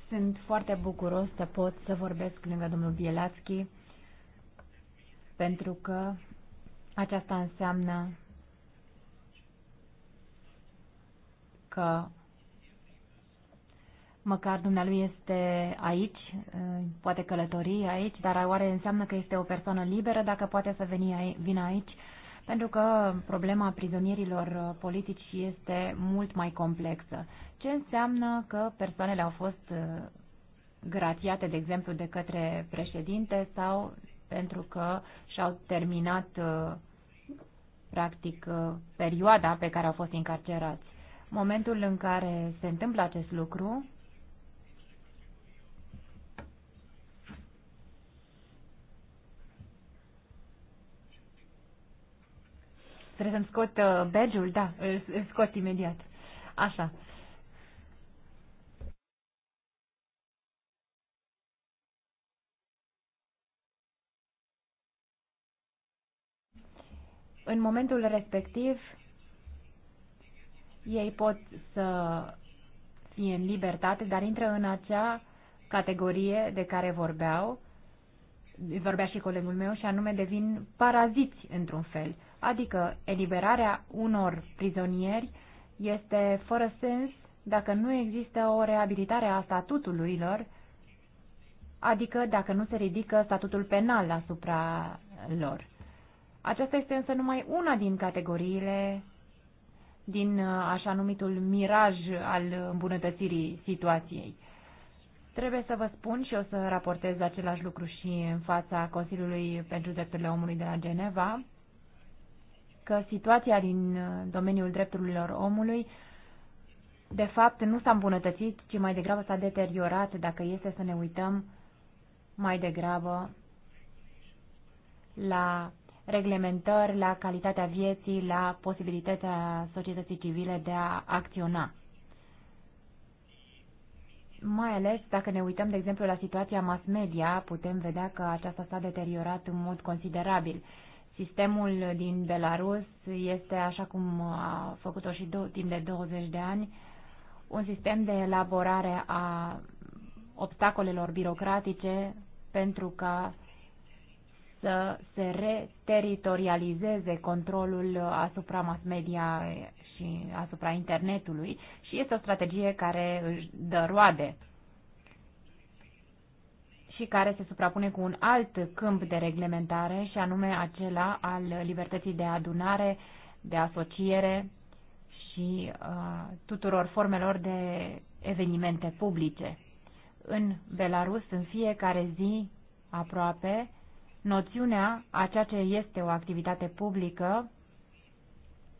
Sunt foarte bucuros să pot să vorbesc lângă domnul Bielatski, pentru că aceasta înseamnă că Măcar dumnealui este aici, uh, poate călători aici, dar oare înseamnă că este o persoană liberă dacă poate să veni, vină aici? Pentru că problema prizonierilor uh, politici este mult mai complexă. Ce înseamnă că persoanele au fost uh, grațiate, de exemplu, de către președinte sau pentru că și-au terminat practic perioada pe care au fost încarcerați. Momentul în care se întâmplă acest lucru Trebuie să-mi scot uh, badge-ul? Da, îl, îl scot imediat. Așa. În momentul respectiv, ei pot să fie în libertate, dar intră în acea categorie de care vorbeau, vorbea și colegul meu, și anume devin paraziți într-un fel adică eliberarea unor prizonieri este fără sens dacă nu există o reabilitare a statutului lor, adică dacă nu se ridică statutul penal asupra lor. Aceasta este însă numai una din categoriile din uh, așa numitul miraj al îmbunătățirii situației. Trebuie să vă spun și o să raportez același lucru și în fața Consiliului pentru Drepturile Omului de la Geneva, că situația din uh, domeniul drepturilor omului de fapt nu s-a îmbunătățit, ci mai degrabă s-a deteriorat dacă este să ne uităm mai degrabă la reglementări, la calitatea vieții, la posibilitatea societății civile de a acționa. Mai ales dacă ne uităm, de exemplu, la situația mass media, putem vedea că aceasta s-a deteriorat în mod considerabil. Sistemul din Belarus este, așa cum a făcut-o și do- timp de 20 de ani, un sistem de elaborare a obstacolelor birocratice pentru ca să se reteritorializeze controlul asupra mass media și asupra internetului și este o strategie care își dă roade și care se suprapune cu un alt câmp de reglementare și anume acela al libertății de adunare, de asociere și uh, tuturor formelor de evenimente publice. În Belarus, în fiecare zi aproape, noțiunea a ceea ce este o activitate publică,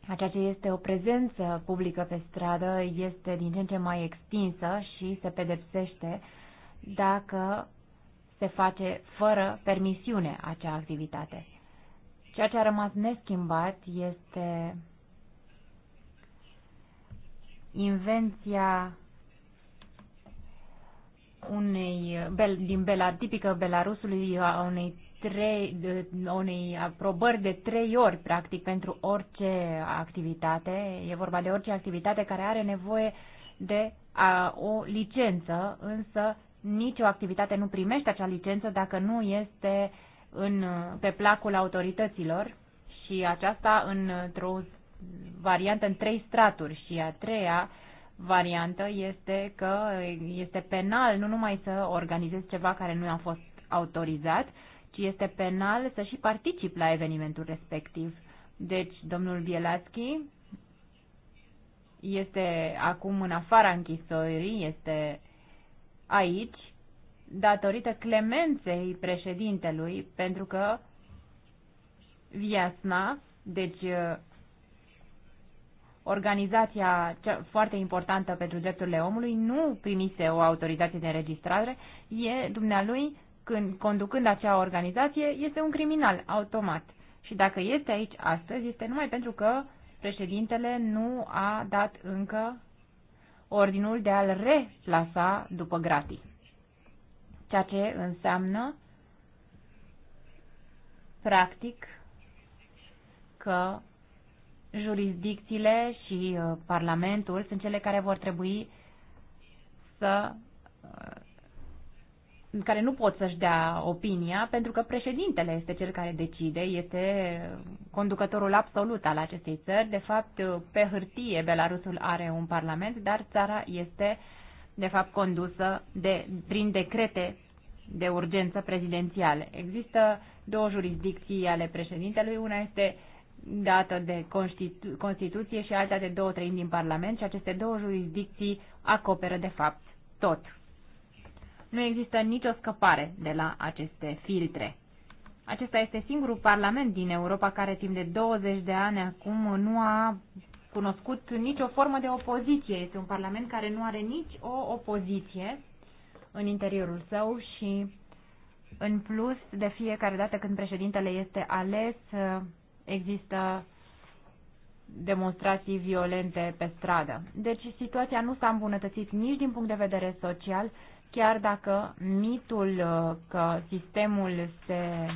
a ceea ce este o prezență publică pe stradă, este din ce în ce mai extinsă și se pedepsește dacă se face fără permisiune acea activitate. Ceea ce a rămas neschimbat este invenția unei, din Bela, tipică Belarusului, a unei, trei, unei aprobări de trei ori, practic, pentru orice activitate. E vorba de orice activitate care are nevoie de a, o licență, însă nicio activitate nu primește acea licență dacă nu este în, pe placul autorităților și aceasta într-o variantă în trei straturi și a treia variantă este că este penal nu numai să organizezi ceva care nu a fost autorizat, ci este penal să și participi la evenimentul respectiv. Deci, domnul Bielaschi este acum în afara închisorii, este aici datorită clemenței președintelui, pentru că Viasna, deci uh, organizația foarte importantă pentru drepturile omului, nu primise o autorizație de înregistrare, e dumnealui, când conducând acea organizație, este un criminal automat. Și dacă este aici astăzi, este numai pentru că președintele nu a dat încă ordinul de a-l replasa după gratii. Ceea ce înseamnă, practic, că jurisdicțiile și uh, Parlamentul sunt cele care vor trebui să uh, care nu pot să-și dea opinia, pentru că președintele este cel care decide, este conducătorul absolut al acestei țări. De fapt, pe hârtie, Belarusul are un parlament, dar țara este, de fapt, condusă de, prin decrete de urgență prezidențiale. Există două jurisdicții ale președintelui, una este dată de Constitu- Constituție și alta de două treimi din Parlament și aceste două jurisdicții acoperă, de fapt, tot nu există nicio scăpare de la aceste filtre. Acesta este singurul parlament din Europa care timp de 20 de ani acum nu a cunoscut nicio formă de opoziție. Este un parlament care nu are nici o opoziție în interiorul său și în plus, de fiecare dată când președintele este ales, există demonstrații violente pe stradă. Deci situația nu s-a îmbunătățit nici din punct de vedere social, chiar dacă mitul uh, că sistemul se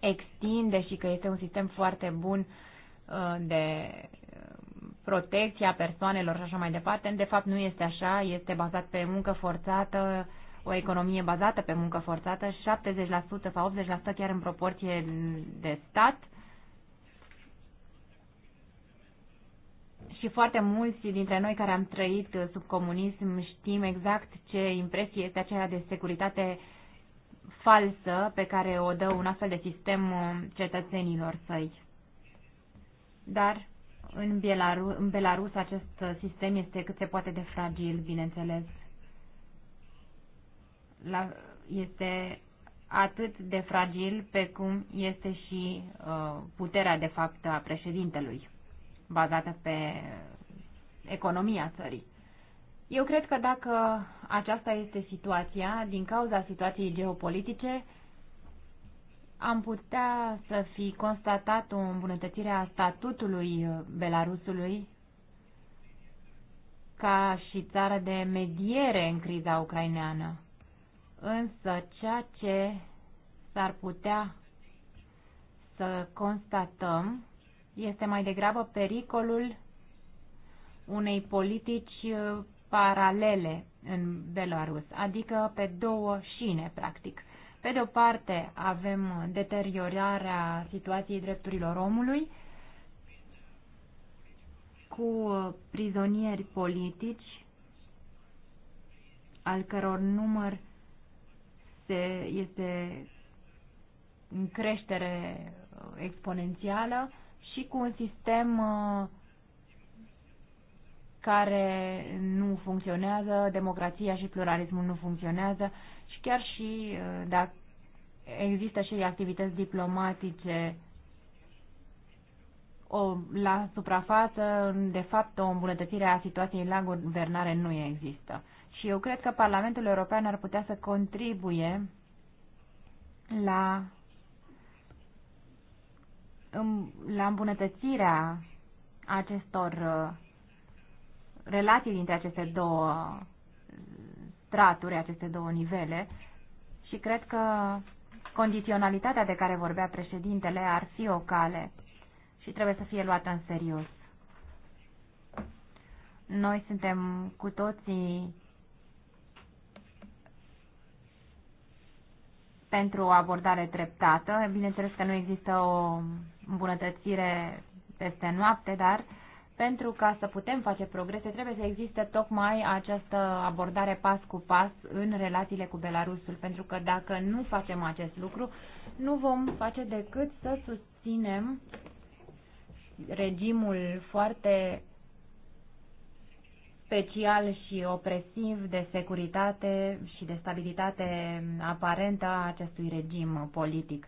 extinde și că este un sistem foarte bun uh, de uh, protecția persoanelor și așa mai departe, de fapt nu este așa, este bazat pe muncă forțată, o economie bazată pe muncă forțată, 70% sau 80% chiar în proporție de stat și foarte mulți dintre noi care am trăit uh, sub comunism știm exact ce impresie este aceea de securitate falsă pe care o dă un astfel de sistem uh, cetățenilor săi. Dar în, Bielaru, în Belarus acest uh, sistem este cât se poate de fragil, bineînțeles. La, este atât de fragil pe cum este și uh, puterea, de fapt, a președintelui bazată pe economia țării. Eu cred că dacă aceasta este situația, din cauza situației geopolitice, am putea să fi constatat o îmbunătățire a statutului Belarusului ca și țară de mediere în criza ucraineană. Însă ceea ce s-ar putea să constatăm este mai degrabă pericolul unei politici uh, paralele în Belarus, adică pe două șine, practic. Pe de o parte avem deteriorarea situației drepturilor omului cu prizonieri politici al căror număr se, este în creștere uh, exponențială și cu un sistem uh, care nu funcționează, democrația și pluralismul nu funcționează și chiar și uh, dacă există și activități diplomatice o, la suprafață, de fapt, o îmbunătățire a situației la guvernare nu există. Și eu cred că Parlamentul European ar putea să contribuie la la îmbunătățirea acestor uh, relații dintre aceste două straturi, aceste două nivele și cred că condiționalitatea de care vorbea președintele ar fi o cale și trebuie să fie luată în serios. Noi suntem cu toții pentru o abordare treptată. Bineînțeles că nu există o îmbunătățire peste noapte, dar pentru ca să putem face progrese trebuie să existe tocmai această abordare pas cu pas în relațiile cu Belarusul, pentru că dacă nu facem acest lucru, nu vom face decât să susținem regimul foarte special și opresiv de securitate și de stabilitate aparentă a acestui regim politic.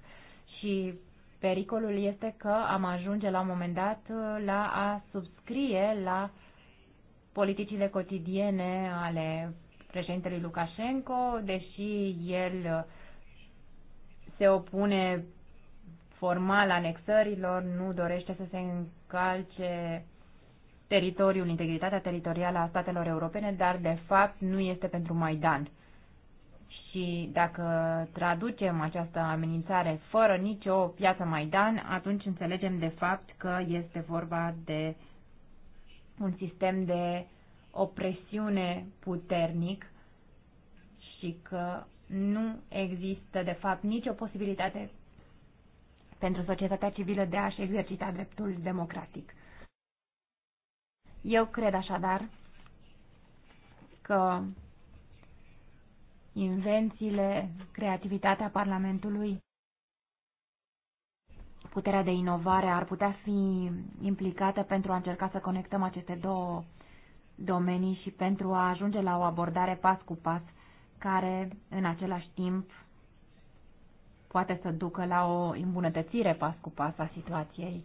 Și Pericolul este că am ajunge la un moment dat uh, la a subscrie la politicile cotidiene ale președintelui Lukashenko, deși el uh, se opune formal anexărilor, nu dorește să se încalce teritoriul, integritatea teritorială a statelor europene, dar de fapt nu este pentru Maidan. Și dacă traducem această amenințare fără nicio piață Maidan, atunci înțelegem de fapt că este vorba de un sistem de opresiune puternic și că nu există de fapt nicio posibilitate pentru societatea civilă de a-și exercita dreptul democratic. Eu cred așadar că invențiile, creativitatea Parlamentului, puterea de inovare ar putea fi implicată pentru a încerca să conectăm aceste două domenii și pentru a ajunge la o abordare pas cu pas care în același timp poate să ducă la o îmbunătățire pas cu pas a situației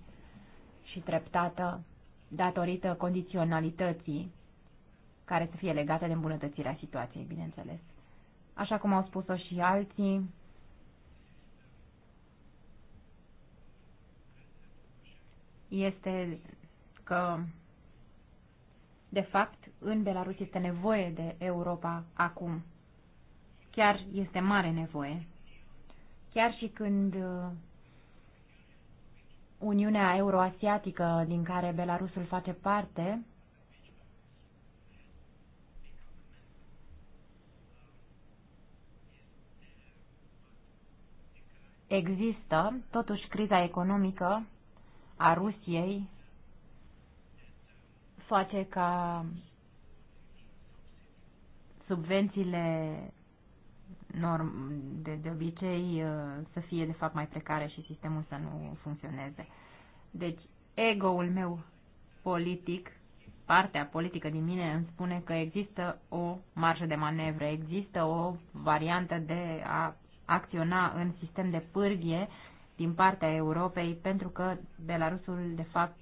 și treptată datorită condiționalității care să fie legată de îmbunătățirea situației, bineînțeles așa cum au spus-o și alții. Este că, de fapt, în Belarus este nevoie de Europa acum. Chiar este mare nevoie. Chiar și când uh, Uniunea Euroasiatică, din care Belarusul face parte, Există, totuși, criza economică a Rusiei face ca subvențiile norm, de, de obicei uh, să fie, de fapt, mai precare și sistemul să nu funcționeze. Deci, ego-ul meu politic, partea politică din mine îmi spune că există o marjă de manevră, există o variantă de a acționa în sistem de pârghie din partea Europei, pentru că Belarusul, de fapt,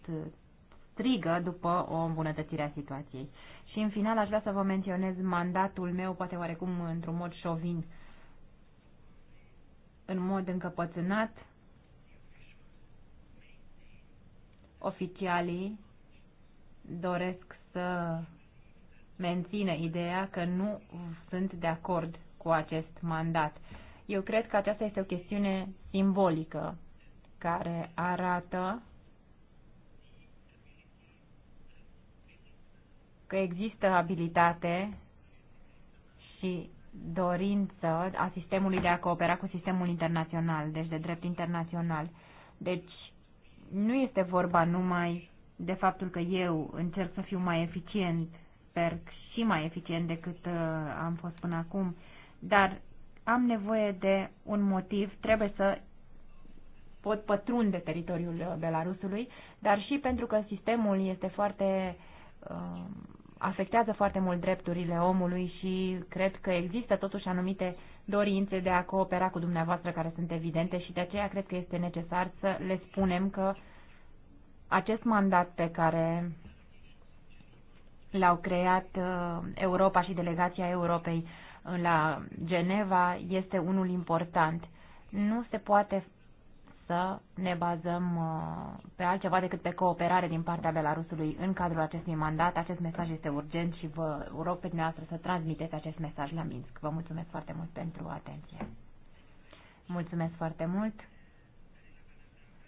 strigă după o îmbunătățire a situației. Și în final aș vrea să vă menționez mandatul meu, poate oarecum într-un mod șovin, în mod încăpățânat, oficialii doresc să mențină ideea că nu sunt de acord cu acest mandat eu cred că aceasta este o chestiune simbolică care arată că există abilitate și dorință a sistemului de a coopera cu sistemul internațional, deci de drept internațional. Deci nu este vorba numai de faptul că eu încerc să fiu mai eficient, sper și mai eficient decât uh, am fost până acum, dar am nevoie de un motiv, trebuie să pot pătrunde teritoriul uh, Belarusului, dar și pentru că sistemul este foarte uh, afectează foarte mult drepturile omului și cred că există totuși anumite dorințe de a coopera cu dumneavoastră care sunt evidente și de aceea cred că este necesar să le spunem că acest mandat pe care l-au creat uh, Europa și delegația Europei la Geneva este unul important. Nu se poate să ne bazăm uh, pe altceva decât pe cooperare din partea Belarusului în cadrul acestui mandat. Acest mesaj este urgent și vă rog pe dumneavoastră să transmiteți acest mesaj la Minsk. Vă mulțumesc foarte mult pentru atenție. Mulțumesc foarte mult.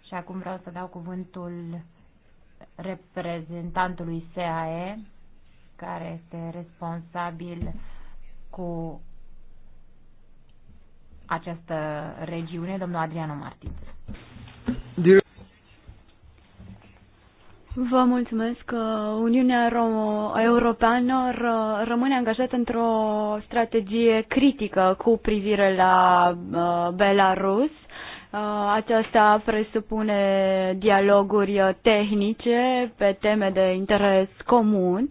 Și acum vreau să dau cuvântul reprezentantului SAE, care este responsabil cu această regiune, domnul Adriano Martins. Vă mulțumesc că Uniunea Europeană rămâne angajată într-o strategie critică cu privire la uh, Belarus. Uh, aceasta presupune dialoguri tehnice pe teme de interes comun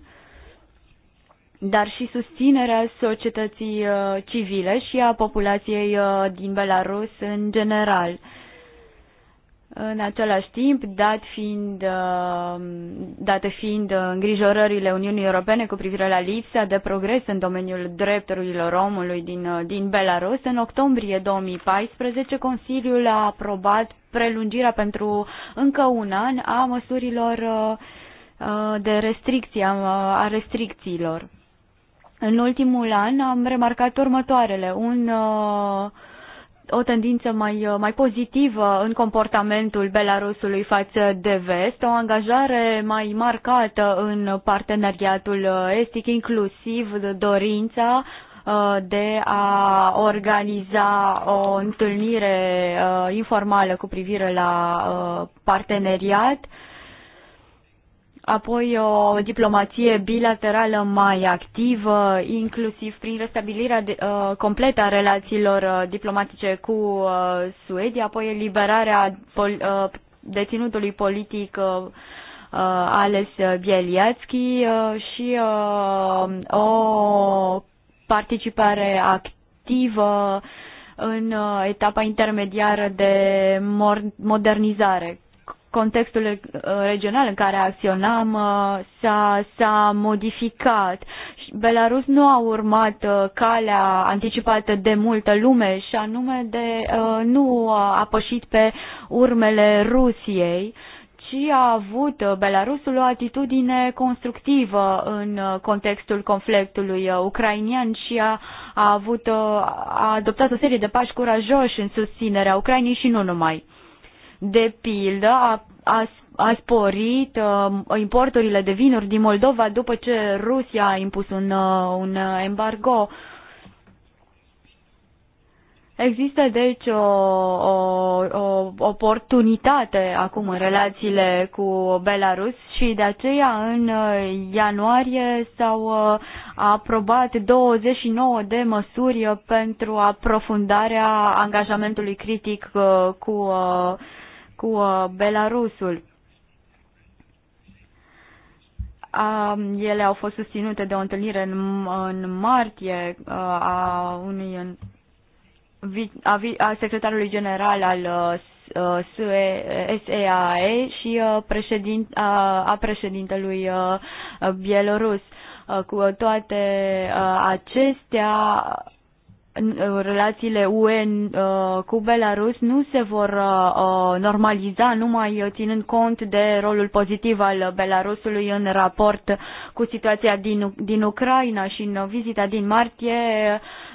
dar și susținerea societății uh, civile și a populației uh, din Belarus în general. În același timp, dat fiind, uh, date fiind îngrijorările Uniunii Europene cu privire la lipsa de progres în domeniul drepturilor omului din, din Belarus, în octombrie 2014 Consiliul a aprobat prelungirea pentru încă un an a măsurilor de restricție, a restricțiilor. În ultimul an am remarcat următoarele. Un, uh, o tendință mai, uh, mai pozitivă în comportamentul Belarusului față de vest, o angajare mai marcată în parteneriatul uh, estic, inclusiv dorința de a organiza o întâlnire informală cu privire la parteneriat apoi o diplomație bilaterală mai activă, inclusiv prin restabilirea de, uh, completă a relațiilor uh, diplomatice cu uh, Suedia, apoi eliberarea pol, uh, deținutului politic uh, uh, ales uh, Bieliatski uh, și uh, o participare activă în uh, etapa intermediară de modernizare contextul uh, regional în care acționam uh, s-a, s-a modificat. Belarus nu a urmat uh, calea anticipată de multă lume și anume de nu a pășit pe urmele Rusiei ci a avut Belarusul o atitudine constructivă în contextul conflictului ucrainian și a, a, avut, a adoptat o serie de pași curajoși în susținerea Ucrainei și nu numai de pildă, a, a, a sporit uh, importurile de vinuri din Moldova după ce Rusia a impus un, uh, un embargo. Există deci o, o, o oportunitate acum în relațiile cu Belarus și de aceea în uh, ianuarie s-au uh, aprobat 29 de măsuri pentru aprofundarea angajamentului critic uh, cu cu uh, Belarusul. Ele au fost susținute de o întâlnire în, în martie uh, a unui a, a secretarului general al uh, SEAE și președint, a, a președintelui bielorus. Cu toate acestea, Uh, relațiile UE uh, cu Belarus nu se vor uh, normaliza numai ținând cont de rolul pozitiv al Belarusului în raport cu situația din, din Ucraina și în vizita din martie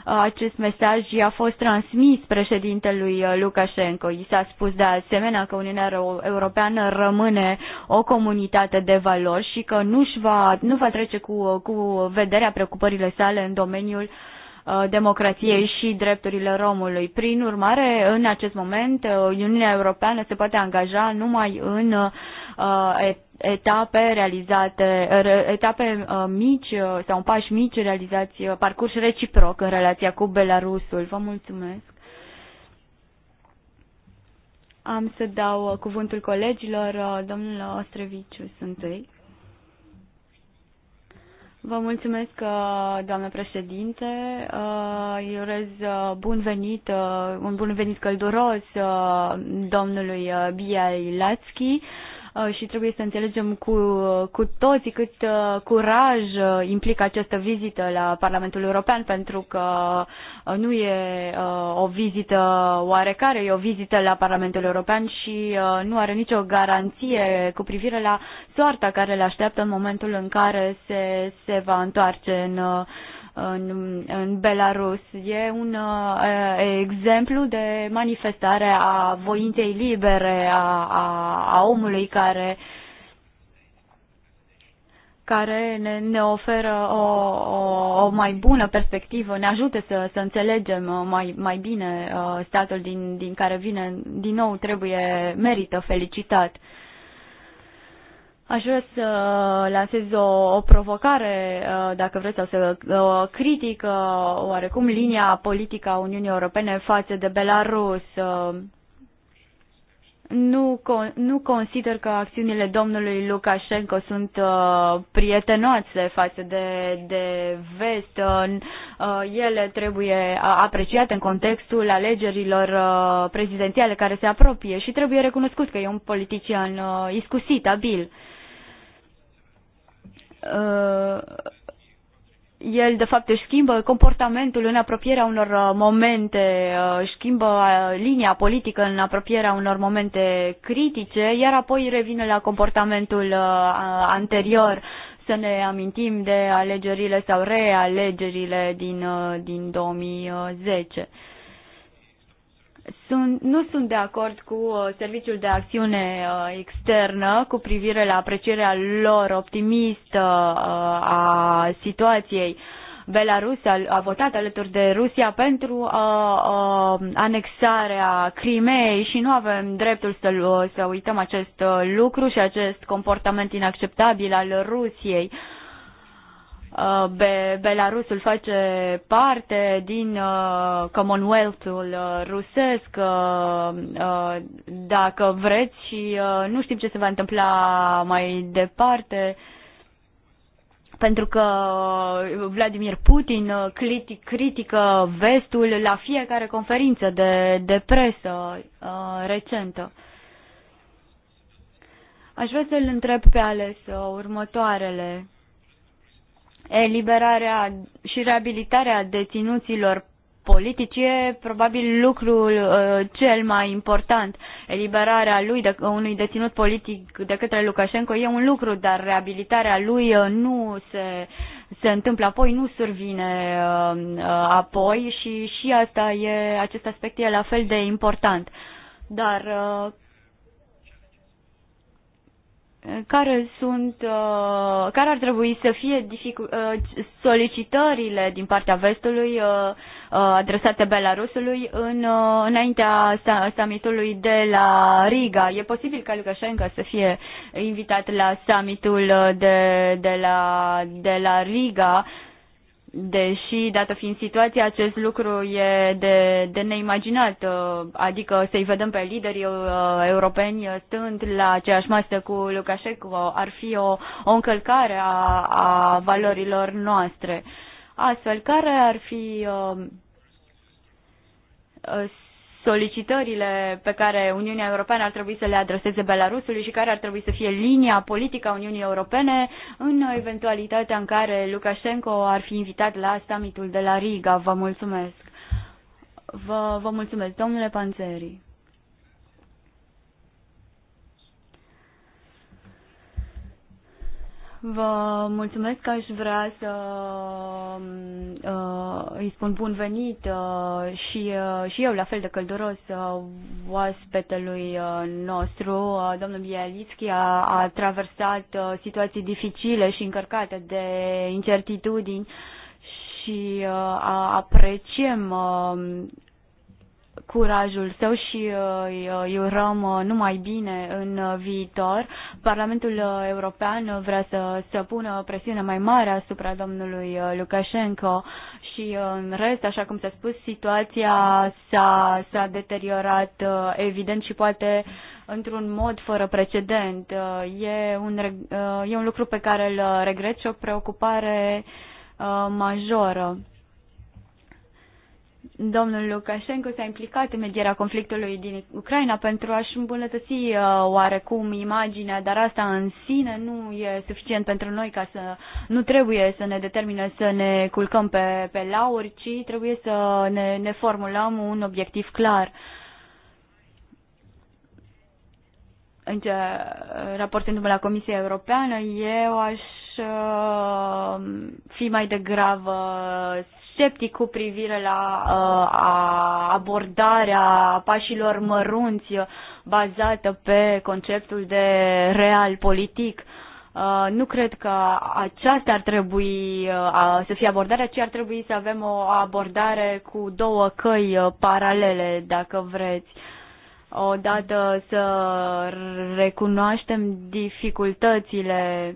acest mesaj a fost transmis președintelui Lukashenko. I s-a spus de asemenea că Uniunea Europeană rămâne o comunitate de valori și că nu, va, nu va trece cu, cu vederea preocupările sale în domeniul uh, Uh, democrației și drepturile romului. Prin urmare, în acest moment, uh, Uniunea Europeană se poate angaja numai în uh, etape realizate, etape mici sau în pași mici realizați, parcurs reciproc în relația cu Belarusul. Vă mulțumesc! Am să dau cuvântul colegilor, domnul Ostreviciu, sunt ei. Vă mulțumesc, uh, doamnă președinte. Uh, îi urez uh, bun venit, un bun venit călduros domnului Bialatski. Uh, și trebuie să înțelegem cu, uh, cu toții cât uh, curaj implică această vizită la Parlamentul European, pentru că nu e o vizită oarecare, e o vizită la Parlamentul European și nu are nicio garanție cu privire la soarta care le așteaptă în momentul în care se, se va întoarce în în, în Belarus. E un uh, exemplu de manifestare a voinței libere a, a, a omului care care ne, ne oferă o, o, o mai bună perspectivă, ne ajută să, să înțelegem uh, mai, mai bine uh, statul din, din care vine. Din nou, trebuie, merită felicitat. Aș vrea să lansez o, o provocare, uh, dacă vreți, sau să o uh, critic uh, oarecum linia politică a Uniunii Europene față de Belarus. Nu, nu consider că acțiunile domnului Lukashenko sunt uh, prietenoase față de, de vest. Uh, ele trebuie apreciate în contextul alegerilor uh, prezidențiale care se apropie și trebuie recunoscut că e un politician uh, iscusit, abil. Uh, Uh, el de fapt își schimbă comportamentul în apropierea unor uh, momente, uh, își schimbă linia politică în apropierea unor momente critice, iar apoi revine la comportamentul anterior. Să ne amintim de alegerile sau realegerile din, din 2010 sunt, nu sunt de acord cu uh, Serviciul de Acțiune uh, Externă cu privire la aprecierea lor optimistă uh, a situației. Belarus a, votat alături de Rusia pentru anexarea Crimeei și nu avem dreptul să, să uităm acest lucru și acest comportament inacceptabil al Rusiei. Uh, Uh, Be- Belarusul face parte din uh, Commonwealth-ul uh, rusesc, uh, uh, dacă vreți, și uh, nu știm ce se va întâmpla mai departe, pentru că uh, Vladimir Putin critic- critică vestul la fiecare conferință de, de presă uh, recentă. Aș vrea să-l întreb pe ales următoarele eliberarea și reabilitarea deținuților politici e probabil lucrul uh, cel mai important. Eliberarea lui, de, unui deținut politic de către Lukashenko e un lucru, dar reabilitarea lui uh, nu se, se întâmplă apoi, nu survine uh, uh, apoi și, și asta e, acest aspect e la fel de important. Dar uh, care sunt, uh, care ar trebui să fie uh, solicitările din partea vestului uh, adresate Belarusului în, înaintea summitului de la Riga. E posibil ca Lukashenko să fie invitat la summitul de, de, la, de la Riga Deși, dată fiind situația, acest lucru e de, de neimaginat, uh, adică să-i vedem pe liderii uh, europeni stând la aceeași masă cu Lukashenko ar fi o, o încălcare a, a valorilor noastre. Astfel, care ar fi uh, solicitările pe care Uniunea Europeană ar trebui să le adreseze Belarusului și care ar trebui să fie linia politică a Uniunii Europene în eventualitatea în care Lukashenko ar fi invitat la summitul de la Riga. Vă mulțumesc. Vă, vă mulțumesc, domnule Panzeri. Vă mulțumesc că aș vrea să uh, îi spun bun venit uh, și, uh, și eu la fel de călduros uh, oaspetelui uh, nostru. Uh, domnul Bialitski a, a traversat uh, situații dificile și încărcate de incertitudini și uh, apreciem uh, curajul său și uh, îi urăm uh, numai bine în uh, viitor. Parlamentul European vrea să, să pună presiune mai mare asupra domnului Lukashenko și în rest, așa cum s-a spus, situația s-a, s-a deteriorat evident și poate într-un mod fără precedent. E un, e un lucru pe care îl regret și o preocupare majoră. Domnul Lukashenko s-a implicat în medierea conflictului din Ucraina pentru a-și îmbunătăți uh, oarecum imaginea, dar asta în sine nu e suficient pentru noi ca să nu trebuie să ne determine să ne culcăm pe, pe lauri, ci trebuie să ne, ne formulăm un obiectiv clar. În ce, uh, raportându-mă la Comisia Europeană, eu aș uh, fi mai degrabă sceptic cu privire la uh, a abordarea pașilor mărunți uh, bazată pe conceptul de real politic. Uh, nu cred că aceasta ar trebui uh, să fie abordarea, ci ar trebui să avem o abordare cu două căi uh, paralele, dacă vreți. Odată să recunoaștem dificultățile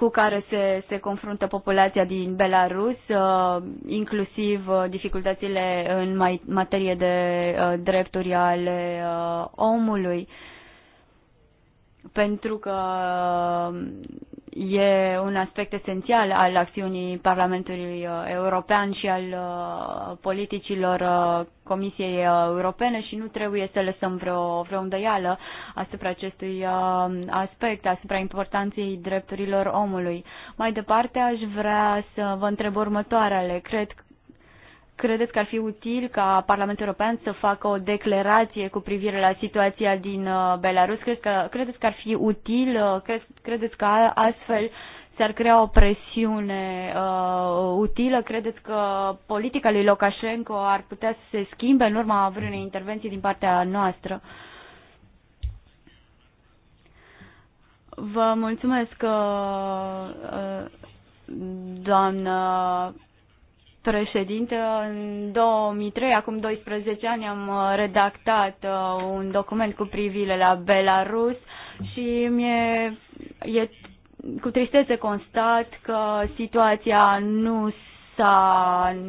cu care se, se confruntă populația din Belarus, uh, inclusiv uh, dificultățile în materie de uh, drepturi ale omului. Pentru că e un aspect esențial al acțiunii Parlamentului uh, European și al uh, politicilor uh, Comisiei Europene și nu trebuie să lăsăm vreo, vreo îndoială asupra acestui aspect, asupra importanței drepturilor omului. Mai departe, aș vrea să vă întreb următoarele. Cred Credeți că ar fi util ca Parlamentul European să facă o declarație cu privire la situația din uh, Belarus? Credeți că, credeți că ar fi util? Uh, credeți că astfel s-ar crea o presiune uh, utilă? Credeți că politica lui Lukashenko ar putea să se schimbe în urma vreunei intervenții din partea noastră? Vă mulțumesc, uh, uh doamnă președinte. În 2003, acum 12 ani, am uh, redactat uh, un document cu privire la Belarus și mie e cu tristețe constat că situația nu s-a,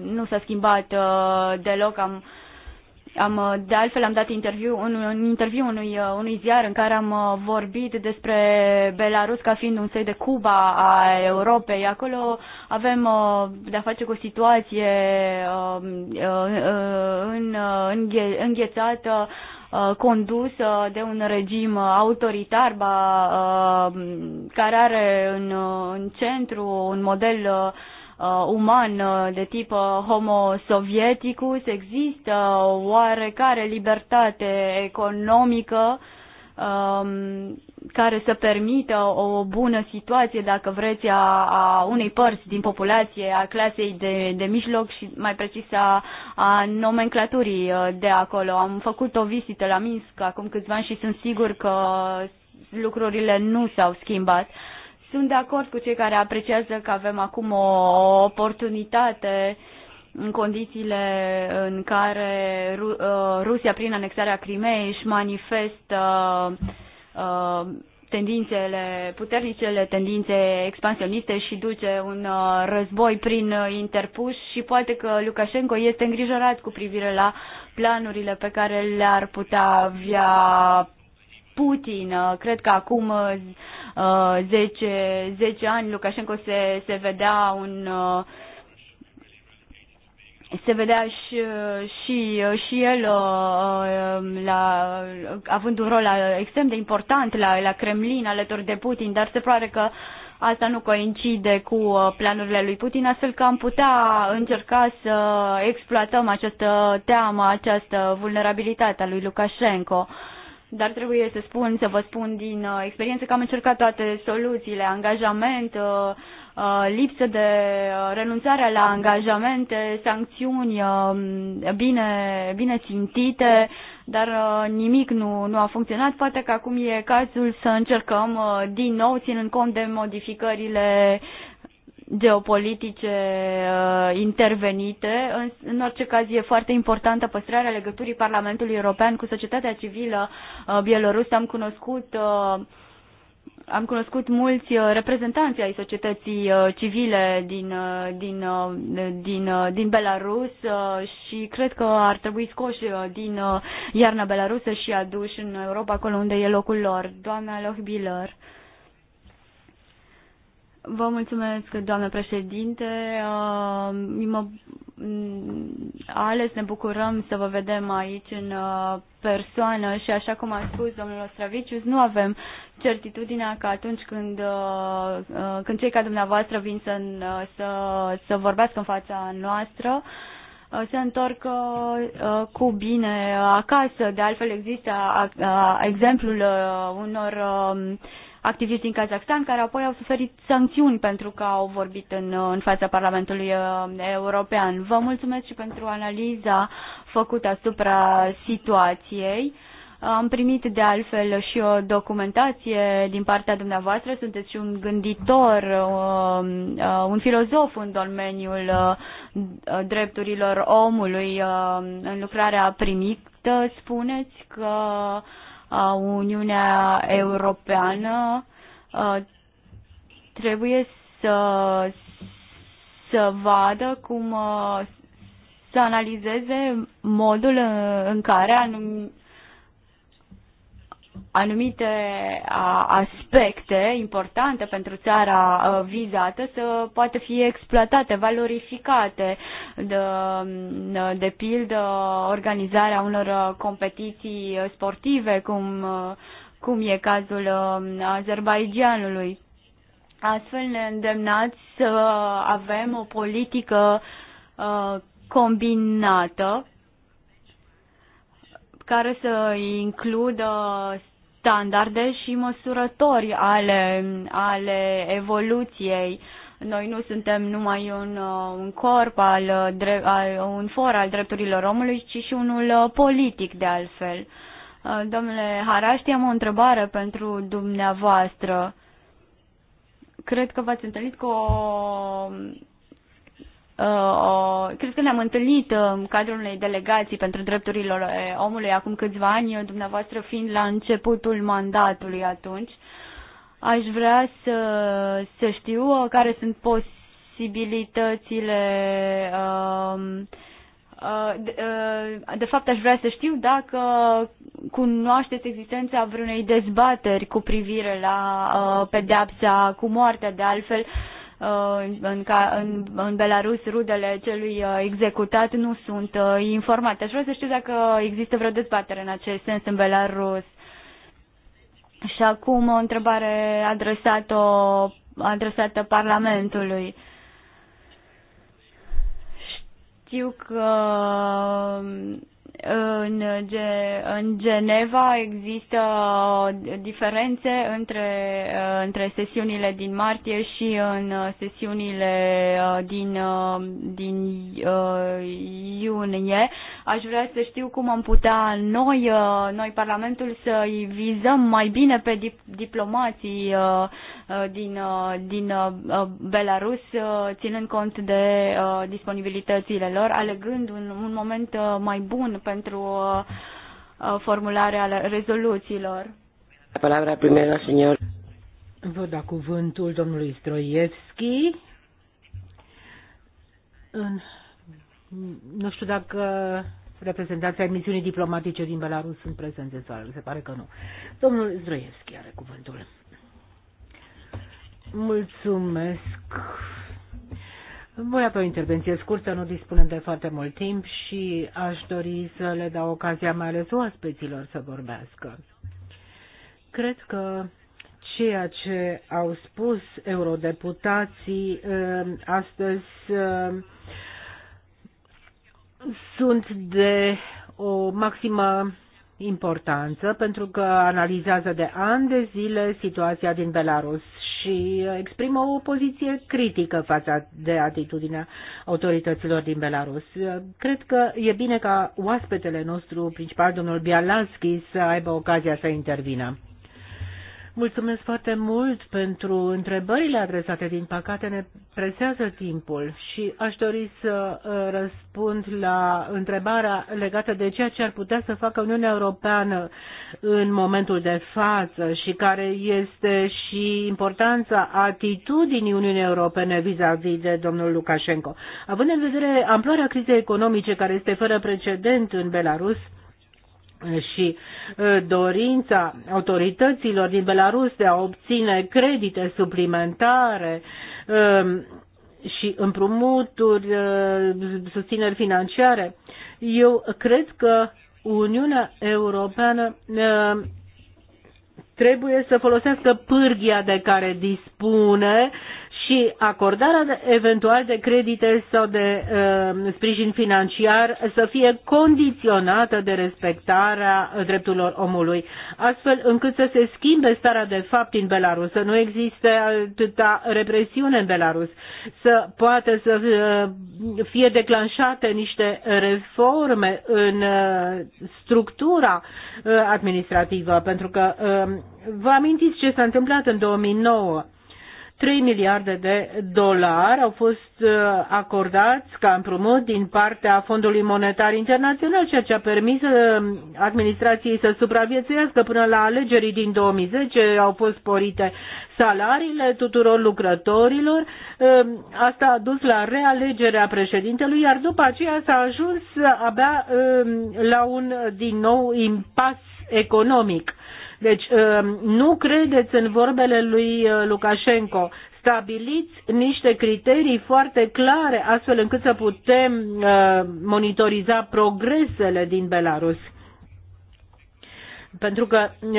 nu s-a schimbat uh, deloc. Am am, uh, de altfel am dat interviu, un, un interviu unui, uh, unui ziar în care am uh, vorbit despre Belarus ca fiind un soi de Cuba a Europei. Acolo avem de-a face cu o situație um, în, în, înghețată condusă de un regim autoritar ba, care are în, în centru un model uh, uh, uman uh, de tip uh, homo sovieticus, există oarecare libertate economică um, care să permită o bună situație, dacă vreți, a, a unei părți din populație, a clasei de, de mijloc și mai precis a, a nomenclaturii uh, de acolo. Am făcut o vizită la Minsk acum câțiva ani și sunt sigur că lucrurile nu s-au schimbat. Uh, sunt de acord cu cei care apreciază că avem acum o oportunitate în condițiile în care uh, Rusia, prin anexarea Crimeei, își manifestă uh, tendințele, puternicele tendințe expansioniste și duce un uh, război prin interpuși și poate că Lukashenko este îngrijorat cu privire la planurile pe care le-ar putea avea Putin. Cred că acum uh, 10, 10 ani Lukashenko se, se vedea un uh, se vedea și, și, și el uh, um, la, având un rol extrem de important la, la Kremlin alături de Putin, dar se pare că asta nu coincide cu uh, planurile lui Putin, astfel că am putea încerca să exploatăm această teamă, această vulnerabilitate a lui Lukashenko. Uh, dar trebuie să spun, să vă spun din uh, experiență că am încercat toate soluțiile, angajament, uh, uh, lipsă de renunțare la angajamente, sancțiuni bine, bine țintite, dar nimic nu, nu a funcționat. Poate că acum e cazul să încercăm din nou, ținând cont de modificările geopolitice uh, intervenite. În, orice caz e foarte importantă păstrarea legăturii Parlamentului European cu societatea civilă uh, bielorusă. Am cunoscut uh, am cunoscut mulți reprezentanți ai societății civile din, din, din, din Belarus și cred că ar trebui scoși din iarna belarusă și aduși în Europa, acolo unde e locul lor. Doamna Lohbiller. Uh, Vă mulțumesc, doamnă președinte. Uh, ales ne bucurăm să vă vedem aici în uh, persoană și așa cum a spus domnul Ostravicius, nu avem certitudinea că atunci când, uh, când cei ca dumneavoastră vin să, să, să vorbească în fața noastră, se întorc cu bine acasă. De altfel există exemplul unor um, activiști din Kazakhstan care apoi au suferit sancțiuni pentru că au vorbit în, uh, în fața Parlamentului uh, European. Vă mulțumesc și pentru analiza făcută asupra situației. Am primit de altfel și o documentație din partea dumneavoastră. Sunteți și un gânditor, uh, un filozof în domeniul drepturilor omului în lucrarea primită. Spuneți că Uniunea Europeană trebuie să, să vadă cum să analizeze modul în care anum, anumite aspecte importante pentru țara vizată să poată fi exploatate, valorificate, de, de pildă organizarea unor competiții sportive, cum, cum e cazul Azerbaijanului. Astfel ne îndemnați să avem o politică combinată care să includă standarde și măsurători ale, ale evoluției. Noi nu suntem numai un, uh, un corp, al, uh, al, uh, un for al drepturilor omului, ci și unul politic de altfel. Domnule Haraști, am o întrebare pentru dumneavoastră. Cred că v-ați întâlnit cu o Uh, cred că ne-am întâlnit uh, în cadrul unei delegații pentru drepturile uh, omului acum câțiva ani, dumneavoastră fiind la începutul mandatului atunci. Aș vrea să, să știu care sunt posibilitățile. Um, de fapt, aș vrea să știu dacă cunoașteți existența vreunei dezbateri cu privire la pedeapsa cu moartea, de altfel. Uh, în, ca, în, în Belarus rudele celui uh, executat nu sunt uh, informate. Aș vrea să știu dacă există vreo dezbatere în acest sens în Belarus. Și acum o întrebare adresată, adresată Parlamentului. Știu că în, în Geneva există uh, diferențe între, uh, între sesiunile din martie și în uh, sesiunile din, din iunie. Aș vrea să știu cum am putea noi, uh, noi Parlamentul, să-i vizăm mai bine pe dip- diplomații uh, uh, din, din Belarus, ținând cont de disponibilitățile lor, alegând un, un moment mai bun pentru formularea rezoluțiilor. La palabra primero, señor. Vă da cuvântul domnului Stroievski. În... Nu știu dacă reprezentanții ai misiunii diplomatice din Belarus sunt prezenți în sală. Se pare că nu. Domnul Zdroievski are cuvântul. Mulțumesc. Voi avea o intervenție scurtă, nu dispunem de foarte mult timp și aș dori să le dau ocazia mai ales oaspeților să vorbească. Cred că ceea ce au spus eurodeputații eh, astăzi eh, sunt de o maximă importanță pentru că analizează de ani de zile situația din Belarus și exprimă o poziție critică față de atitudinea autorităților din Belarus. Cred că e bine ca oaspetele nostru principal, domnul Bialanski, să aibă ocazia să intervină. Mulțumesc foarte mult pentru întrebările adresate. Din păcate ne presează timpul și aș dori să uh, răspund la întrebarea legată de ceea ce ar putea să facă Uniunea Europeană în momentul de față și care este și importanța atitudinii Uniunii Europene vis-a-vis -vis de domnul Lukashenko. Având în vedere amploarea crizei economice care este fără precedent în Belarus, și dorința autorităților din Belarus de a obține credite suplimentare și împrumuturi, susțineri financiare, eu cred că Uniunea Europeană trebuie să folosească pârghia de care dispune și acordarea eventual de credite sau de uh, sprijin financiar să fie condiționată de respectarea drepturilor omului, astfel încât să se schimbe starea de fapt în Belarus, să nu existe atâta represiune în Belarus, să poată să uh, fie declanșate niște reforme în uh, structura uh, administrativă, pentru că uh, vă amintiți ce s-a întâmplat în 2009 3 miliarde de dolari au fost uh, acordați ca împrumut din partea Fondului Monetar Internațional, ceea ce a permis uh, administrației să supraviețuiască până la alegerii din 2010. Au fost sporite salariile tuturor lucrătorilor. Uh, asta a dus la realegerea președintelui, iar după aceea s-a ajuns abia la un din nou impas economic deci um, nu credeți în vorbele lui uh, Lukashenko. Stabiliți niște criterii foarte clare astfel încât să putem uh, monitoriza progresele din Belarus pentru că uh,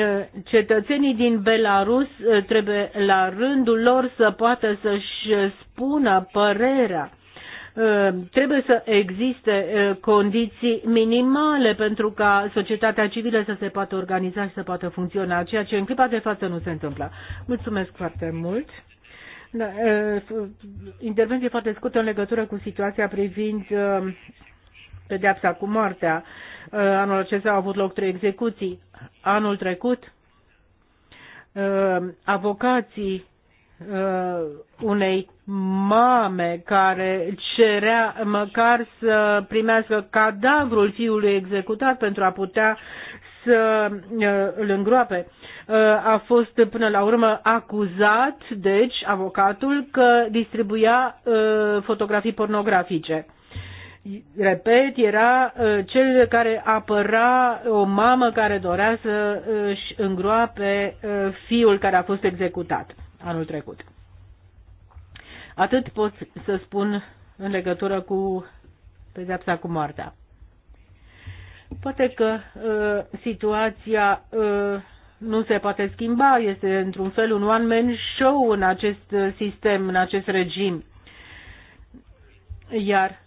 cetățenii din Belarus trebuie la rândul lor să poată să-și spună părerea. Uh, trebuie să existe uh, condiții minimale pentru ca societatea civilă să se poată organiza și să poată funcționa, ceea ce în clipa de față nu se întâmplă. Mulțumesc foarte mult! Da, uh, intervenție foarte scurtă în legătură cu situația privind pedeapsa cu moartea. Anul acesta au avut loc trei execuții. Anul trecut, avocații Uh, unei mame care cerea măcar să primească cadavrul fiului executat pentru a putea să uh, îl îngroape. Uh, a fost până la urmă acuzat, deci, avocatul că distribuia fotografii pornografice repet, era cel care apăra o mamă care dorea să își îngroape fiul care a fost executat anul trecut. Atât pot să spun în legătură cu pedepsa cu moartea. Poate că uh, situația uh, nu se poate schimba, este într-un fel un one-man show în acest uh, sistem, în acest regim. Iar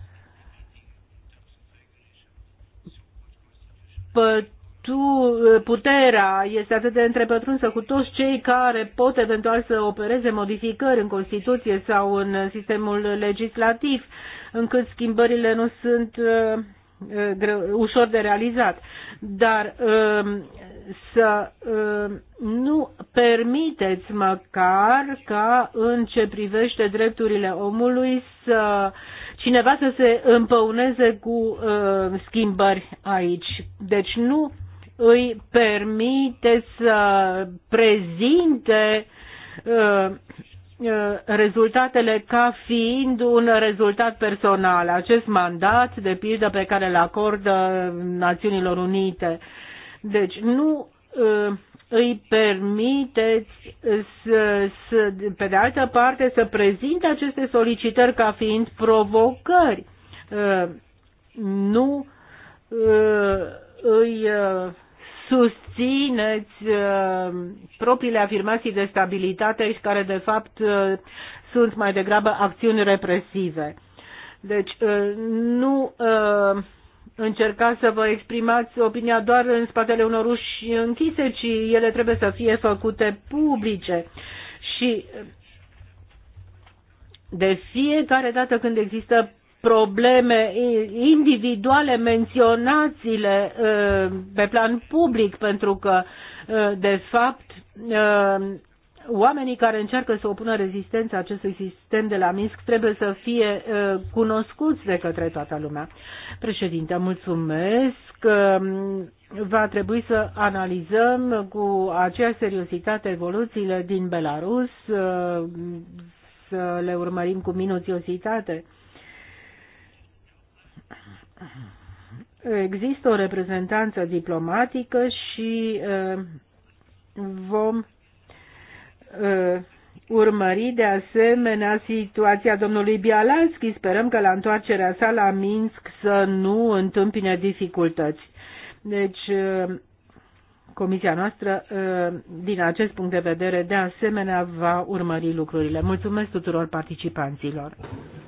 pă tu, puterea este atât de întrepătrunsă cu toți cei care pot eventual să opereze modificări în Constituție sau în sistemul legislativ, încât schimbările nu sunt uh, ușor de realizat. Dar uh, să uh, nu permiteți măcar ca în ce privește drepturile omului să cineva să se împăuneze cu uh, schimbări aici. Deci nu îi permite să prezinte uh, uh, rezultatele ca fiind un rezultat personal. Acest mandat, de pildă, pe care îl acordă Națiunilor Unite. Deci nu uh, îi permiteți, să, să, pe de altă parte, să prezinte aceste solicitări ca fiind provocări. Nu îi susțineți uh, propriile afirmații de stabilitate care de fapt uh, sunt mai degrabă acțiuni represive. Deci uh, nu încercați să vă exprimați opinia doar în spatele unor uși închise, ci ele trebuie să fie făcute publice. Și de fiecare dată când există probleme individuale, menționați-le uh, pe plan public, pentru că, uh, de fapt, uh, oamenii care încearcă să opună rezistența acestui sistem de la Minsk trebuie să fie cunoscuți de către toată lumea. Președinte, mulțumesc. Um, va trebui să analizăm cu acea seriozitate evoluțiile din Belarus, să le urmărim cu minuțiozitate există o reprezentanță diplomatică și uh, vom uh, urmări de asemenea situația domnului Bialalski. Sperăm că la întoarcerea sa la Minsk să nu întâmpine dificultăți. Deci, uh, comisia noastră, din acest punct de vedere, de asemenea, va urmări lucrurile. Mulțumesc tuturor participanților!